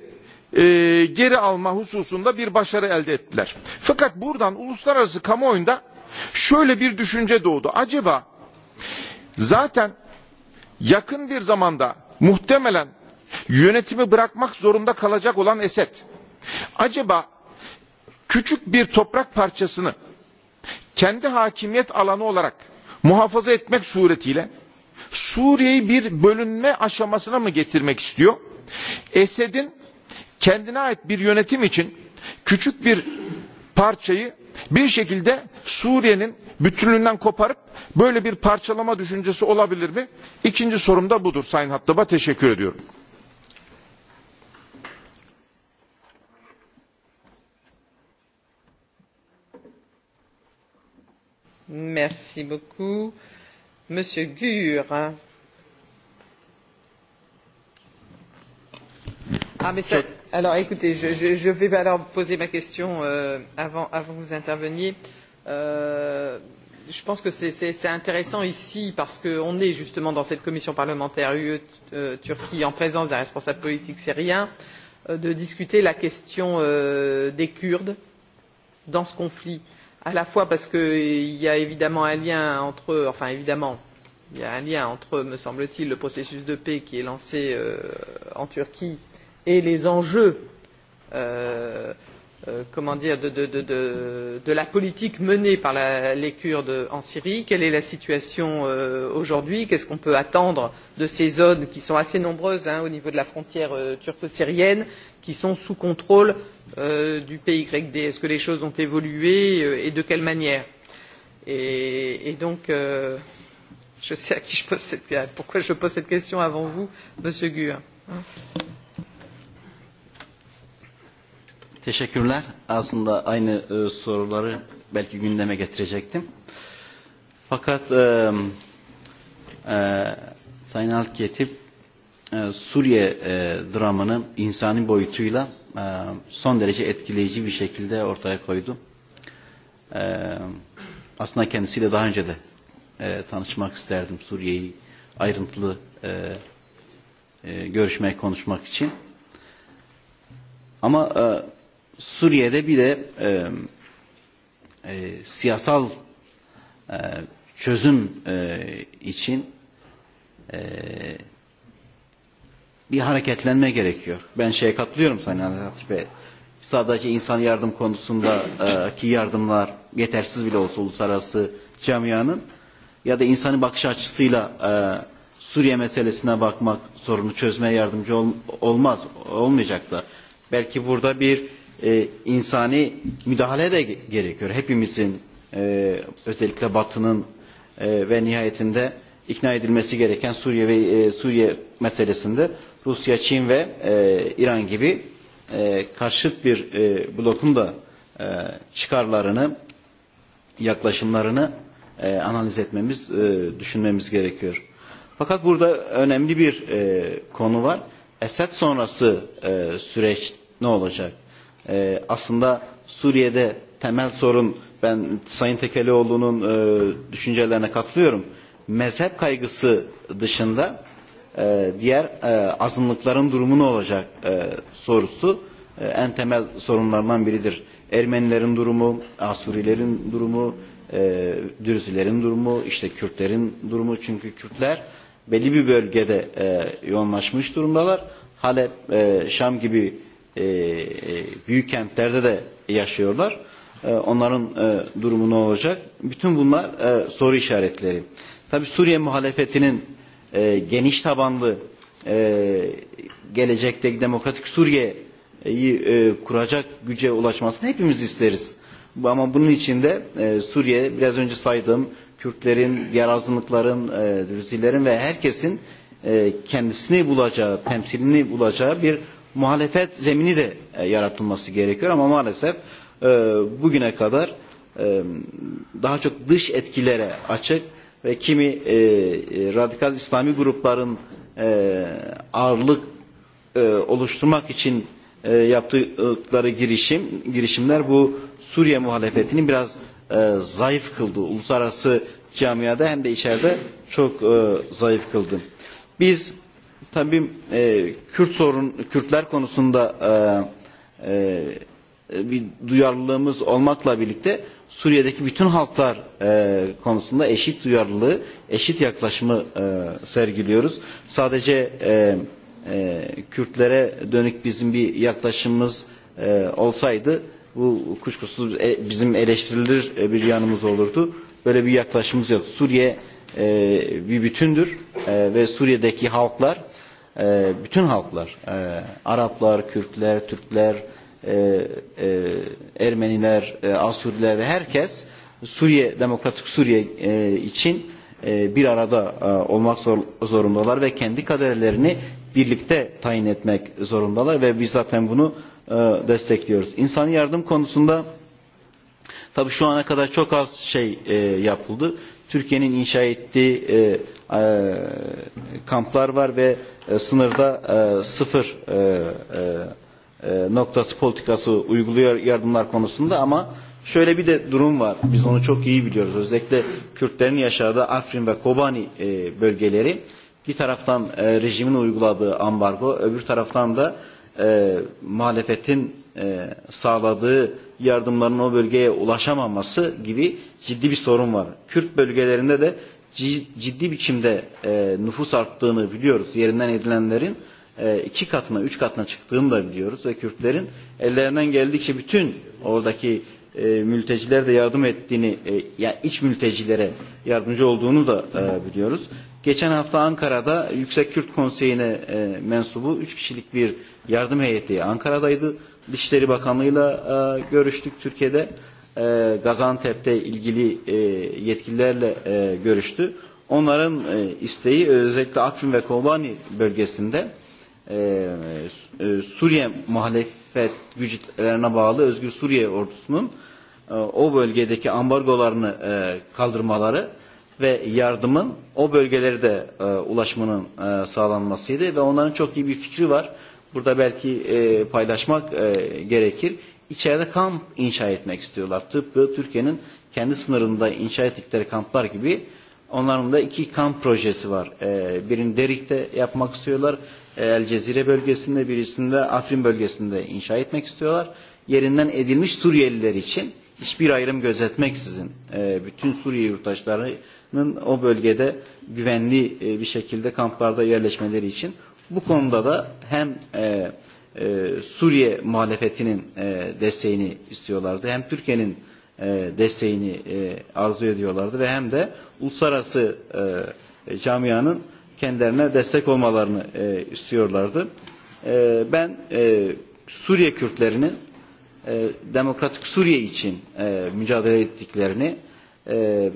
e, geri alma hususunda bir başarı elde ettiler. Fakat buradan uluslararası kamuoyunda şöyle bir düşünce doğdu. Acaba zaten yakın bir zamanda muhtemelen yönetimi bırakmak zorunda kalacak olan Esed acaba küçük bir toprak parçasını kendi hakimiyet alanı olarak muhafaza etmek suretiyle Suriye'yi bir bölünme aşamasına mı getirmek istiyor? Esed'in kendine ait bir yönetim için küçük bir parçayı bir şekilde Suriye'nin bütünlüğünden koparıp böyle bir parçalama düşüncesi olabilir mi? İkinci sorum da budur Sayın Hattab'a teşekkür ediyorum. Merci beaucoup. Monsieur Gure. Ah, mais ça, alors écoutez, je, je, je vais alors poser ma question euh, avant, avant que vous interveniez. Euh, je pense que c'est intéressant ici parce qu'on est justement dans cette commission parlementaire UE-Turquie euh, en présence d'un responsable politique syrien euh, de discuter la question euh, des Kurdes dans ce conflit, à la fois parce qu'il y a évidemment un lien entre, enfin évidemment, il y a un lien entre, me semble-t-il, le processus de paix qui est lancé euh, en Turquie et les enjeux euh, euh, comment dire, de, de, de, de, de la politique menée par la, les Kurdes en Syrie, quelle est la situation euh, aujourd'hui, qu'est-ce qu'on peut attendre de ces zones qui sont assez nombreuses hein, au niveau de la frontière euh, turco-syrienne, qui sont sous contrôle euh, du grec Est-ce que les choses ont évolué euh, et de quelle manière et, et donc, euh, je sais à qui je pose cette, pourquoi je pose cette question avant vous, Monsieur Gur. Hein. Teşekkürler. Aslında aynı e, soruları belki gündeme getirecektim. Fakat e, e, Sayın Alketip e, Suriye e, dramını insani boyutuyla e, son derece etkileyici bir şekilde ortaya koydu. E, aslında kendisiyle daha önce de e, tanışmak isterdim Suriye'yi ayrıntılı e, e, görüşmeye konuşmak için. Ama e, Suriye'de bir de e, e, siyasal e, çözüm e, için e, bir hareketlenme gerekiyor. Ben şey katılıyorum sana Hatip Bey. Sadece insan yardım konusundaki e, yardımlar yetersiz bile olsa uluslararası camianın ya da insanın bakış açısıyla e, Suriye meselesine bakmak sorunu çözmeye yardımcı ol, olmaz, olmayacak da. Belki burada bir e, insani müdahale de gerekiyor. Hepimizin e, özellikle Batı'nın e, ve nihayetinde ikna edilmesi gereken Suriye ve e, Suriye meselesinde Rusya, Çin ve e, İran gibi e, karşıt bir e, blokun da e, çıkarlarını, yaklaşımlarını e, analiz etmemiz, e, düşünmemiz gerekiyor. Fakat burada önemli bir e, konu var. Esed sonrası e, süreç ne olacak? E, aslında Suriye'de temel sorun ben Sayın Tekelioğlu'nun e, düşüncelerine katılıyorum. Mezhep kaygısı dışında e, diğer e, azınlıkların durumu ne olacak e, sorusu e, en temel sorunlarından biridir. Ermenilerin durumu, Asurilerin durumu, e, Dürzilerin durumu, işte Kürtlerin durumu çünkü Kürtler belli bir bölgede e, yoğunlaşmış durumdalar. Halep, e, Şam gibi E, e, büyük kentlerde de yaşıyorlar. E, onların e, durumu ne olacak? Bütün bunlar e, soru işaretleri. Tabi Suriye muhalefetinin e, geniş tabanlı e, gelecekteki demokratik Suriye'yi e, kuracak güce ulaşmasını hepimiz isteriz. Ama bunun için de e, Suriye biraz önce saydığım Kürtlerin, diğer azınlıkların, e, Rüzilerin ve herkesin e, kendisini bulacağı, temsilini bulacağı bir muhalefet zemini de e, yaratılması gerekiyor ama maalesef e, bugüne kadar e, daha çok dış etkilere açık ve kimi radikal İslami grupların ağırlık oluşturmak için yaptıkları girişim girişimler bu Suriye muhalefetini biraz zayıf kıldı. Uluslararası camiada hem de içeride çok zayıf kıldı. Biz Tabii e, Kürt sorun, Kürtler konusunda e, e, bir duyarlılığımız olmakla birlikte Suriye'deki bütün halklar e, konusunda eşit duyarlılığı, eşit yaklaşımı e, sergiliyoruz. Sadece e, e, Kürtlere dönük bizim bir yaklaşımımız e, olsaydı bu kuşkusuz e, bizim eleştirilir e, bir yanımız olurdu. Böyle bir yaklaşımımız yok. Suriye e, bir bütündür e, ve Suriye'deki halklar e, bütün halklar, e, Araplar, Kürtler, Türkler, e, e, Ermeniler, e, Asuriler ve herkes Suriye, Demokratik Suriye e, için e, bir arada e, olmak zor, zorundalar ve kendi kaderlerini birlikte tayin etmek zorundalar ve biz zaten bunu e, destekliyoruz. İnsani yardım konusunda tabii şu ana kadar çok az şey e, yapıldı. Türkiye'nin inşa ettiği e, E, kamplar var ve e, sınırda e, sıfır noktası politikası uyguluyor yardımlar konusunda ama şöyle bir de durum var. Biz onu çok iyi biliyoruz. Özellikle Kürtlerin yaşadığı Afrin ve Kobani bölgeleri bir taraftan rejimin uyguladığı ambargo, öbür taraftan da muhalefetin sağladığı yardımların o bölgeye ulaşamaması gibi ciddi bir sorun var. Kürt bölgelerinde de ciddi biçimde e, nüfus arttığını biliyoruz. Yerinden edilenlerin e, iki katına, üç katına çıktığını da biliyoruz ve Kürtlerin ellerinden geldikçe bütün oradaki e, mültecilere de yardım ettiğini, e, yani iç mültecilere yardımcı olduğunu da e, biliyoruz. Geçen hafta Ankara'da Yüksek Kürt Konseyi'ne e, mensubu üç kişilik bir yardım heyeti Ankara'daydı. Dışişleri Bakanlığı'yla e, görüştük Türkiye'de e, Gaziantep'te ilgili e, yetkililerle e, görüştü. Onların e, isteği özellikle Afrin ve Kobani bölgesinde e, e, Suriye muhalefet güçlerine bağlı Özgür Suriye ordusunun e, o bölgedeki ambargolarını e, kaldırmaları ve yardımın o bölgelere de e, ulaşmanın e, sağlanmasıydı ve onların çok iyi bir fikri var. Burada belki e, paylaşmak e, gerekir içeride kamp inşa etmek istiyorlar. Tıpkı Türkiye'nin kendi sınırında inşa ettikleri kamplar gibi onların da iki kamp projesi var. Ee, birini Derik'te yapmak istiyorlar. Ee, El Cezire bölgesinde birisinde Afrin bölgesinde inşa etmek istiyorlar. Yerinden edilmiş Suriyeliler için hiçbir ayrım gözetmeksizin e, bütün Suriye yurttaşlarının o bölgede güvenli e, bir şekilde kamplarda yerleşmeleri için bu konuda da hem e, e, Suriye muhalefetinin e, desteğini istiyorlardı. Hem Türkiye'nin e, desteğini e, arzu ediyorlardı ve hem de uluslararası e, camianın kendilerine destek olmalarını e, istiyorlardı. E, ben e, Suriye Kürtlerinin e, demokratik Suriye için e, mücadele ettiklerini e,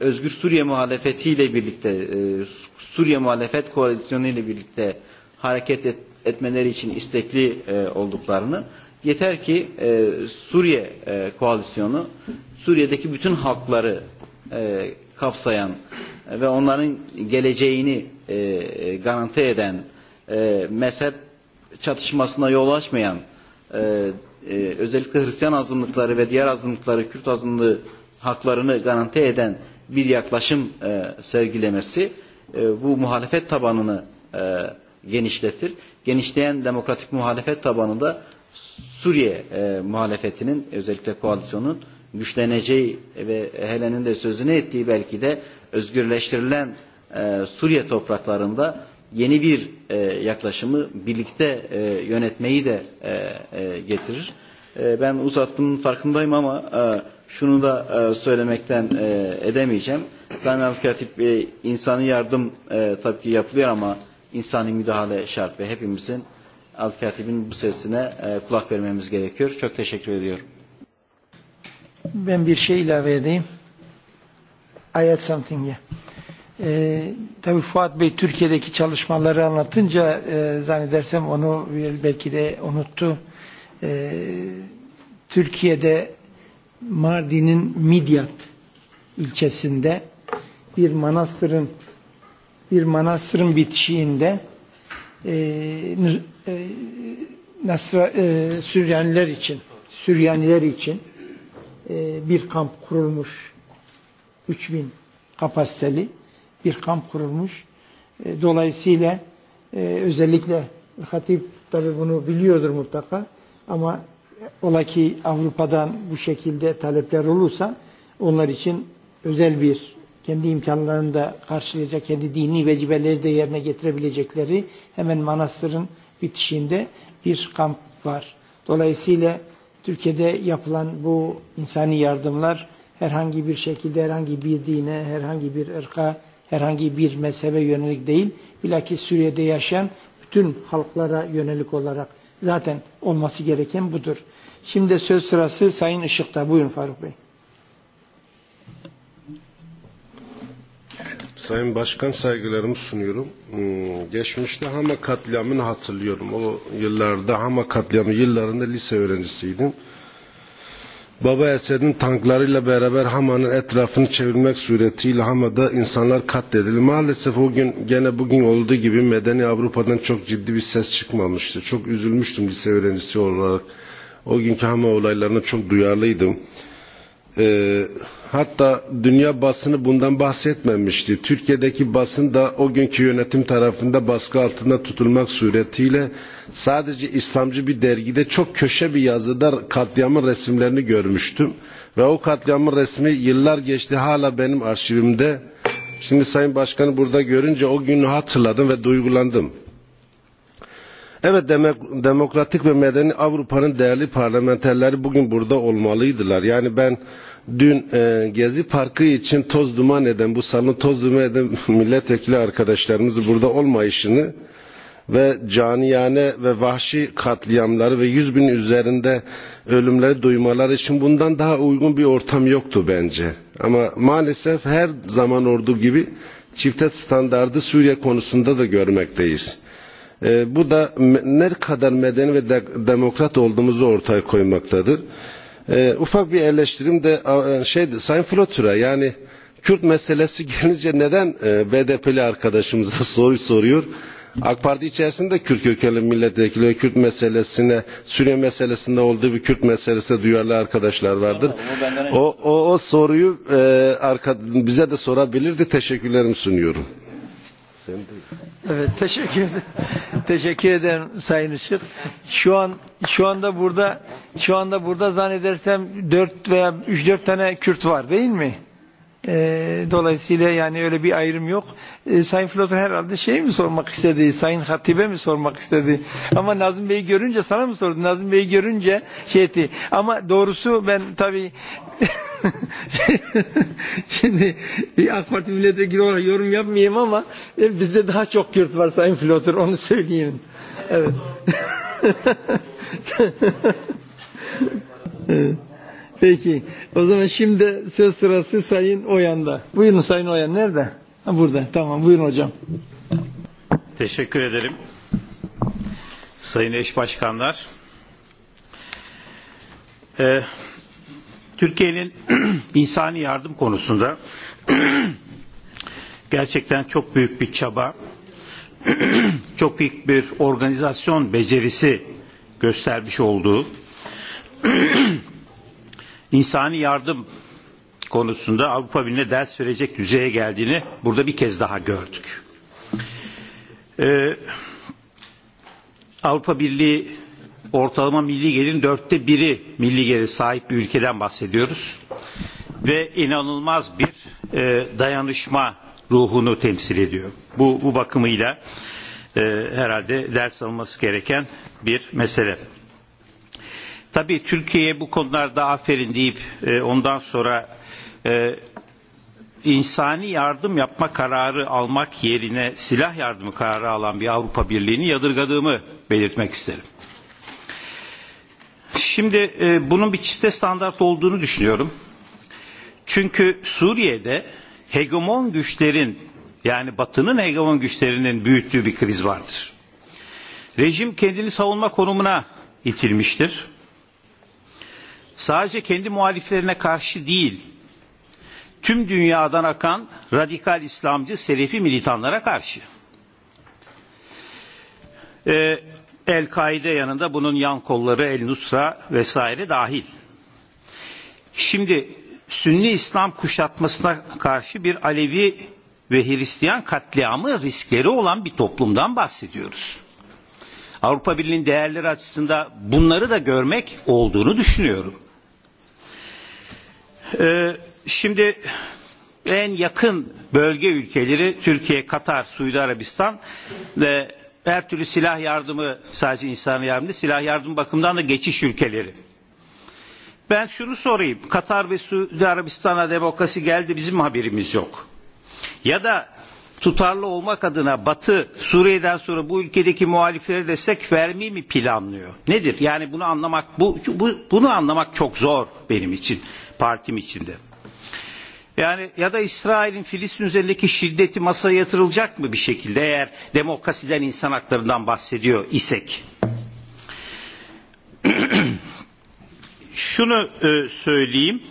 Özgür Suriye muhalefetiyle birlikte, e, Suriye muhalefet koalisyonu ile birlikte hareket et, etmeleri için istekli e, olduklarını. Yeter ki e, Suriye e, koalisyonu Suriye'deki bütün halkları e, kapsayan e, ve onların geleceğini e, e, garanti eden e, mezhep çatışmasına yol açmayan e, e, özellikle Hristiyan azınlıkları ve diğer azınlıkları Kürt azınlığı haklarını garanti eden bir yaklaşım e, sergilemesi e, bu muhalefet tabanını e, genişletir genişleyen demokratik muhalefet tabanında Suriye e, muhalefetinin özellikle koalisyonun güçleneceği ve Helen'in de sözünü ettiği belki de özgürleştirilen e, Suriye topraklarında yeni bir e, yaklaşımı birlikte e, yönetmeyi de e, e, getirir. E, ben uzattığımın farkındayım ama e, şunu da e, söylemekten e, edemeyeceğim. Sayın Avukatip e, insanı yardım e, tabii ki yapılıyor ama insani müdahale şart ve hepimizin alt katibin bu sesine e, kulak vermemiz gerekiyor. Çok teşekkür ediyorum. Ben bir şey ilave edeyim. I add something here. E, tabii Fuat Bey Türkiye'deki çalışmaları anlatınca e, zannedersem onu belki de unuttu. E, Türkiye'de Mardin'in Midyat ilçesinde bir manastırın bir manastırın bitişiğinde e, e, Nasra, e, Süryaniler için Süryaniler için e, bir kamp kurulmuş 3000 kapasiteli bir kamp kurulmuş e, dolayısıyla e, özellikle Hatip tabi bunu biliyordur mutlaka ama ola ki Avrupa'dan bu şekilde talepler olursa onlar için özel bir kendi imkanlarını da karşılayacak, kendi dini vecibeleri de yerine getirebilecekleri hemen manastırın bitişinde bir kamp var. Dolayısıyla Türkiye'de yapılan bu insani yardımlar herhangi bir şekilde herhangi bir dine, herhangi bir ırka, herhangi bir mezhebe yönelik değil, bilakis Suriye'de yaşayan bütün halklara yönelik olarak zaten olması gereken budur. Şimdi söz sırası Sayın Işık'ta. Buyurun Faruk Bey. Sayın Başkan saygılarımı sunuyorum. Hmm, geçmişte Hama katliamını hatırlıyorum. O yıllarda Hama katliamı yıllarında lise öğrencisiydim. Baba Esed'in tanklarıyla beraber Hama'nın etrafını çevirmek suretiyle Hama'da insanlar katledildi. Maalesef o gün gene bugün olduğu gibi medeni Avrupa'dan çok ciddi bir ses çıkmamıştı. Çok üzülmüştüm lise öğrencisi olarak. O günkü Hama olaylarına çok duyarlıydım. Ee, hatta dünya basını bundan bahsetmemişti. Türkiye'deki basın da o günkü yönetim tarafında baskı altında tutulmak suretiyle sadece İslamcı bir dergide çok köşe bir yazıda katliamın resimlerini görmüştüm. Ve o katliamın resmi yıllar geçti hala benim arşivimde. Şimdi Sayın Başkanı burada görünce o günü hatırladım ve duygulandım. Evet demek, demokratik ve medeni Avrupa'nın değerli parlamenterleri bugün burada olmalıydılar. Yani ben dün e, Gezi Parkı için toz duman eden bu salonu toz duman eden milletvekili arkadaşlarımız burada olmayışını ve caniyane ve vahşi katliamları ve yüz bin üzerinde ölümleri duymaları için bundan daha uygun bir ortam yoktu bence. Ama maalesef her zaman ordu gibi çiftet standardı Suriye konusunda da görmekteyiz. Bu da ne kadar medeni ve demokrat olduğumuzu ortaya koymaktadır. Ufak bir eleştirim de şey Sayın Flotura yani Kürt meselesi [LAUGHS] gelince neden e, BDP'li arkadaşımıza [LAUGHS] soru soruyor? AK Parti içerisinde Kürt kökenli milletvekili ve Kürt meselesine, Suriye meselesinde olduğu bir Kürt meselesine duyarlı arkadaşlar vardır. O, o, o soruyu e, arka, bize de sorabilirdi. Teşekkürlerimi sunuyorum. Simple. Evet teşekkür ederim. teşekkür ederim Sayın Işık. Şu an şu anda burada şu anda burada zannedersem 4 veya 3-4 tane Kürt var değil mi? E, dolayısıyla yani öyle bir ayrım yok. E, Sayın Flotter herhalde şey mi sormak istedi? Sayın Hatibe mi sormak istedi? Ama Nazım Bey'i görünce sana mı sordu? Nazım Bey'i görünce şey etti. Ama doğrusu ben tabii [LAUGHS] Şimdi bir AK Parti milletvekili olarak yorum yapmayayım ama e, bizde daha çok Kürt var Sayın Flotter onu söyleyeyim. Evet. [LAUGHS] evet. Peki. O zaman şimdi söz sırası Sayın Oyan'da. Buyurun Sayın Oyan. Nerede? Ha, burada. Tamam. Buyurun hocam. Teşekkür ederim. Sayın eş başkanlar. Ee, Türkiye'nin [CLEARS THROAT] insani yardım konusunda [CLEARS THROAT] gerçekten çok büyük bir çaba, [CLEARS THROAT] çok büyük bir organizasyon becerisi göstermiş olduğu insani yardım konusunda Avrupa Birliği'ne ders verecek düzeye geldiğini burada bir kez daha gördük. Ee, Avrupa Birliği ortalama milli gelirin dörtte biri milli gelir sahip bir ülkeden bahsediyoruz. Ve inanılmaz bir e, dayanışma ruhunu temsil ediyor. Bu, bu bakımıyla e, herhalde ders alması gereken bir mesele. Tabi, Türkiye bu konularda aferin deyip e, ondan sonra e, insani yardım yapma kararı almak yerine silah yardımı kararı alan bir Avrupa Birliği'ni yadırgadığımı belirtmek isterim. Şimdi e, bunun bir çifte standart olduğunu düşünüyorum. Çünkü Suriye'de hegemon güçlerin yani Batı'nın hegemon güçlerinin büyüttüğü bir kriz vardır. Rejim kendini savunma konumuna itilmiştir sadece kendi muhaliflerine karşı değil, tüm dünyadan akan radikal İslamcı Selefi militanlara karşı. Ee, El-Kaide yanında bunun yan kolları El-Nusra vesaire dahil. Şimdi Sünni İslam kuşatmasına karşı bir Alevi ve Hristiyan katliamı riskleri olan bir toplumdan bahsediyoruz. Avrupa Birliği'nin değerleri açısında bunları da görmek olduğunu düşünüyorum. Ee, şimdi en yakın bölge ülkeleri Türkiye, Katar, Suudi Arabistan ve her türlü silah yardımı sadece insan yardımı silah yardımı bakımından da geçiş ülkeleri. Ben şunu sorayım. Katar ve Suudi Arabistan'a demokrasi geldi bizim haberimiz yok. Ya da tutarlı olmak adına Batı Suriye'den sonra bu ülkedeki muhaliflere destek vermeyi mi planlıyor? Nedir? Yani bunu anlamak bu, bu bunu anlamak çok zor benim için partim içinde. Yani ya da İsrail'in Filistin üzerindeki şiddeti masaya yatırılacak mı bir şekilde eğer demokrasiden insan haklarından bahsediyor isek? [CLEARS THROAT] Şunu e, söyleyeyim.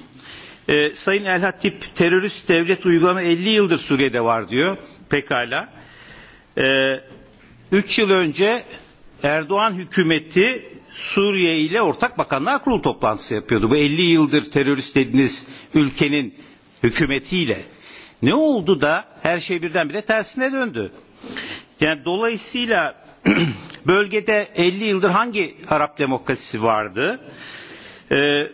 E, Sayın El Hatip terörist devlet uygulama 50 yıldır Suriye'de var diyor. Pekala. 3 E, yıl önce Erdoğan hükümeti Suriye ile ortak bakanlar kurulu toplantısı yapıyordu. Bu 50 yıldır terörist dediğiniz ülkenin hükümetiyle. Ne oldu da her şey birdenbire tersine döndü? Yani dolayısıyla [CLEARS THROAT] bölgede 50 yıldır hangi Arap demokrasisi vardı? Ee,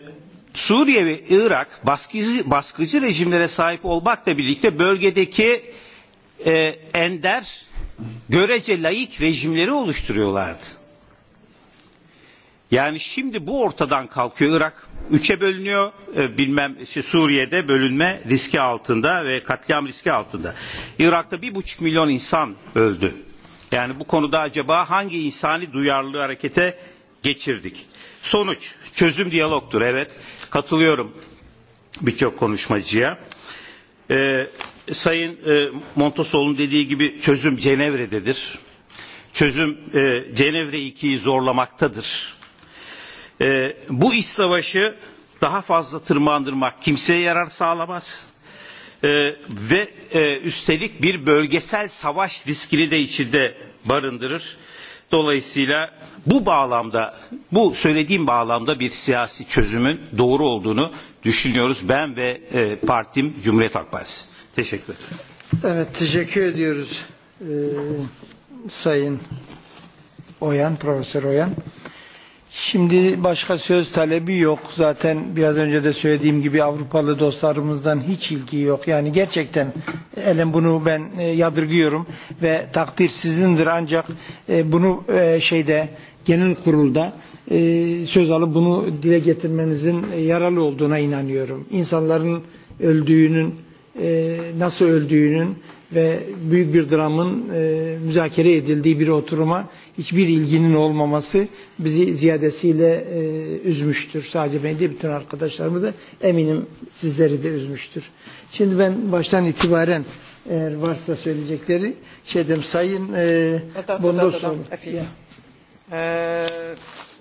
Suriye ve Irak baskıcı, baskıcı rejimlere sahip olmakla birlikte bölgedeki e, ender görece layık rejimleri oluşturuyorlardı. Yani şimdi bu ortadan kalkıyor. Irak üçe bölünüyor. bilmem işte Suriye'de bölünme riski altında ve katliam riski altında. Irak'ta bir buçuk milyon insan öldü. Yani bu konuda acaba hangi insani duyarlılığı harekete geçirdik? Sonuç, çözüm diyalogtur. Evet, katılıyorum birçok konuşmacıya. Ee, Sayın e, Montosol'un dediği gibi çözüm Cenevre'dedir. Çözüm e, Cenevre 2'yi zorlamaktadır E, bu iş savaşı daha fazla tırmandırmak kimseye yarar sağlamaz. E, ve e, üstelik bir bölgesel savaş riskini de içinde barındırır. Dolayısıyla bu bağlamda, bu söylediğim bağlamda bir siyasi çözümün doğru olduğunu düşünüyoruz ben ve e, partim Cumhuriyet Halk Partisi. Teşekkür ederim. Evet, teşekkür ediyoruz. e, Sayın Oyan, Profesör Oyan. Şimdi başka söz talebi yok. Zaten biraz önce de söylediğim gibi Avrupalı dostlarımızdan hiç ilgi yok. Yani gerçekten Elen bunu ben e, yadırgıyorum ve takdir sizindir ancak e, bunu e, şeyde genel kurulda söz alıp bunu dile getirmenizin yaralı olduğuna inanıyorum. İnsanların öldüğünün nasıl öldüğünün ve büyük bir dramın müzakere edildiği bir oturuma hiçbir ilginin olmaması bizi ziyadesiyle e, üzmüştür. Sadece ben de bütün arkadaşlarımı da eminim sizleri de üzmüştür. Şimdi ben baştan itibaren eğer varsa söyleyecekleri şey dedim sayın e, Bondosoğlu. Euh,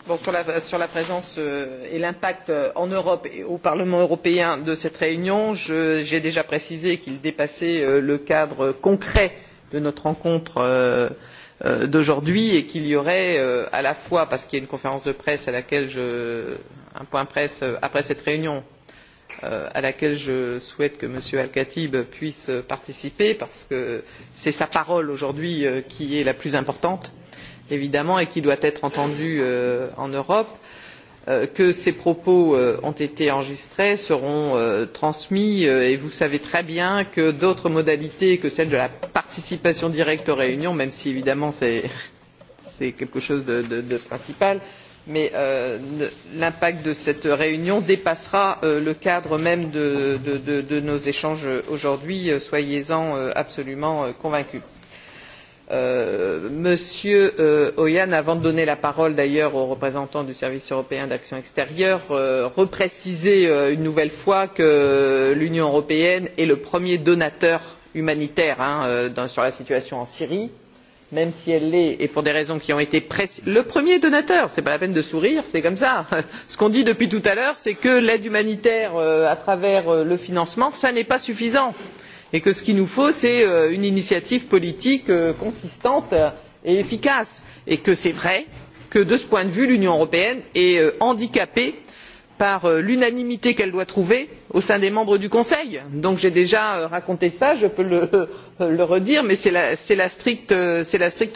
bon, sur, la, sur la présence euh, et l'impact euh, en Europe et au Parlement européen de cette réunion, j'ai déjà précisé qu'il dépassait euh, le cadre concret de notre rencontre euh, Euh, d'aujourd'hui et qu'il y aurait euh, à la fois parce qu'il y a une conférence de presse à laquelle je un point presse euh, après cette réunion à laquelle je souhaite que M. Al Khatib puisse participer parce que c'est sa parole aujourd'hui qui est la plus importante évidemment et qui doit être entendue en Europe Euh, que ces propos euh, ont été enregistrés seront euh, transmis et vous savez très bien que d'autres modalités que celle de la participation directe aux réunions même si évidemment c'est [LAUGHS] quelque chose de, de, de principal mais euh, l'impact de cette réunion dépassera euh, le cadre même de, de nos échanges aujourd'hui soyez en absolument convaincus Euh, monsieur euh, Hoyan, avant de donner la parole d'ailleurs aux représentants du service européen d'action extérieure, euh, repréciser euh, une nouvelle fois que l'Union européenne est le premier donateur humanitaire hein, euh, dans, sur la situation en Syrie, même si elle l'est, et pour des raisons qui ont été précises. Le premier donateur, ce n'est pas la peine de sourire, c'est comme ça. [LAUGHS] Ce qu'on dit depuis tout à l'heure, c'est que l'aide humanitaire euh, à travers euh, le financement, ça n'est pas suffisant. Euh, et que ce qu'il nous faut c'est euh, une initiative politique euh, consistante euh, et efficace et que c'est vrai que de ce point de vue l'union européenne est handicapée par l'unanimité qu'elle doit trouver au sein des membres du conseil. donc j'ai déjà raconté cela je peux le, [LAUGHS] le redire mais c'est la, la, la stricte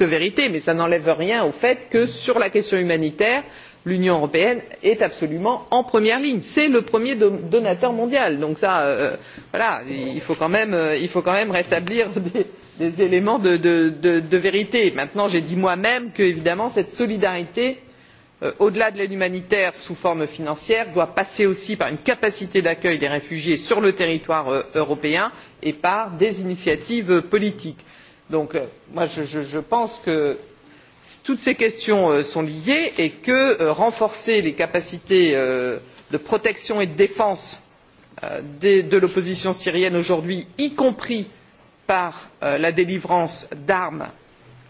vérité mais cela n'enlève rien au fait que sur la question humanitaire l'Union européenne est absolument en première ligne. C'est le premier donateur mondial. Donc ça, euh, voilà, il faut quand même, euh, il faut quand même rétablir [LAUGHS] des, des éléments de, de, de, de vérité. Maintenant, j'ai dit moi-même que, évidemment, cette solidarité, euh, au-delà de l'aide humanitaire sous forme financière, doit passer aussi par une capacité d'accueil des réfugiés sur le territoire euh, européen et par des initiatives euh, politiques. Donc, euh, moi, je, je, je pense que toutes ces questions euh, sont liées et que euh, renforcer les capacités euh, de protection et de défense de l'opposition syrienne aujourd'hui y compris par la délivrance d'armes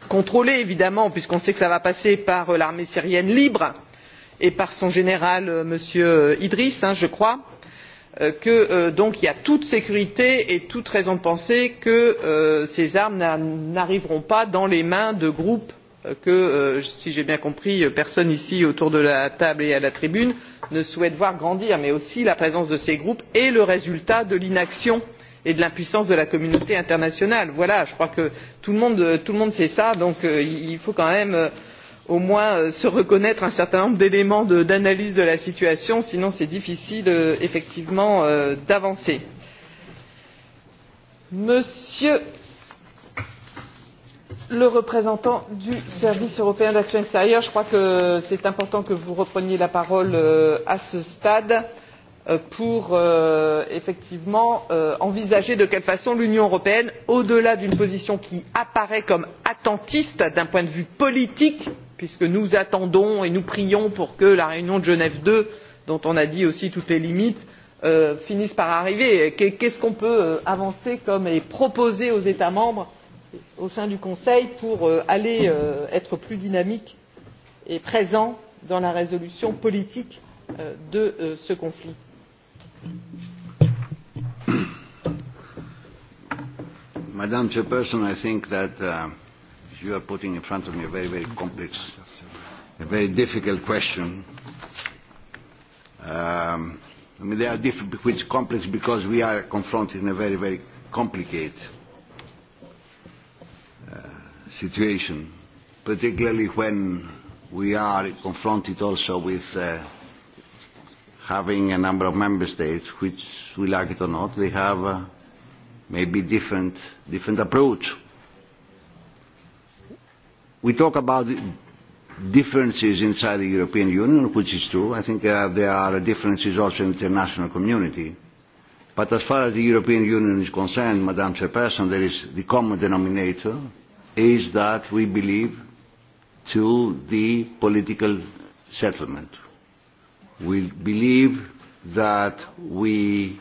contrôlées évidemment puisqu'on sait que cela va passer par l'armée syrienne libre et par son général m. idriss hein, je crois que euh, donc il y a toute sécurité et toute raison de penser que euh, ces armes n'arriveront pas dans les mains de groupes que, euh, si j'ai bien compris, personne ici autour de la table et à la tribune ne souhaite voir grandir, mais aussi la présence de ces groupes est le résultat de l'inaction et de l'impuissance de la communauté internationale. Voilà, je crois que tout le monde, tout le monde sait ça, donc euh, il faut quand même euh, au moins se reconnaître un certain nombre d'éléments d'analyse de, de la situation, sinon c'est difficile effectivement d'avancer. Monsieur le représentant du service européen d'action extérieure. Je crois que c'est important que vous repreniez la parole euh, à ce stade euh, pour euh, effectivement euh, envisager de quelle façon l'Union européenne, au delà d'une position qui apparaît comme attentiste d'un point de vue politique, puisque nous attendons et nous prions pour que la réunion de Genève II, dont on a dit aussi toutes les limites, euh, finisse par arriver. Qu'est ce qu'on peut euh, avancer comme et proposer aux États membres au sein du Conseil pour euh, aller euh, être plus dynamique et présent dans la résolution politique euh, de euh, ce conflit. Madame Chairperson, I think that uh, you are putting in front of me a very, very complex, a very difficult question. Um, I mean, they are different, which complex because we are confronted in a very, very complicated situation, particularly when we are confronted also with uh, having a number of member states, which we like it or not, they have uh, maybe different, different approach. We talk about differences inside the European Union, which is true. I think uh, there are differences also in the international community. But as far as the European Union is concerned, Madam Chairperson, there is the common denominator, is that we believe to the political settlement. We believe that we,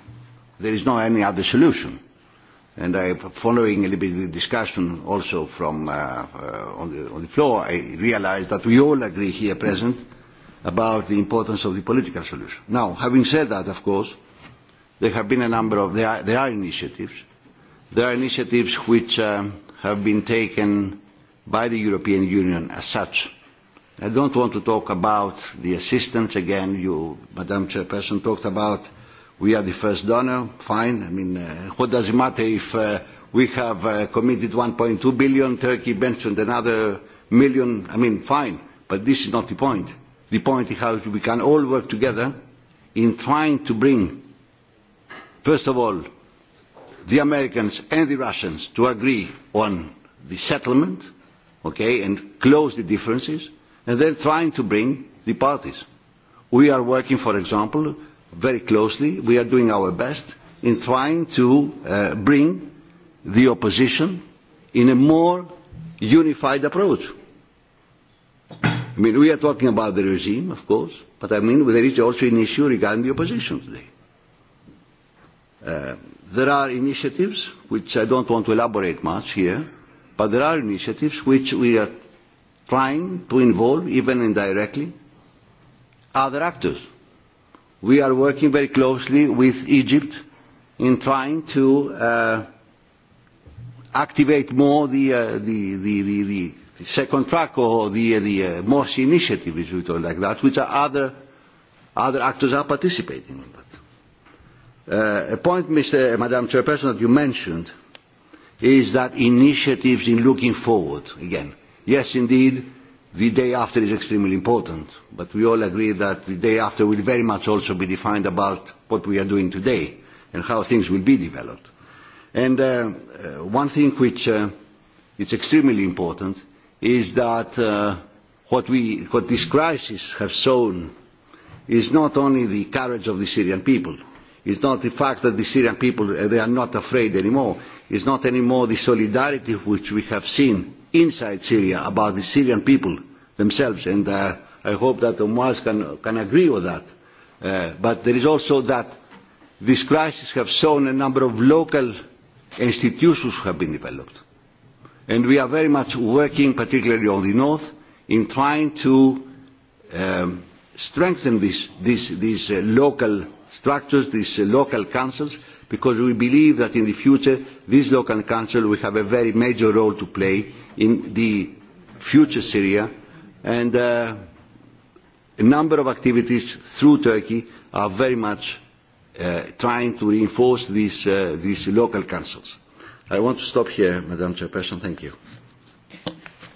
there is no any other solution. And I, following a little bit the discussion also from, uh, uh, on, the, on the floor, I realized that we all agree here present about the importance of the political solution. Now, having said that, of course, there have been a number of, there are, there are initiatives. There are initiatives which um, have been taken by the European Union as such. I don't want to talk about the assistance again. You, Madam Chairperson, talked about we are the first donor. Fine. I mean, uh, what does it matter if uh, we have uh, committed 1.2 billion, Turkey mentioned another million? I mean, fine. But this is not the point. The point is how we can all work together in trying to bring, first of all, the Americans and the Russians to agree on the settlement, okay, and close the differences, and then trying to bring the parties. We are working, for example, very closely. We are doing our best in trying to uh, bring the opposition in a more unified approach. I mean, we are talking about the regime, of course, but I mean, there is also an issue regarding the opposition today. Uh, There are initiatives, which I don't want to elaborate much here, but there are initiatives which we are trying to involve, even indirectly, other actors. We are working very closely with Egypt in trying to uh, activate more the, uh, the, the, the, the second track or the, the uh, Morsi initiative, if you call like that, which are other, other actors are participating in that. Uh, a point, Mr. Uh, Madam Chairperson, that you mentioned is that initiatives in looking forward, again, yes, indeed, the day after is extremely important, but we all agree that the day after will very much also be defined about what we are doing today and how things will be developed. And uh, uh one thing which uh, is extremely important is that uh, what, we, what this crisis has shown is not only the courage of the Syrian people, It's not the fact that the Syrian people, uh, they are not afraid anymore. It's not anymore the solidarity which we have seen inside Syria about the Syrian people themselves. And uh, I hope that Omar can, can agree with that. Uh, but there is also that this crisis has shown a number of local institutions have been developed. And we are very much working, particularly on the north, in trying to um, strengthen this, this, these uh, local structures, these uh, local councils, because we believe that in the future these local councils will have a very major role to play in the future Syria and uh, a number of activities through Turkey are very much uh, trying to reinforce these, uh, these local councils. I want to stop here, Madam Chairperson. Thank you.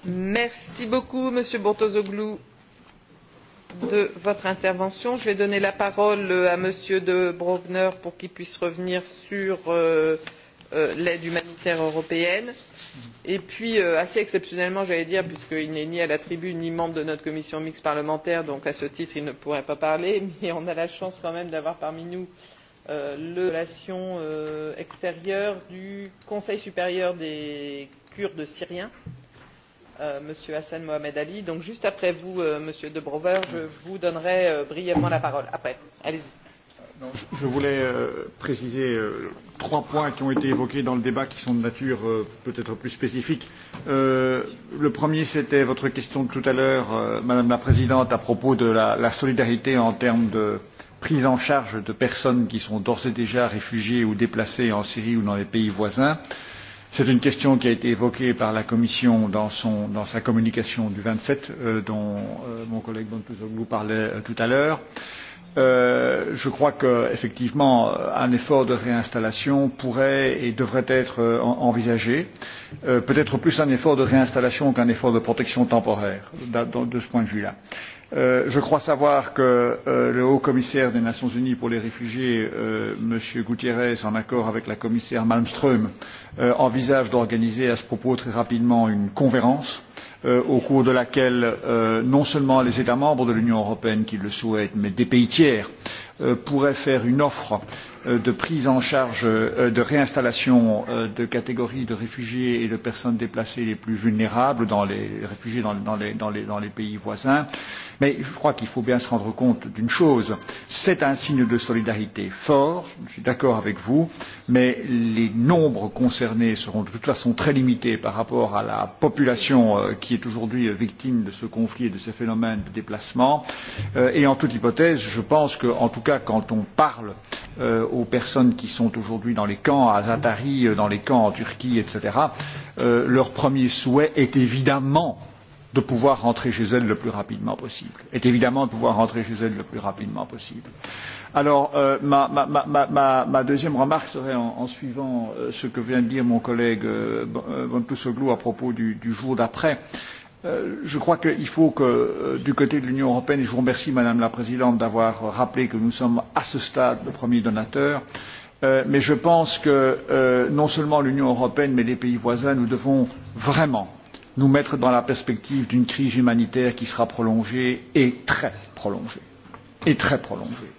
Merci beaucoup, Monsieur Bortozoglou de votre intervention. Je vais donner la parole euh, à Monsieur de Brovner pour qu'il puisse revenir sur euh, euh, l'aide humanitaire européenne. Et puis, euh, assez exceptionnellement, j'allais dire, puisqu'il n'est ni à la tribune ni membre de notre commission mixte parlementaire, donc à ce titre, il ne pourrait pas parler, [LAUGHS] mais on a la chance quand même d'avoir parmi nous euh, le relation euh, extérieure du Conseil supérieur des Kurdes syriens. Euh, Euh, Monsieur Hassan Mohamed Ali. Donc juste après vous, euh, Monsieur De Brover, je vous donnerai euh, brièvement la parole. Après, allez-y. Euh, non, je voulais euh, préciser euh, trois points qui ont été évoqués dans le débat qui sont de nature euh, peut-être plus spécifique. Euh, le premier, c'était votre question de tout à l'heure, euh, Madame la Présidente, à propos de la, la solidarité en termes de prise en charge de personnes qui sont d'ores et déjà réfugiées ou déplacées en Syrie ou dans les pays voisins. Euh, C'est une question qui a été évoquée par la Commission dans, son, dans sa communication du 27, euh, dont euh, mon collègue Bontouzoglu parlait euh, tout à l'heure. Euh, je crois qu'effectivement, euh, un effort de réinstallation pourrait et devrait être euh, envisagé, euh, peut-être plus un effort de réinstallation qu'un effort de protection temporaire, de, de ce point de vue-là. Euh, Euh, je crois savoir que euh, le haut commissaire des Nations Unies pour les réfugiés, euh, M. Gutiérrez, en accord avec la commissaire Malmström, euh, envisage d'organiser à ce propos très rapidement une conférence euh, au cours de laquelle euh, non seulement les États membres de l'Union européenne qui le souhaitent, mais des pays tiers euh, pourraient faire une offre euh, Euh, de prise en charge euh, de réinstallation euh, de catégories de réfugiés et de personnes déplacées les plus vulnérables dans les réfugiés dans, dans, les, dans, les, dans les pays voisins. Mais je crois qu'il faut bien se rendre compte d'une chose, c'est un signe de solidarité fort, je suis d'accord avec vous, mais les nombres concernés seront de toute façon très limités par rapport à la population qui est aujourd'hui victime de ce conflit et de ces phénomènes de déplacement. Et en toute hypothèse, je pense qu'en tout cas quand on parle euh, aux personnes qui sont aujourd'hui dans les camps, à Zatari, euh, dans les camps en Turquie, etc., euh, leur premier souhait est évidemment de pouvoir rentrer chez elles le plus rapidement possible. Est évidemment de pouvoir rentrer chez elles le plus rapidement possible. Alors, euh, ma, ma, ma, ma, ma deuxième remarque serait en, en suivant euh, ce que vient de dire mon collègue euh, euh Bontoussoglou à propos du, du jour d'après. Euh, Euh, je crois qu'il faut que euh, du côté de l'Union européenne, et je vous remercie Madame la Présidente d'avoir rappelé que nous sommes à ce stade le premier donateur, euh, mais je pense que non seulement l'Union européenne mais les pays voisins, nous devons vraiment nous mettre dans la perspective d'une crise humanitaire qui sera prolongée et très prolongée. Et très prolongée.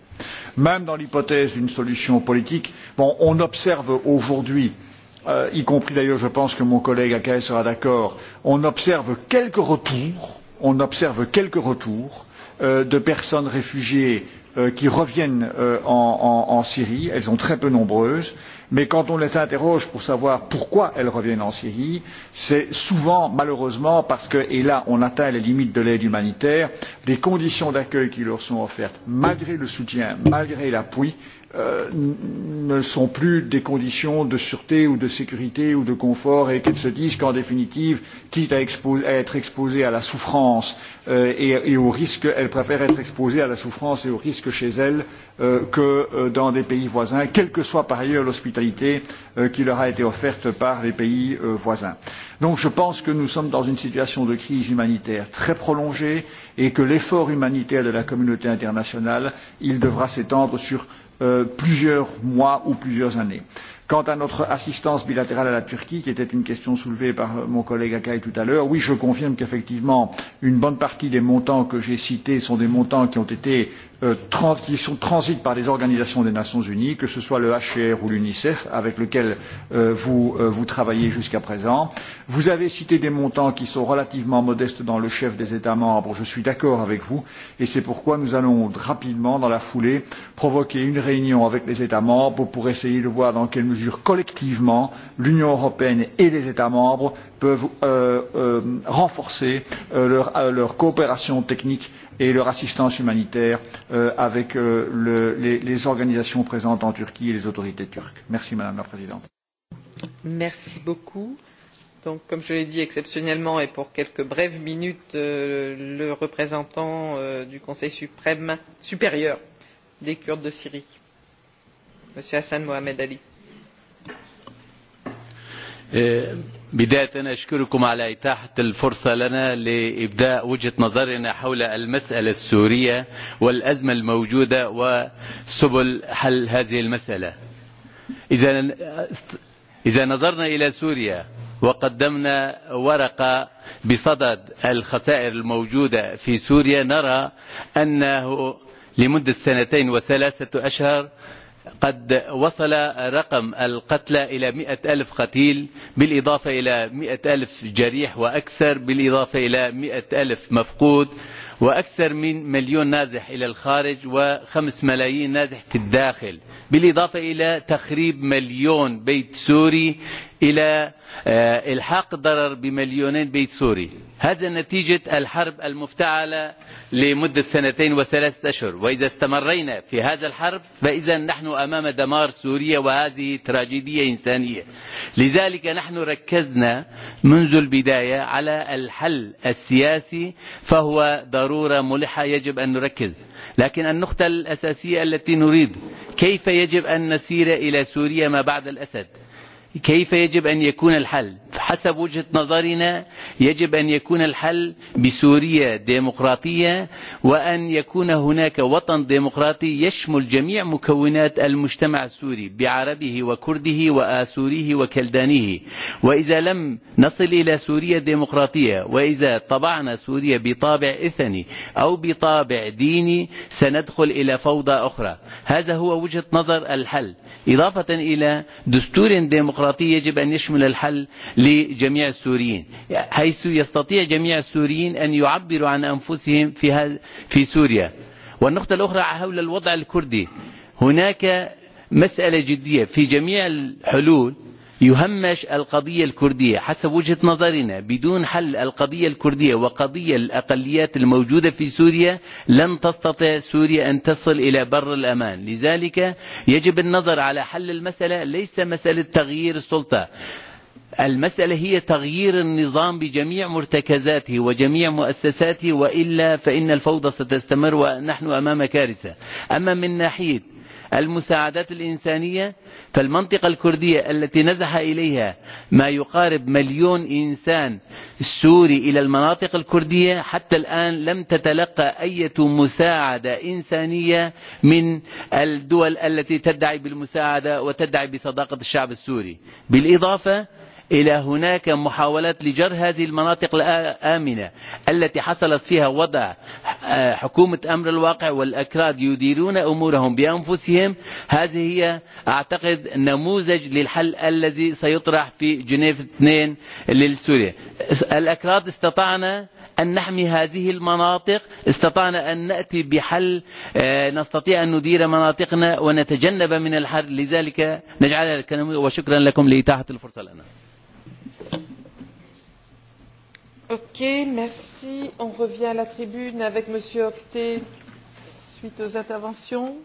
Même dans l'hypothèse d'une solution politique, bon, on observe aujourd'hui euh, euh, y compris d'ailleurs je pense que mon collègue Akaï sera d'accord, on observe quelques retours, on observe quelques retours euh, de personnes réfugiées euh, qui reviennent euh, en, en, en Syrie, elles sont très peu nombreuses, mais quand on les interroge pour savoir pourquoi elles reviennent en Syrie, c'est souvent, malheureusement, parce que, et là on atteint les limites de l'aide humanitaire, les conditions d'accueil qui leur sont offertes, malgré le soutien, malgré l'appui, Euh, ne sont plus des conditions de sûreté ou de sécurité ou de confort et qu'elles se disent qu'en définitive, quitte à, expose, à être exposées à la souffrance euh, et, et au risque, elles préfèrent être exposées à la souffrance et au risque chez elles euh, que euh, dans des pays voisins, quelle que soit par ailleurs l'hospitalité euh, qui leur a été offerte par les pays euh, voisins. Donc je pense que nous sommes dans une situation de crise humanitaire très prolongée et que l'effort humanitaire de la communauté internationale, il devra s'étendre sur Euh, plusieurs mois ou plusieurs années. Quant à notre assistance bilatérale à la Turquie, qui était une question soulevée par euh, mon collègue Akai tout à l'heure, oui, je confirme qu'effectivement, une bonne partie des montants que j'ai cités sont des montants qui ont été Euh, qui sont transitent par les organisations des Nations Unies, que ce soit le HCR ou l'UNICEF, avec lequel euh, vous, euh, vous travaillez jusqu'à présent. Vous avez cité des montants qui sont relativement modestes dans le chef des États membres. Je suis d'accord avec vous et c'est pourquoi nous allons rapidement, dans la foulée, provoquer une réunion avec les États membres pour essayer de voir dans quelle mesure collectivement l'Union européenne et les États membres peuvent euh, euh, renforcer euh, leur, euh, leur coopération technique et leur assistance humanitaire euh, avec euh, le, les, les organisations présentes en Turquie et les autorités turques. Merci Madame la Présidente. Merci beaucoup. Donc, comme je l'ai dit exceptionnellement et pour quelques brèves minutes, euh, le représentant euh, du Conseil suprême supérieur des Kurdes de Syrie, Monsieur Hassan Mohamed Ali. بداية أشكركم على إتاحة الفرصة لنا لإبداء وجهة نظرنا حول المسألة السورية والأزمة الموجودة وسبل حل هذه المسألة إذا, نظرنا إلى سوريا وقدمنا ورقة بصدد الخسائر الموجودة في سوريا نرى أنه لمدة سنتين وثلاثة أشهر قد وصل رقم القتلى إلى مئة ألف قتيل بالإضافة إلى مئة ألف جريح وأكثر بالإضافة إلى مئة ألف مفقود وأكثر من مليون نازح إلى الخارج وخمس ملايين نازح في الداخل بالإضافة إلى تخريب مليون بيت سوري إلى إلحاق ضرر بمليونين بيت سوري هذا نتيجة الحرب المفتعلة لمدة سنتين وثلاثة أشهر وإذا استمرينا في هذا الحرب فإذا نحن أمام دمار سوريا وهذه تراجيدية إنسانية لذلك نحن ركزنا منذ البداية على الحل السياسي فهو ضرورة ملحة يجب أن نركز لكن النقطة الأساسية التي نريد كيف يجب أن نسير إلى سوريا ما بعد الأسد كيف يجب أن يكون الحل حسب وجهة نظرنا يجب أن يكون الحل بسوريا ديمقراطية وأن يكون هناك وطن ديمقراطي يشمل جميع مكونات المجتمع السوري بعربه وكرده وآسوره وكلدانه وإذا لم نصل إلى سوريا ديمقراطية وإذا طبعنا سوريا بطابع إثني أو بطابع ديني سندخل إلى فوضى أخرى هذا هو وجهة نظر الحل إضافة إلى دستور ديمقراطي الديمقراطية يجب أن يشمل الحل لجميع السوريين حيث يستطيع جميع السوريين أن يعبروا عن أنفسهم في, في سوريا والنقطة الأخرى حول الوضع الكردي هناك مسألة جدية في جميع الحلول يهمش القضية الكردية حسب وجهة نظرنا بدون حل القضية الكردية وقضية الأقليات الموجودة في سوريا لن تستطيع سوريا أن تصل إلى بر الأمان لذلك يجب النظر على حل المسألة ليس مسألة تغيير السلطة المسألة هي تغيير النظام بجميع مرتكزاته وجميع مؤسساته وإلا فإن الفوضى ستستمر ونحن أمام كارثة أما من ناحية المساعدات الإنسانية فالمنطقة الكردية التي نزح إليها ما يقارب مليون إنسان سوري إلى المناطق الكردية حتى الآن لم تتلقى أي مساعدة إنسانية من الدول التي تدعي بالمساعدة وتدعي بصداقة الشعب السوري بالإضافة إلى هناك محاولات لجر هذه المناطق الآمنة التي حصلت فيها وضع حكومة أمر الواقع والأكراد يديرون أمورهم بأنفسهم هذه هي أعتقد نموذج للحل الذي سيطرح في جنيف 2 للسوريا الأكراد استطعنا أن نحمي هذه المناطق استطعنا أن نأتي بحل نستطيع أن ندير مناطقنا ونتجنب من الحر لذلك نجعلها وشكرا لكم لإتاحة الفرصة لنا Ok, merci. On revient à la tribune avec Monsieur Octet suite aux interventions.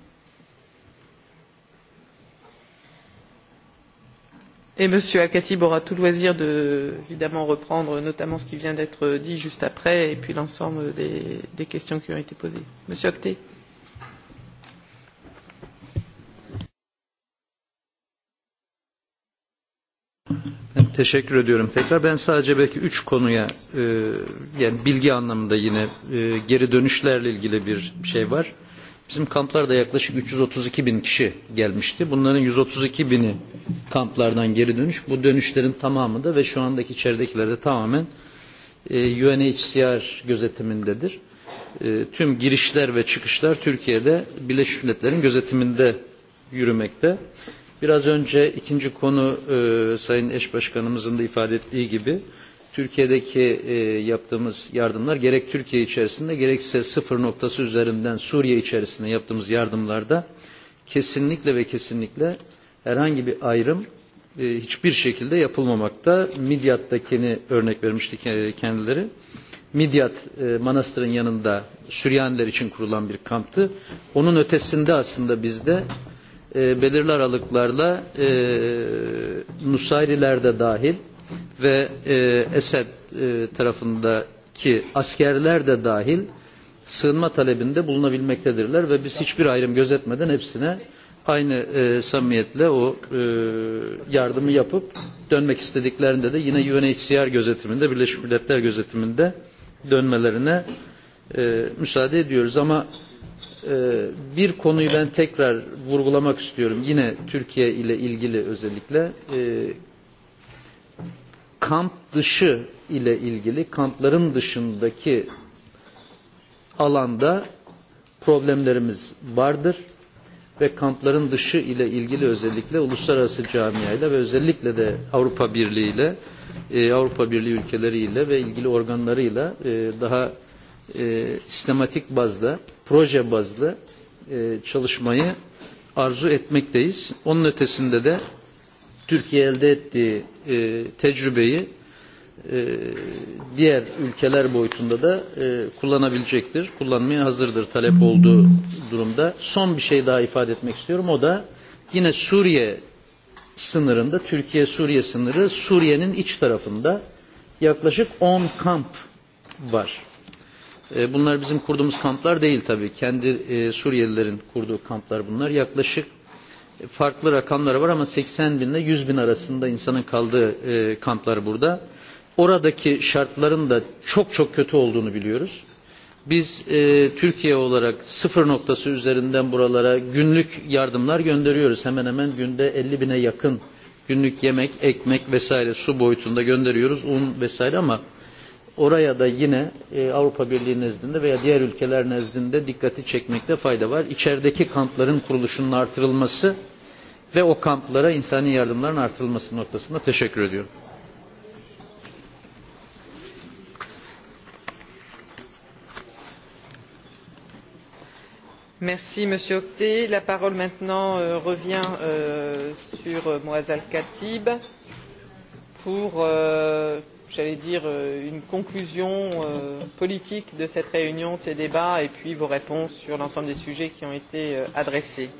Et Monsieur Alcatib aura tout loisir de, évidemment, reprendre notamment ce qui vient d'être dit juste après et puis l'ensemble des, des questions qui ont été posées. Monsieur Octet. Teşekkür ediyorum. Tekrar ben sadece belki üç konuya e, yani bilgi anlamında yine e, geri dönüşlerle ilgili bir şey var. Bizim kamplarda yaklaşık 332 bin kişi gelmişti. Bunların 132 bini kamplardan geri dönüş. Bu dönüşlerin tamamı da ve şu andaki içeridekiler de tamamen e, UNHCR gözetimindedir. E, tüm girişler ve çıkışlar Türkiye'de Birleşmiş Milletler'in gözetiminde yürümekte. Biraz önce ikinci konu e, Sayın Eş Başkanımızın da ifade ettiği gibi Türkiye'deki e, yaptığımız yardımlar gerek Türkiye içerisinde gerekse sıfır noktası üzerinden Suriye içerisinde yaptığımız yardımlarda kesinlikle ve kesinlikle herhangi bir ayrım e, hiçbir şekilde yapılmamakta. Midyat'takini örnek vermişti e, kendileri. Midyat e, manastırın yanında Süryaniler için kurulan bir kamptı. Onun ötesinde aslında bizde e, belirli aralıklarla e, Nusayriler de dahil ve e, Esed e, tarafındaki askerler de dahil sığınma talebinde bulunabilmektedirler ve biz hiçbir ayrım gözetmeden hepsine aynı e, samimiyetle o e, yardımı yapıp dönmek istediklerinde de yine UNHCR gözetiminde, Birleşmiş Milletler gözetiminde dönmelerine e, müsaade ediyoruz. Ama bir konuyu ben tekrar vurgulamak istiyorum. Yine Türkiye ile ilgili özellikle kamp dışı ile ilgili kampların dışındaki alanda problemlerimiz vardır ve kampların dışı ile ilgili özellikle uluslararası camiayla ve özellikle de Avrupa Birliği ile e, Avrupa Birliği ülkeleriyle ve ilgili organlarıyla e, daha e, sistematik bazda proje bazlı e, çalışmayı arzu etmekteyiz. Onun ötesinde de Türkiye elde ettiği e, tecrübeyi e, diğer ülkeler boyutunda da e, kullanabilecektir. Kullanmaya hazırdır talep olduğu durumda. Son bir şey daha ifade etmek istiyorum. O da yine Suriye sınırında, Türkiye-Suriye sınırı Suriye'nin iç tarafında yaklaşık 10 kamp var. E, bunlar bizim kurduğumuz kamplar değil tabii. Kendi e, Suriyelilerin kurduğu kamplar bunlar. Yaklaşık e, farklı rakamları var ama 80 bin ile 100 bin arasında insanın kaldığı e, kamplar burada. Oradaki şartların da çok çok kötü olduğunu biliyoruz. Biz e, Türkiye olarak sıfır noktası üzerinden buralara günlük yardımlar gönderiyoruz. Hemen hemen günde 50 bine yakın günlük yemek, ekmek vesaire su boyutunda gönderiyoruz, un vesaire ama oraya da yine e, Avrupa Birliği nezdinde veya diğer ülkeler nezdinde dikkati çekmekte fayda var. İçerideki kampların kuruluşunun artırılması ve o kamplara insani yardımların artırılması noktasında teşekkür ediyorum. Merci Monsieur Octet. La parole maintenant euh, revient euh, sur euh, Moazal Khatib pour euh, j'allais dire, euh, une conclusion euh, politique de cette réunion, de ces débats, et puis vos réponses sur l'ensemble des sujets qui ont été euh, adressés.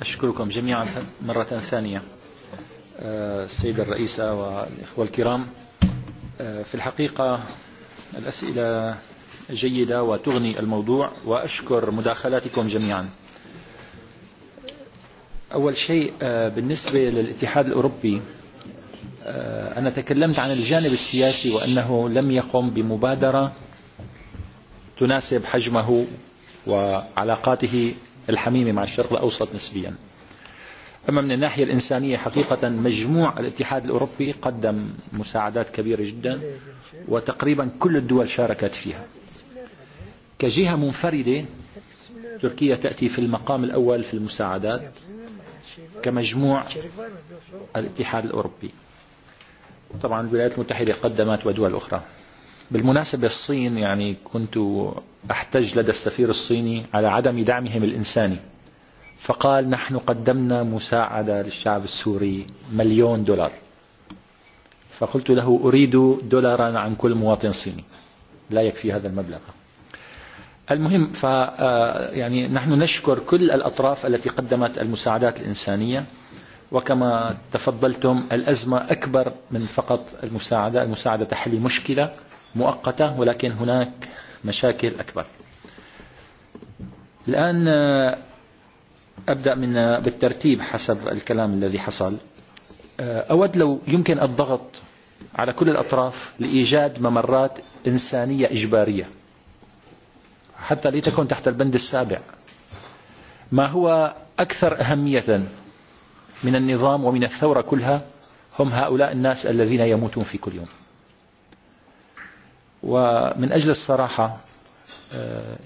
أشكركم جميعا مرة ثانية السيدة الرئيسة والإخوة الكرام في الحقيقة الأسئلة جيدة وتغني الموضوع وأشكر مداخلاتكم جميعا أول شيء بالنسبة للاتحاد الأوروبي أنا تكلمت عن الجانب السياسي وأنه لم يقم بمبادرة تناسب حجمه وعلاقاته الحميمة مع الشرق الأوسط نسبيا أما من الناحية الإنسانية حقيقة مجموع الاتحاد الأوروبي قدم مساعدات كبيرة جدا وتقريبا كل الدول شاركت فيها كجهة منفردة تركيا تأتي في المقام الأول في المساعدات كمجموع الاتحاد الأوروبي طبعا الولايات المتحدة قدمت ودول أخرى بالمناسبة الصين يعني كنت أحتج لدى السفير الصيني على عدم دعمهم الإنساني فقال نحن قدمنا مساعدة للشعب السوري مليون دولار فقلت له أريد دولارا عن كل مواطن صيني لا يكفي هذا المبلغ المهم ف يعني نحن نشكر كل الأطراف التي قدمت المساعدات الإنسانية وكما تفضلتم الأزمة أكبر من فقط المساعدة المساعدة تحل مشكلة مؤقتة ولكن هناك مشاكل أكبر الآن أبدأ من بالترتيب حسب الكلام الذي حصل أود لو يمكن الضغط على كل الأطراف لإيجاد ممرات إنسانية إجبارية حتى لتكن تحت البند السابع ما هو أكثر أهمية من النظام ومن الثورة كلها هم هؤلاء الناس الذين يموتون في كل يوم ومن أجل الصراحة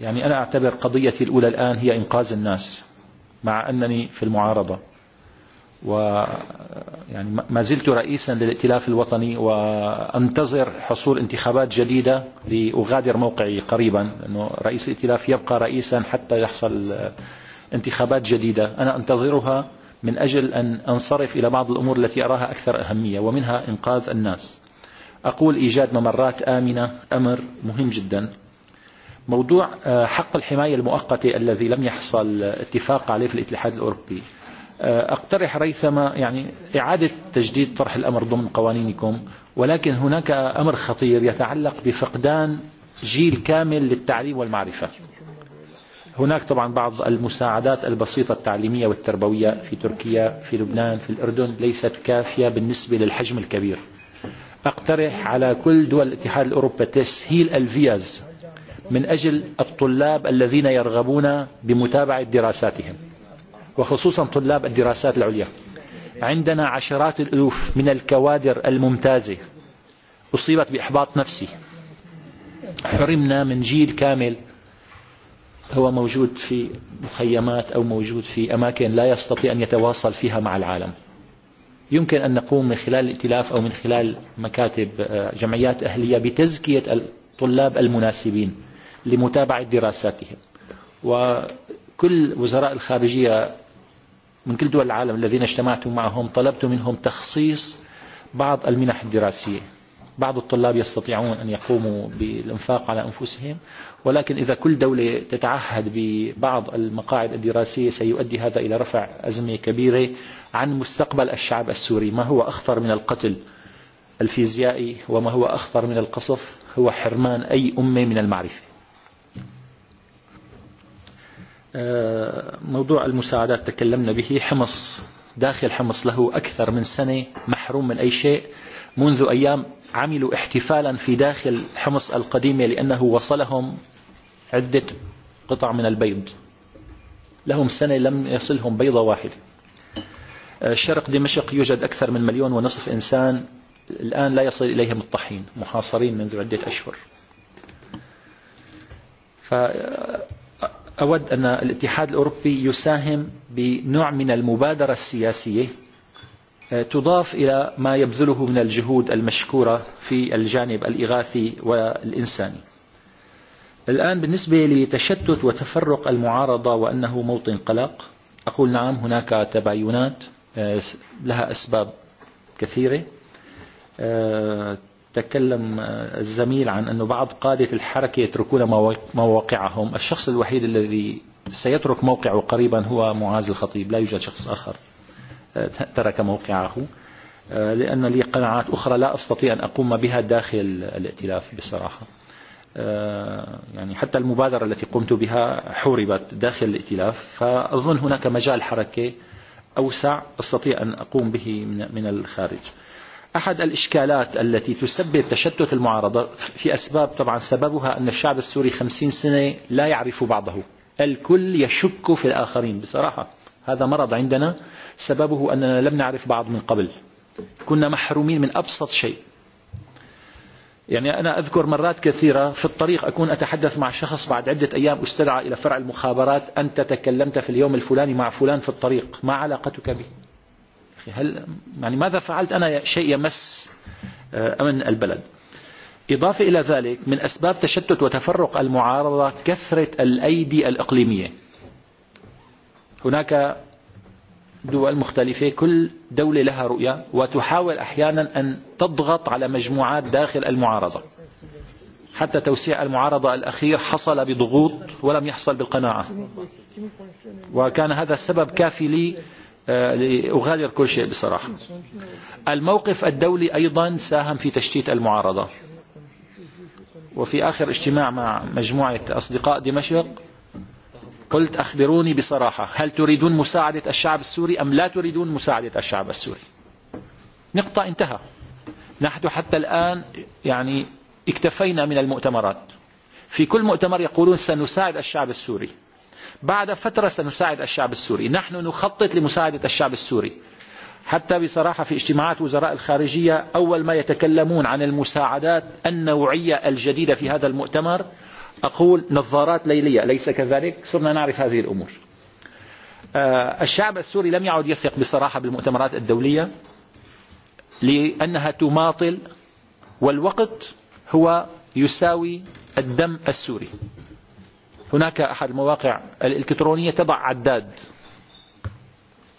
يعني أنا أعتبر قضيتي الأولى الآن هي إنقاذ الناس مع أنني في المعارضة ويعني ما زلت رئيسا للائتلاف الوطني وانتظر حصول انتخابات جديدة لأغادر موقعي قريبا لأنه رئيس الائتلاف يبقى رئيسا حتى يحصل انتخابات جديدة أنا أنتظرها من أجل أن أنصرف إلى بعض الأمور التي أراها أكثر أهمية ومنها إنقاذ الناس أقول إيجاد ممرات آمنة أمر مهم جدا موضوع حق الحماية المؤقتة الذي لم يحصل اتفاق عليه في الاتحاد الأوروبي أقترح ريثما يعني إعادة تجديد طرح الأمر ضمن قوانينكم ولكن هناك أمر خطير يتعلق بفقدان جيل كامل للتعليم والمعرفة هناك طبعا بعض المساعدات البسيطة التعليمية والتربوية في تركيا في لبنان في الأردن ليست كافية بالنسبة للحجم الكبير أقترح على كل دول الاتحاد الأوروبي تسهيل الفيز من أجل الطلاب الذين يرغبون بمتابعة دراساتهم وخصوصا طلاب الدراسات العليا عندنا عشرات الألوف من الكوادر الممتازة أصيبت بإحباط نفسي حرمنا من جيل كامل هو موجود في مخيمات أو موجود في أماكن لا يستطيع أن يتواصل فيها مع العالم يمكن أن نقوم من خلال الائتلاف أو من خلال مكاتب جمعيات أهلية بتزكية الطلاب المناسبين لمتابعة دراساتهم وكل وزراء الخارجية من كل دول العالم الذين اجتمعت معهم طلبت منهم تخصيص بعض المنح الدراسية بعض الطلاب يستطيعون أن يقوموا بالانفاق على أنفسهم ولكن إذا كل دولة تتعهد ببعض المقاعد الدراسية سيؤدي هذا إلى رفع أزمة كبيرة عن مستقبل الشعب السوري ما هو أخطر من القتل الفيزيائي وما هو أخطر من القصف هو حرمان أي أمة من المعرفة موضوع المساعدات تكلمنا به حمص داخل حمص له أكثر من سنة محروم من أي شيء منذ أيام عملوا احتفالا في داخل حمص القديمة لأنه وصلهم عدة قطع من البيض لهم سنة لم يصلهم بيضة واحدة شرق دمشق يوجد أكثر من مليون ونصف إنسان الآن لا يصل إليهم الطحين محاصرين منذ عدة أشهر أود أن الاتحاد الأوروبي يساهم بنوع من المبادرة السياسية تضاف إلى ما يبذله من الجهود المشكورة في الجانب الإغاثي والإنساني الآن بالنسبة لتشتت وتفرق المعارضة وأنه موطن قلق أقول نعم هناك تباينات لها أسباب كثيرة تكلم الزميل عن أن بعض قادة الحركة يتركون مواقعهم الشخص الوحيد الذي سيترك موقعه قريبا هو معاذ الخطيب لا يوجد شخص آخر ترك موقعه لأن لي قناعات أخرى لا أستطيع أن أقوم بها داخل الائتلاف بصراحة يعني حتى المبادرة التي قمت بها حوربت داخل الائتلاف فأظن هناك مجال حركة أوسع أستطيع أن أقوم به من الخارج أحد الإشكالات التي تسبب تشتت المعارضة في أسباب طبعا سببها أن الشعب السوري خمسين سنة لا يعرف بعضه الكل يشك في الآخرين بصراحة هذا مرض عندنا سببه أننا لم نعرف بعض من قبل كنا محرومين من أبسط شيء يعني أنا أذكر مرات كثيرة في الطريق أكون أتحدث مع شخص بعد عدة أيام استدعى إلى فرع المخابرات أنت تكلمت في اليوم الفلاني مع فلان في الطريق ما علاقتك به هل يعني ماذا فعلت أنا شيء يمس أمن البلد إضافة إلى ذلك من أسباب تشتت وتفرق المعارضة كثرة الأيدي الإقليمية هناك دول مختلفة كل دولة لها رؤية وتحاول أحيانا أن تضغط على مجموعات داخل المعارضة حتى توسيع المعارضة الأخير حصل بضغوط ولم يحصل بالقناعة وكان هذا السبب كافي لي أغادر كل شيء بصراحة الموقف الدولي أيضا ساهم في تشتيت المعارضة وفي آخر اجتماع مع مجموعة أصدقاء دمشق قلت أخبروني بصراحة هل تريدون مساعدة الشعب السوري أم لا تريدون مساعدة الشعب السوري نقطة انتهى نحن حتى الآن يعني اكتفينا من المؤتمرات في كل مؤتمر يقولون سنساعد الشعب السوري بعد فترة سنساعد الشعب السوري نحن نخطط لمساعدة الشعب السوري حتى بصراحة في اجتماعات وزراء الخارجية أول ما يتكلمون عن المساعدات النوعية الجديدة في هذا المؤتمر أقول نظارات ليلية ليس كذلك صرنا نعرف هذه الأمور الشعب السوري لم يعد يثق بصراحة بالمؤتمرات الدولية لأنها تماطل والوقت هو يساوي الدم السوري هناك أحد المواقع الإلكترونية تبع عداد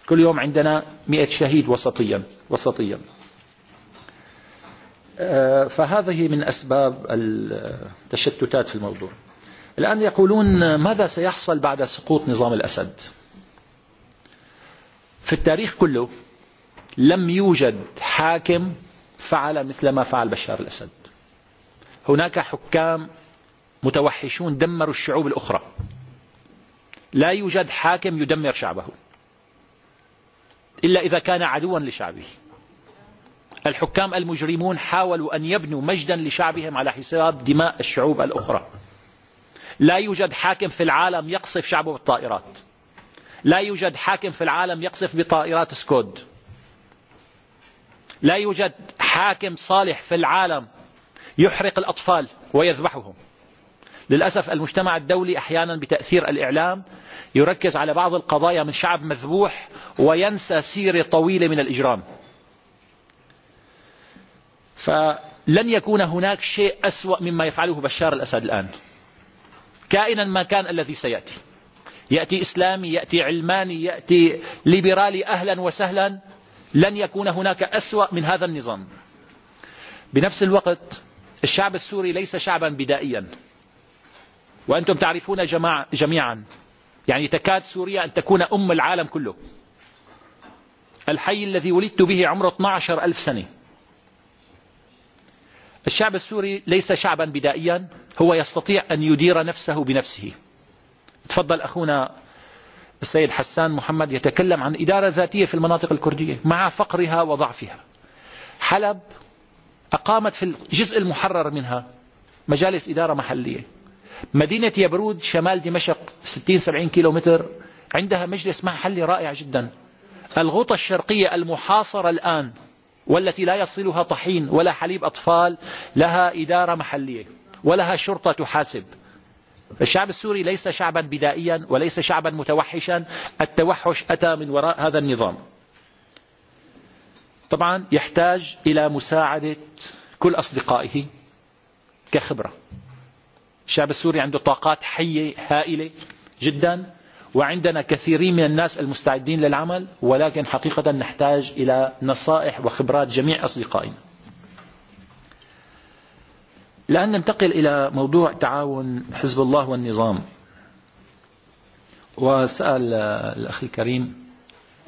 كل يوم عندنا مئة شهيد وسطيا وسطيا فهذه من أسباب التشتتات في الموضوع الآن يقولون ماذا سيحصل بعد سقوط نظام الأسد في التاريخ كله لم يوجد حاكم فعل مثل ما فعل بشار الأسد هناك حكام متوحشون دمروا الشعوب الأخرى لا يوجد حاكم يدمر شعبه إلا إذا كان عدوا لشعبه الحكام المجرمون حاولوا أن يبنوا مجدا لشعبهم على حساب دماء الشعوب الأخرى لا يوجد حاكم في العالم يقصف شعبه بالطائرات لا يوجد حاكم في العالم يقصف بطائرات سكود لا يوجد حاكم صالح في العالم يحرق الأطفال ويذبحهم للأسف المجتمع الدولي أحيانا بتأثير الإعلام يركز على بعض القضايا من شعب مذبوح وينسى سيرة طويلة من الإجرام فلن يكون هناك شيء أسوأ مما يفعله بشار الأسد الآن كائنا ما كان الذي سيأتي يأتي إسلامي يأتي علماني يأتي ليبرالي أهلا وسهلا لن يكون هناك أسوأ من هذا النظام بنفس الوقت الشعب السوري ليس شعبا بدائيا وأنتم تعرفون جماع جميعا يعني تكاد سوريا أن تكون أم العالم كله الحي الذي ولدت به عمره 12 ألف سنة الشعب السوري ليس شعبا بدائيا هو يستطيع أن يدير نفسه بنفسه تفضل أخونا السيد حسان محمد يتكلم عن إدارة ذاتية في المناطق الكردية مع فقرها وضعفها حلب أقامت في الجزء المحرر منها مجالس إدارة محلية مدينة يبرود شمال دمشق 60-70 كيلو متر عندها مجلس محلي رائع جدا الغوطة الشرقية المحاصرة الآن والتي لا يصلها طحين ولا حليب أطفال لها إدارة محلية ولها شرطة تحاسب الشعب السوري ليس شعبا بدائيا وليس شعبا متوحشا التوحش أتى من وراء هذا النظام طبعا يحتاج إلى مساعدة كل أصدقائه كخبرة الشعب السوري عنده طاقات حية هائلة جدا وعندنا كثيرين من الناس المستعدين للعمل ولكن حقيقة نحتاج إلى نصائح وخبرات جميع أصدقائنا الآن ننتقل إلى موضوع تعاون حزب الله والنظام وسأل الأخ الكريم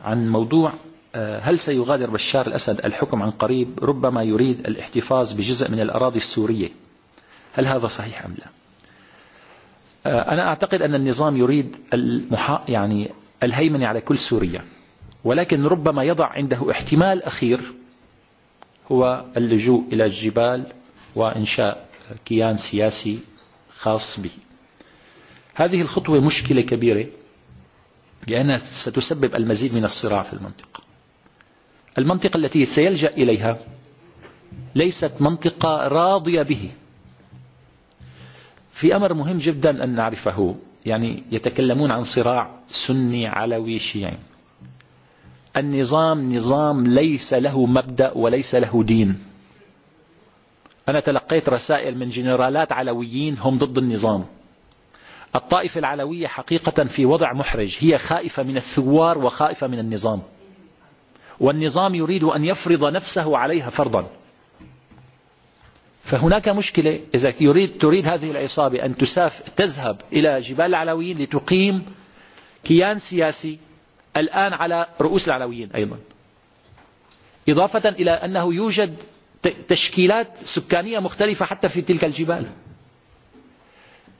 عن موضوع هل سيغادر بشار الأسد الحكم عن قريب ربما يريد الاحتفاظ بجزء من الأراضي السورية هل هذا صحيح أم لا؟ أنا أعتقد أن النظام يريد المحا... يعني الهيمن على كل سوريا ولكن ربما يضع عنده احتمال أخير هو اللجوء إلى الجبال وإنشاء كيان سياسي خاص به هذه الخطوة مشكلة كبيرة لأنها ستسبب المزيد من الصراع في المنطقة المنطقة التي سيلجأ إليها ليست منطقة راضية به في أمر مهم جدا أن نعرفه يعني يتكلمون عن صراع سني علوي شيعي النظام نظام ليس له مبدأ وليس له دين أنا تلقيت رسائل من جنرالات علويين هم ضد النظام الطائفة العلوية حقيقة في وضع محرج هي خائفة من الثوار وخائفة من النظام والنظام يريد أن يفرض نفسه عليها فرضا فهناك مشكلة إذا يريد تريد هذه العصابة أن تساف تذهب إلى جبال العلويين لتقيم كيان سياسي الآن على رؤوس العلويين أيضا إضافة إلى أنه يوجد تشكيلات سكانية مختلفة حتى في تلك الجبال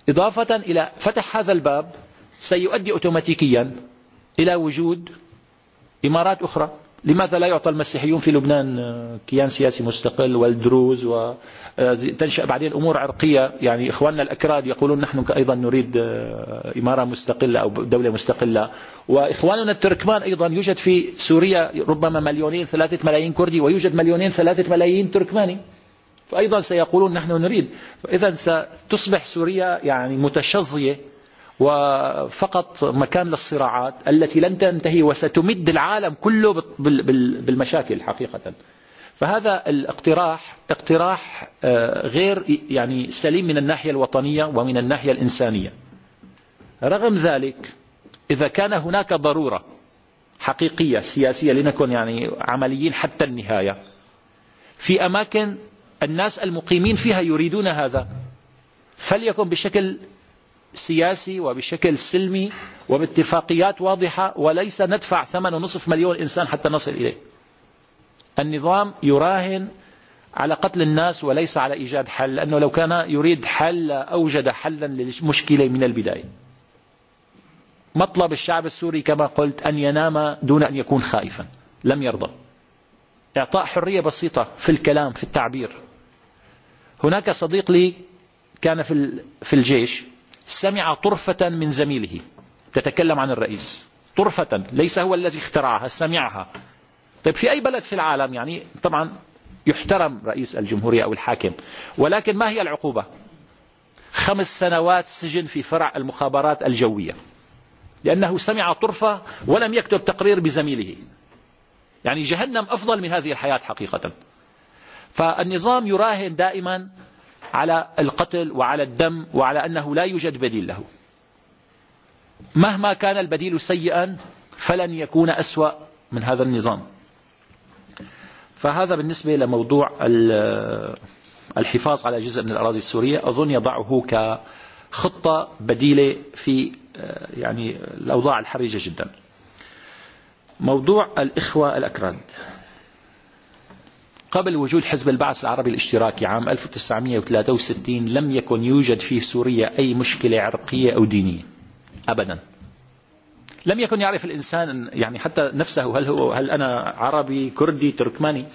إضافة إلى فتح هذا الباب سيؤدي أوتوماتيكيا إلى وجود إمارات أخرى لماذا لا يعطى المسيحيون في لبنان كيان سياسي مستقل والدروز وتنشأ بعدين أمور عرقية يعني إخواننا الأكراد يقولون نحن أيضا نريد إمارة مستقلة أو دولة مستقلة وإخواننا التركمان أيضا يوجد في سوريا ربما مليونين ثلاثة ملايين كردي ويوجد مليونين ثلاثة ملايين تركماني فأيضا سيقولون نحن نريد فإذا ستصبح سوريا يعني متشظية وفقط مكان للصراعات التي لن تنتهي وستمد العالم كله بالمشاكل حقيقة فهذا الاقتراح اقتراح غير يعني سليم من الناحية الوطنية ومن الناحية الإنسانية رغم ذلك إذا كان هناك ضرورة حقيقية سياسية لنكون يعني عمليين حتى النهاية في أماكن الناس المقيمين فيها يريدون هذا فليكن بشكل سياسي وبشكل سلمي وباتفاقيات واضحة وليس ندفع ثمن ونصف مليون إنسان حتى نصل إليه النظام يراهن على قتل الناس وليس على إيجاد حل لأنه لو كان يريد حل أوجد حلا للمشكلة من البداية مطلب الشعب السوري كما قلت أن ينام دون أن يكون خائفا لم يرضى إعطاء حرية بسيطة في الكلام في التعبير هناك صديق لي كان في الجيش سمع طرفة من زميله تتكلم عن الرئيس طرفة ليس هو الذي اخترعها سمعها طيب في أي بلد في العالم يعني طبعا يحترم رئيس الجمهورية أو الحاكم ولكن ما هي العقوبة خمس سنوات سجن في فرع المخابرات الجوية لأنه سمع طرفة ولم يكتب تقرير بزميله يعني جهنم أفضل من هذه الحياة حقيقة فالنظام يراهن دائما على القتل وعلى الدم وعلى أنه لا يوجد بديل له مهما كان البديل سيئا فلن يكون أسوأ من هذا النظام فهذا بالنسبة لموضوع الحفاظ على جزء من الأراضي السورية أظن يضعه كخطة بديلة في يعني الأوضاع الحرجة جدا موضوع الإخوة الأكراد قبل وجود حزب البعث العربي الاشتراكي عام 1963 لم يكن يوجد في سوريا أي مشكلة عرقية أو دينية أبدا لم يكن يعرف الإنسان يعني حتى نفسه هل, هو هل أنا عربي كردي تركماني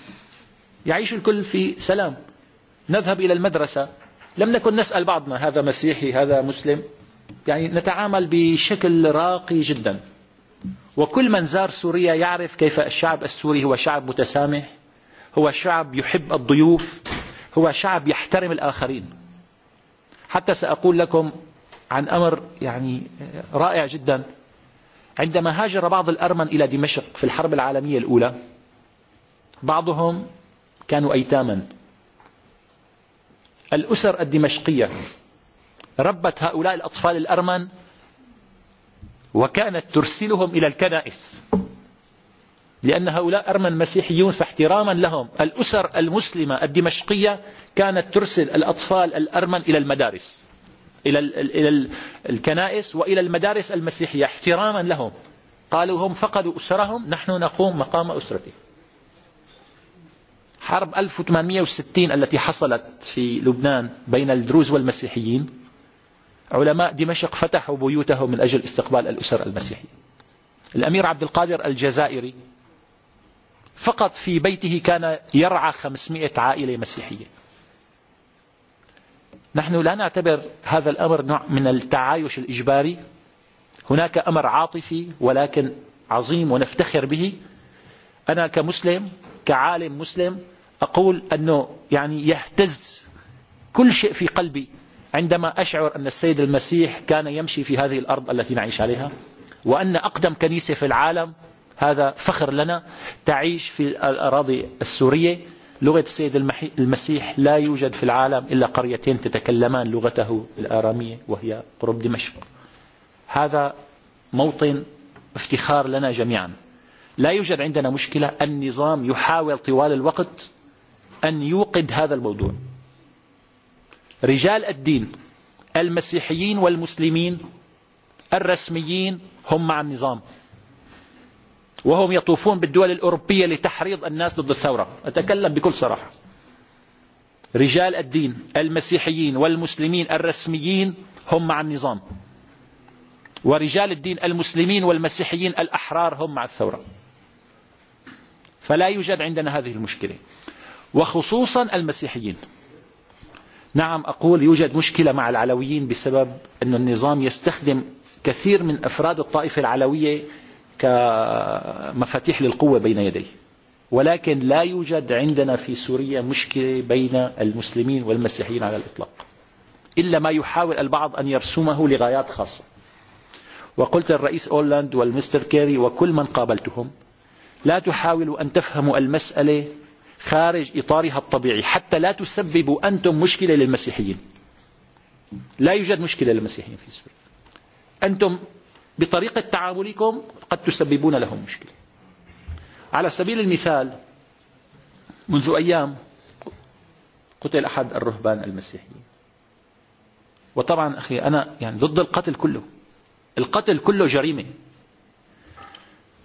يعيش الكل في سلام نذهب إلى المدرسة لم نكن نسأل بعضنا هذا مسيحي هذا مسلم يعني نتعامل بشكل راقي جدا وكل من زار سوريا يعرف كيف الشعب السوري هو شعب متسامح هو شعب يحب الضيوف هو شعب يحترم الآخرين حتى سأقول لكم عن أمر يعني رائع جدا عندما هاجر بعض الأرمن إلى دمشق في الحرب العالمية الأولى بعضهم كانوا أيتاما الأسر الدمشقية ربت هؤلاء الأطفال الأرمن وكانت ترسلهم إلى الكنائس لأن هؤلاء أرمن مسيحيون فاحتراما لهم الأسر المسلمة الدمشقية كانت ترسل الأطفال الأرمن إلى المدارس إلى, الـ الـ إلى الكنائس وإلى المدارس المسيحية احتراما لهم قالوا هم فقدوا أسرهم نحن نقوم مقام أسرته حرب 1860 التي حصلت في لبنان بين الدروز والمسيحيين علماء دمشق فتحوا بيوتهم من أجل استقبال الأسر المسيحية الأمير عبد القادر الجزائري فقط في بيته كان يرعى خمسمائة عائلة مسيحية نحن لا نعتبر هذا الأمر نوع من التعايش الإجباري هناك أمر عاطفي ولكن عظيم ونفتخر به أنا كمسلم كعالم مسلم أقول أنه يعني يهتز كل شيء في قلبي عندما أشعر أن السيد المسيح كان يمشي في هذه الأرض التي نعيش عليها وأن أقدم كنيسة في العالم هذا فخر لنا تعيش في الأراضي السورية لغة السيد المسيح لا يوجد في العالم إلا قريتين تتكلمان لغته الآرامية وهي قرب دمشق هذا موطن افتخار لنا جميعا لا يوجد عندنا مشكلة النظام يحاول طوال الوقت أن يوقد هذا الموضوع رجال الدين المسيحيين والمسلمين الرسميين هم مع النظام وهم يطوفون بالدول الأوروبية لتحريض الناس ضد الثورة أتكلم بكل صراحة رجال الدين المسيحيين والمسلمين الرسميين هم مع النظام ورجال الدين المسلمين والمسيحيين الأحرار هم مع الثورة فلا يوجد عندنا هذه المشكلة وخصوصا المسيحيين نعم أقول يوجد مشكلة مع العلويين بسبب أن النظام يستخدم كثير من أفراد الطائفة العلوية كمفاتيح للقوة بين يديه ولكن لا يوجد عندنا في سوريا مشكلة بين المسلمين والمسيحيين على الإطلاق إلا ما يحاول البعض أن يرسمه لغايات خاصة وقلت الرئيس أولاند والمستر كيري وكل من قابلتهم لا تحاولوا أن تفهموا المسألة خارج إطارها الطبيعي حتى لا تسببوا أنتم مشكلة للمسيحيين لا يوجد مشكلة للمسيحيين في سوريا أنتم بطريقة تعاملكم قد تسببون لهم مشكلة على سبيل المثال منذ أيام قتل أحد الرهبان المسيحيين وطبعا أخي أنا يعني ضد القتل كله القتل كله جريمة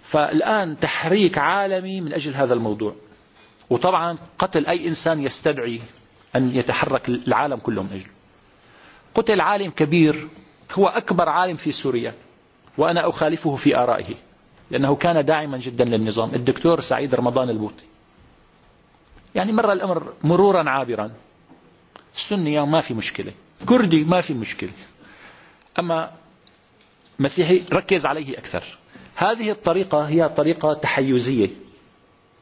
فالآن تحريك عالمي من أجل هذا الموضوع وطبعا قتل أي إنسان يستدعي أن يتحرك العالم كله من أجله قتل عالم كبير هو أكبر عالم في سوريا وأنا أخالفه في آرائه لأنه كان داعما جدا للنظام الدكتور سعيد رمضان البوطي يعني مر الأمر مرورا عابرا السنية ما في مشكلة كردي ما في مشكلة أما مسيحي ركز عليه أكثر هذه الطريقة هي طريقة تحيزية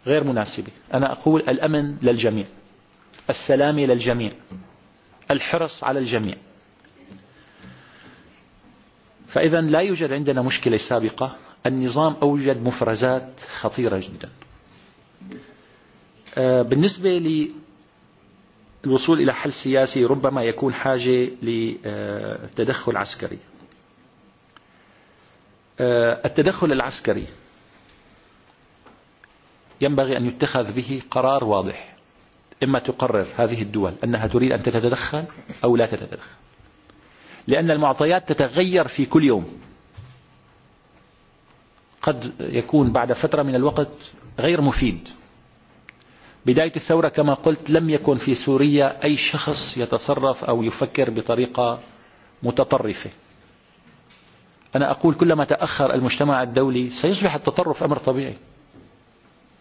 غير مناسبة أنا أقول الأمن للجميع السلام للجميع الحرص على الجميع فإذا لا يوجد عندنا مشكلة سابقة النظام أوجد مفرزات خطيرة جدا بالنسبة للوصول إلى حل سياسي ربما يكون حاجة لتدخل عسكري التدخل العسكري ينبغي أن يتخذ به قرار واضح إما تقرر هذه الدول أنها تريد أن تتدخل أو لا تتدخل لأن المعطيات تتغير في كل يوم قد يكون بعد فترة من الوقت غير مفيد بداية الثورة كما قلت لم يكن في سوريا أي شخص يتصرف أو يفكر بطريقة متطرفة أنا أقول كلما تأخر المجتمع الدولي سيصبح التطرف أمر طبيعي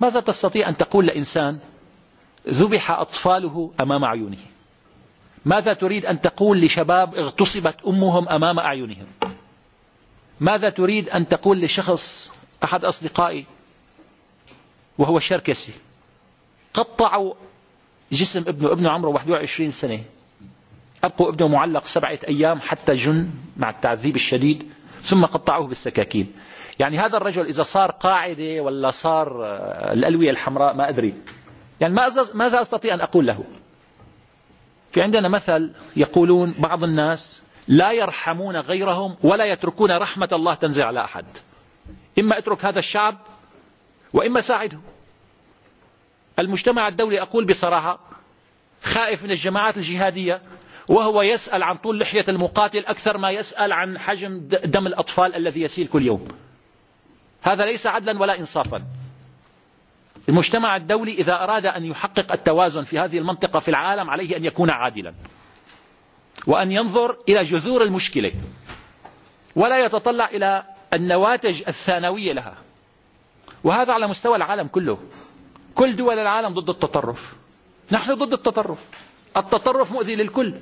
ماذا تستطيع أن تقول لإنسان ذبح أطفاله أمام عيونه ماذا تريد أن تقول لشباب اغتصبت أمهم أمام أعينهم ماذا تريد أن تقول لشخص أحد أصدقائي وهو الشركسي قطعوا جسم ابنه ابنه عمره 21 سنة أبقوا ابنه معلق سبعة أيام حتى جن مع التعذيب الشديد ثم قطعوه بالسكاكين يعني هذا الرجل إذا صار قاعدة ولا صار الألوية الحمراء ما أدري يعني ماذا أستطيع أن أقول له في عندنا مثل يقولون بعض الناس لا يرحمون غيرهم ولا يتركون رحمة الله تنزل على أحد إما اترك هذا الشعب وإما ساعده المجتمع الدولي أقول بصراحة خائف من الجماعات الجهادية وهو يسأل عن طول لحية المقاتل أكثر ما يسأل عن حجم دم الأطفال الذي يسيل كل يوم هذا ليس عدلا ولا إنصافا المجتمع الدولي إذا أراد أن يحقق التوازن في هذه المنطقة في العالم عليه أن يكون عادلا وأن ينظر إلى جذور المشكلة ولا يتطلع إلى النواتج الثانوية لها وهذا على مستوى العالم كله كل دول العالم ضد التطرف نحن ضد التطرف التطرف مؤذي للكل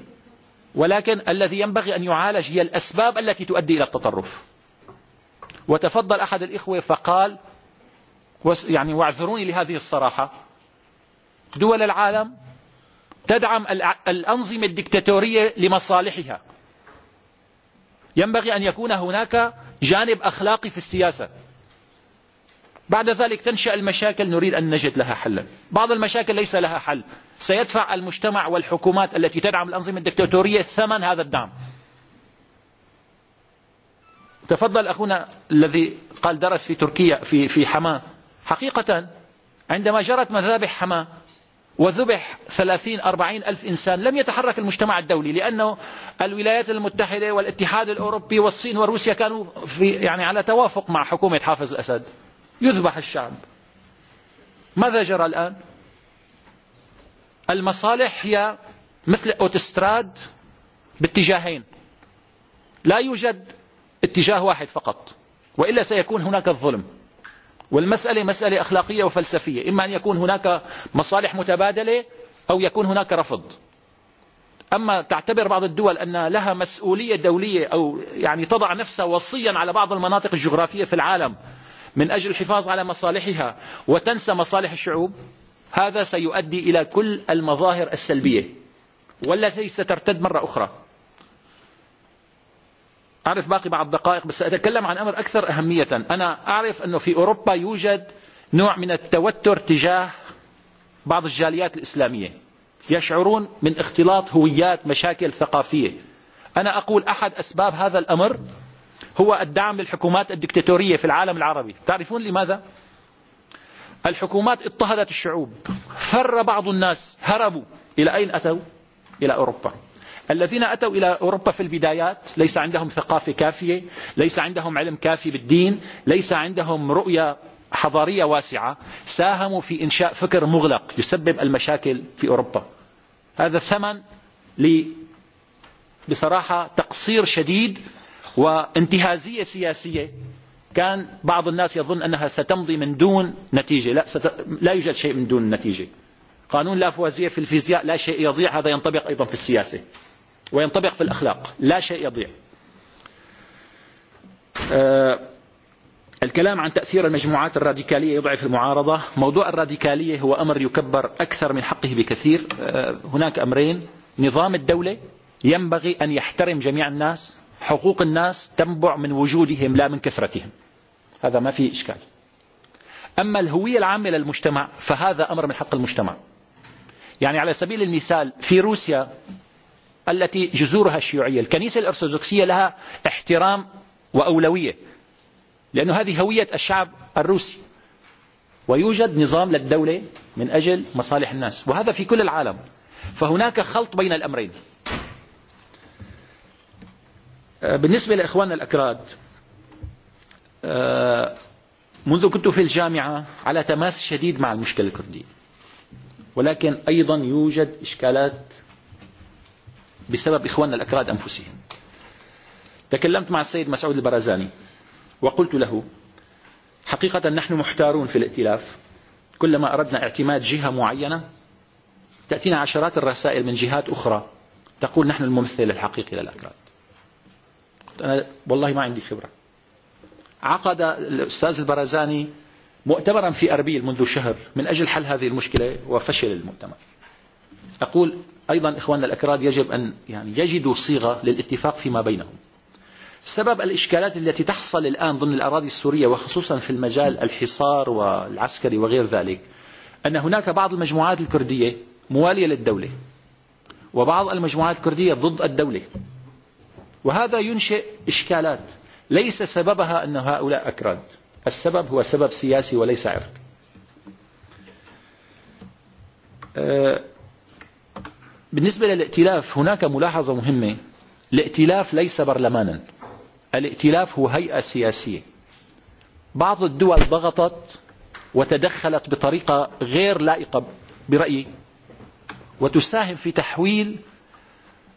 ولكن الذي ينبغي أن يعالج هي الأسباب التي تؤدي إلى التطرف وتفضل أحد الإخوة فقال يعني واعذروني لهذه الصراحة دول العالم تدعم الأنظمة الدكتاتورية لمصالحها ينبغي أن يكون هناك جانب أخلاقي في السياسة بعد ذلك تنشأ المشاكل نريد أن نجد لها حلا بعض المشاكل ليس لها حل سيدفع المجتمع والحكومات التي تدعم الأنظمة الدكتاتورية ثمن هذا الدعم تفضل أخونا الذي قال درس في تركيا في في حماه حقيقة عندما جرت مذابح حما وذبح ثلاثين أربعين ألف إنسان لم يتحرك المجتمع الدولي لأنه الولايات المتحدة والاتحاد الأوروبي والصين وروسيا كانوا في يعني على توافق مع حكومة حافظ الأسد يذبح الشعب ماذا جرى الآن المصالح هي مثل أوتستراد باتجاهين لا يوجد اتجاه واحد فقط وإلا سيكون هناك الظلم والمسألة مسألة أخلاقية وفلسفية إما أن يكون هناك مصالح متبادلة أو يكون هناك رفض أما تعتبر بعض الدول أن لها مسؤولية دولية أو يعني تضع نفسها وصيا على بعض المناطق الجغرافية في العالم من أجل الحفاظ على مصالحها وتنسى مصالح الشعوب هذا سيؤدي إلى كل المظاهر السلبية والتي سترتد مرة أخرى أعرف باقي بعض الدقائق بس أتكلم عن أمر أكثر أهمية أنا أعرف أنه في أوروبا يوجد نوع من التوتر تجاه بعض الجاليات الإسلامية يشعرون من اختلاط هويات مشاكل ثقافية أنا أقول أحد أسباب هذا الأمر هو الدعم للحكومات الدكتاتورية في العالم العربي تعرفون لماذا؟ الحكومات اضطهدت الشعوب فر بعض الناس هربوا إلى أين أتوا؟ إلى أوروبا الذين أتوا إلى أوروبا في البدايات ليس عندهم ثقافة كافية ليس عندهم علم كافي بالدين ليس عندهم رؤية حضارية واسعة ساهموا في إنشاء فكر مغلق يسبب المشاكل في أوروبا هذا الثمن بصراحة تقصير شديد وانتهازية سياسية كان بعض الناس يظن أنها ستمضي من دون نتيجة لا, ست... لا يوجد شيء من دون نتيجة قانون لا في الفيزياء لا شيء يضيع هذا ينطبق أيضا في السياسة وينطبق في الأخلاق لا شيء يضيع الكلام عن تأثير المجموعات الراديكالية يضعف المعارضة موضوع الراديكالية هو أمر يكبر أكثر من حقه بكثير هناك أمرين نظام الدولة ينبغي أن يحترم جميع الناس حقوق الناس تنبع من وجودهم لا من كثرتهم هذا ما فيه إشكال أما الهوية العامة للمجتمع فهذا أمر من حق المجتمع يعني على سبيل المثال في روسيا التي جذورها الشيوعية الكنيسة الأرثوذكسية لها احترام وأولوية لأن هذه هوية الشعب الروسي ويوجد نظام للدولة من أجل مصالح الناس وهذا في كل العالم فهناك خلط بين الأمرين بالنسبة لإخواننا الأكراد منذ كنت في الجامعة على تماس شديد مع المشكلة الكردية ولكن أيضا يوجد إشكالات بسبب إخواننا الأكراد أنفسهم تكلمت مع السيد مسعود البرزاني وقلت له حقيقة نحن محتارون في الائتلاف كلما أردنا اعتماد جهة معينة تأتينا عشرات الرسائل من جهات أخرى تقول نحن الممثل الحقيقي للأكراد قلت أنا والله ما عندي خبرة عقد الأستاذ البرزاني مؤتمرا في أربيل منذ شهر من أجل حل هذه المشكلة وفشل المؤتمر أقول أيضا إخواننا الأكراد يجب أن يعني يجدوا صيغة للاتفاق فيما بينهم سبب الإشكالات التي تحصل الآن ضمن الأراضي السورية وخصوصا في المجال الحصار والعسكري وغير ذلك أن هناك بعض المجموعات الكردية موالية للدولة وبعض المجموعات الكردية ضد الدولة وهذا ينشئ إشكالات ليس سببها أن هؤلاء أكراد السبب هو سبب سياسي وليس عرق بالنسبة للائتلاف هناك ملاحظة مهمة الائتلاف ليس برلمانا الائتلاف هو هيئة سياسية بعض الدول ضغطت وتدخلت بطريقة غير لائقة برأيي وتساهم في تحويل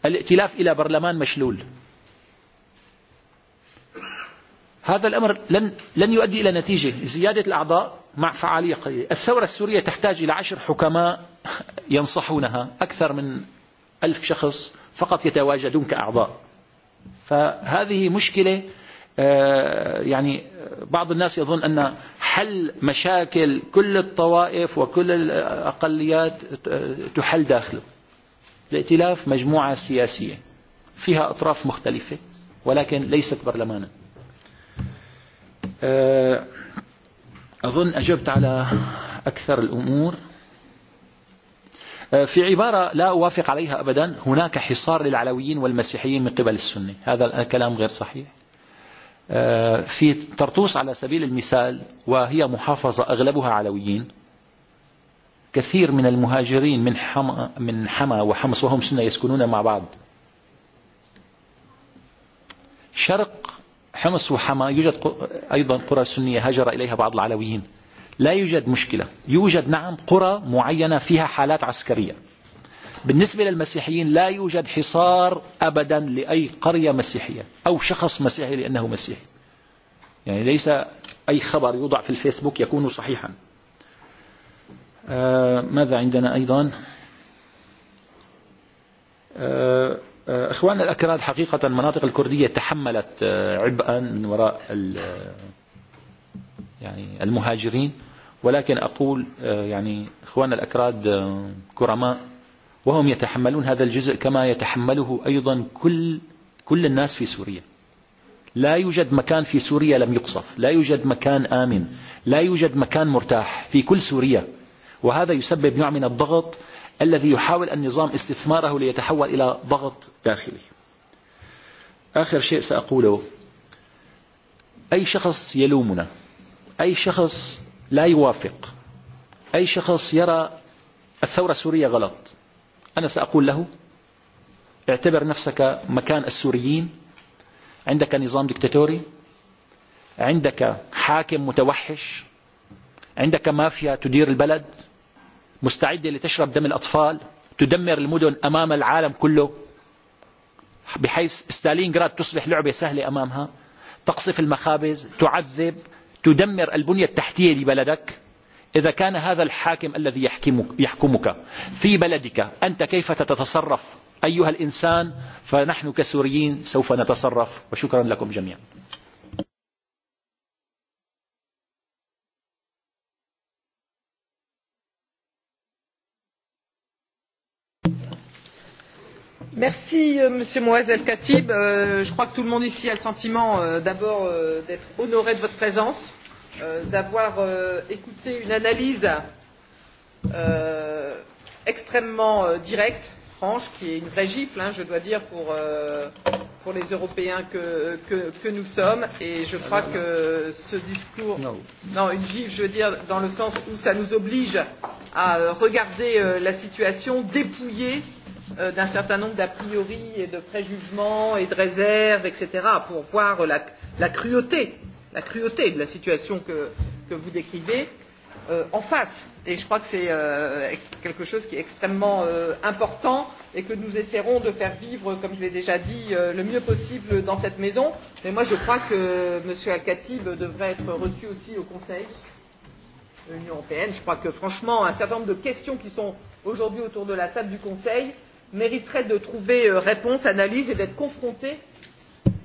الائتلاف إلى برلمان مشلول هذا الأمر لن, لن يؤدي إلى نتيجة زيادة الأعضاء مع فعالية قليلة الثورة السورية تحتاج إلى عشر حكماء ينصحونها أكثر من ألف شخص فقط يتواجدون كأعضاء فهذه مشكلة يعني بعض الناس يظن أن حل مشاكل كل الطوائف وكل الأقليات تحل داخله الائتلاف مجموعة سياسية فيها أطراف مختلفة ولكن ليست برلمانا أظن أجبت على أكثر الأمور في عبارة لا أوافق عليها أبدا هناك حصار للعلويين والمسيحيين من قبل السنة هذا الكلام غير صحيح في طرطوس على سبيل المثال وهي محافظة أغلبها علويين كثير من المهاجرين من حما من حما وحمص وهم سنة يسكنون مع بعض شرق حمص وحما يوجد أيضا قرى سنية هاجر إليها بعض العلويين لا يوجد مشكلة يوجد نعم قرى معينة فيها حالات عسكرية بالنسبة للمسيحيين لا يوجد حصار أبدا لأي قرية مسيحية أو شخص مسيحي لأنه مسيحي يعني ليس أي خبر يوضع في الفيسبوك يكون صحيحا ماذا عندنا أيضا أخوان الأكراد حقيقة المناطق الكردية تحملت عبئا من وراء يعني المهاجرين ولكن أقول يعني إخواننا الأكراد كرماء وهم يتحملون هذا الجزء كما يتحمله أيضا كل كل الناس في سوريا لا يوجد مكان في سوريا لم يقصف لا يوجد مكان آمن لا يوجد مكان مرتاح في كل سوريا وهذا يسبب نوع من الضغط الذي يحاول النظام استثماره ليتحول إلى ضغط داخلي آخر شيء سأقوله أي شخص يلومنا أي شخص لا يوافق أي شخص يرى الثورة السورية غلط أنا سأقول له اعتبر نفسك مكان السوريين عندك نظام دكتاتوري عندك حاكم متوحش عندك مافيا تدير البلد مستعدة لتشرب دم الأطفال تدمر المدن أمام العالم كله بحيث ستالينغراد تصبح لعبة سهلة أمامها تقصف المخابز تعذب تدمر البنية التحتية لبلدك إذا كان هذا الحاكم الذي يحكمك, يحكمك في بلدك أنت كيف تتصرف أيها الإنسان فنحن كسوريين سوف نتصرف وشكرا لكم جميعا Merci euh, Monsieur Moaz El Khatib. Euh, je crois que tout le monde ici a le sentiment euh, d'abord euh, d'être honoré de votre présence, euh, d'avoir euh, écouté une analyse euh, extrêmement euh, directe, franche, qui est une vraie gifle, hein, je dois dire, pour, euh, pour les Européens que, que, que nous sommes. Et je crois que ce discours, non, non une gifle, je veux dire, dans le sens où ça nous oblige à euh, regarder euh, la situation dépouillée Euh, d'un certain nombre d'a priori et de préjugements et de réserves, etc., pour voir la, la cruauté, la cruauté de la situation que, que vous décrivez euh, en face. Et je crois que c'est euh, quelque chose qui est extrêmement euh, important et que nous essaierons de faire vivre, comme je l'ai déjà dit, euh, le mieux possible dans cette maison. Mais moi, je crois que M. Al-Khatib devrait être reçu aussi au Conseil de l'Union européenne. Je crois que, franchement, un certain nombre de questions qui sont aujourd'hui autour de la table du Conseil mériterait de trouver euh, réponse, analyse et d'être confronté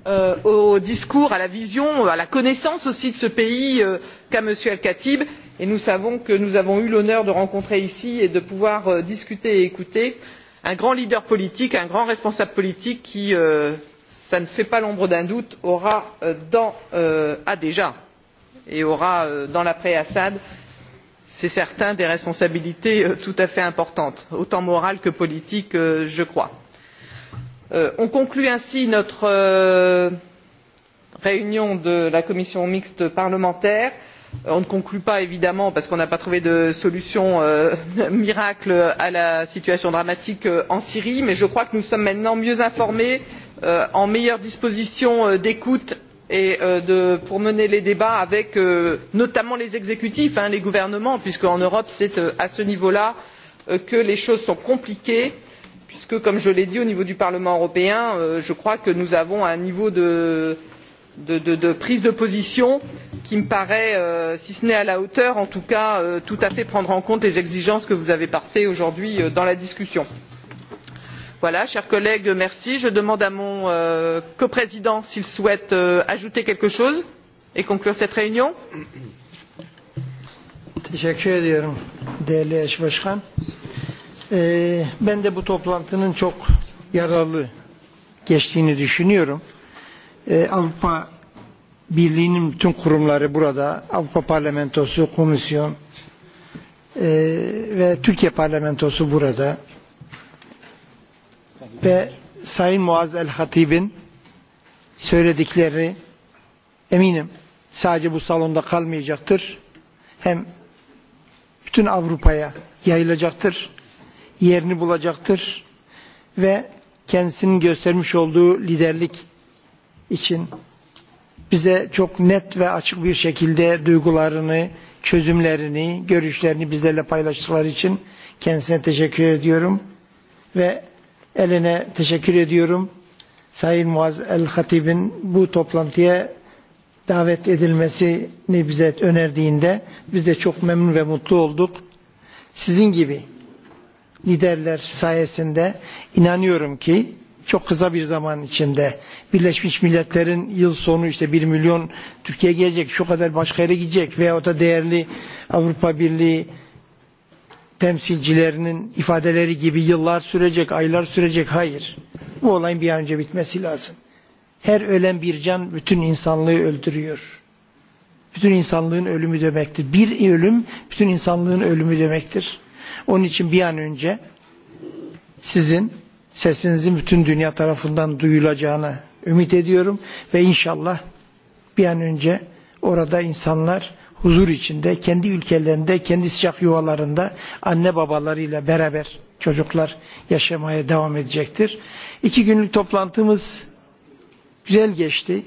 euh, au discours, à la vision, à la connaissance aussi de ce pays euh, qu'a M. El Khatib. Et nous savons que nous avons eu l'honneur de rencontrer ici et de pouvoir euh, discuter et écouter un grand leader politique, un grand responsable politique qui, euh, ça ne fait pas l'ombre d'un doute, aura euh, dans, euh, a déjà et aura euh, dans l'après-Assad c'est certain des responsabilités euh, tout à fait importantes autant morales que politiques euh, je crois. Euh, on conclut ainsi notre réunion de la commission mixte parlementaire on ne conclut pas évidemment parce qu'on n'a pas trouvé de solution [LAUGHS] miracle à la situation dramatique en syrie mais je crois que nous sommes maintenant mieux informés en meilleure disposition d'écoute et euh, de, pour mener les débats avec euh, notamment les exécutifs, hein, les gouvernements, puisque, en Europe, c'est euh, à ce niveau-là que les choses sont compliquées puisque comme je l'ai dit au niveau du parlement européen euh, je crois que nous avons un niveau de, de, de, de prise de position qui me paraît euh, si ce n'est à la hauteur en tout cas euh, tout à fait prendre en compte les exigences que vous avez portées aujourd'hui dans la discussion. Voilà, chers collègues, merci. Je demande à mon euh, coprésident s'il souhaite euh, ajouter quelque chose et conclure cette réunion. yararlı geçtiğini düşünüyorum. Ee, Avrupa Birliği'nin bütün kurumları burada, Avrupa Parlamentosu, Komisyon e, ve Türkiye Parlamentosu burada ve Sayın Muaz el-Hatib'in söyledikleri eminim sadece bu salonda kalmayacaktır. Hem bütün Avrupa'ya yayılacaktır, yerini bulacaktır ve kendisinin göstermiş olduğu liderlik için bize çok net ve açık bir şekilde duygularını, çözümlerini, görüşlerini bizlerle paylaştıkları için kendisine teşekkür ediyorum ve eline teşekkür ediyorum. Sayın Muaz El-Hatib'in bu toplantıya davet edilmesini bize önerdiğinde biz de çok memnun ve mutlu olduk. Sizin gibi liderler sayesinde inanıyorum ki çok kısa bir zaman içinde Birleşmiş Milletler'in yıl sonu işte 1 milyon Türkiye gelecek, şu kadar başka yere gidecek veyahut da değerli Avrupa Birliği temsilcilerinin ifadeleri gibi yıllar sürecek, aylar sürecek. Hayır. Bu olayın bir an önce bitmesi lazım. Her ölen bir can bütün insanlığı öldürüyor. Bütün insanlığın ölümü demektir. Bir ölüm bütün insanlığın ölümü demektir. Onun için bir an önce sizin sesinizin bütün dünya tarafından duyulacağını ümit ediyorum ve inşallah bir an önce orada insanlar huzur içinde, kendi ülkelerinde, kendi sıcak yuvalarında anne babalarıyla beraber çocuklar yaşamaya devam edecektir. İki günlük toplantımız güzel geçti.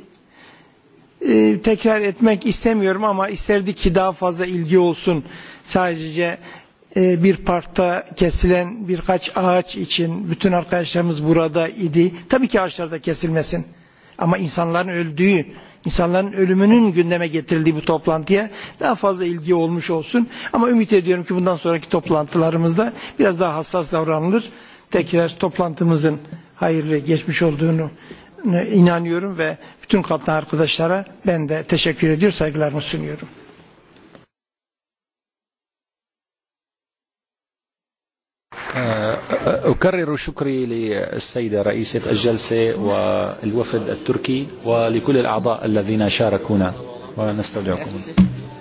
Ee, tekrar etmek istemiyorum ama isterdik ki daha fazla ilgi olsun. Sadece e, bir parkta kesilen birkaç ağaç için bütün arkadaşlarımız burada idi. Tabii ki ağaçlar da kesilmesin. Ama insanların öldüğü insanların ölümünün gündeme getirildiği bu toplantıya daha fazla ilgi olmuş olsun. Ama ümit ediyorum ki bundan sonraki toplantılarımızda biraz daha hassas davranılır. Tekrar toplantımızın hayırlı geçmiş olduğunu inanıyorum ve bütün katlı arkadaşlara ben de teşekkür ediyor, saygılarımı sunuyorum. أكرر شكري للسيدة رئيسة الجلسة والوفد التركي ولكل الأعضاء الذين شاركونا ونستودعكم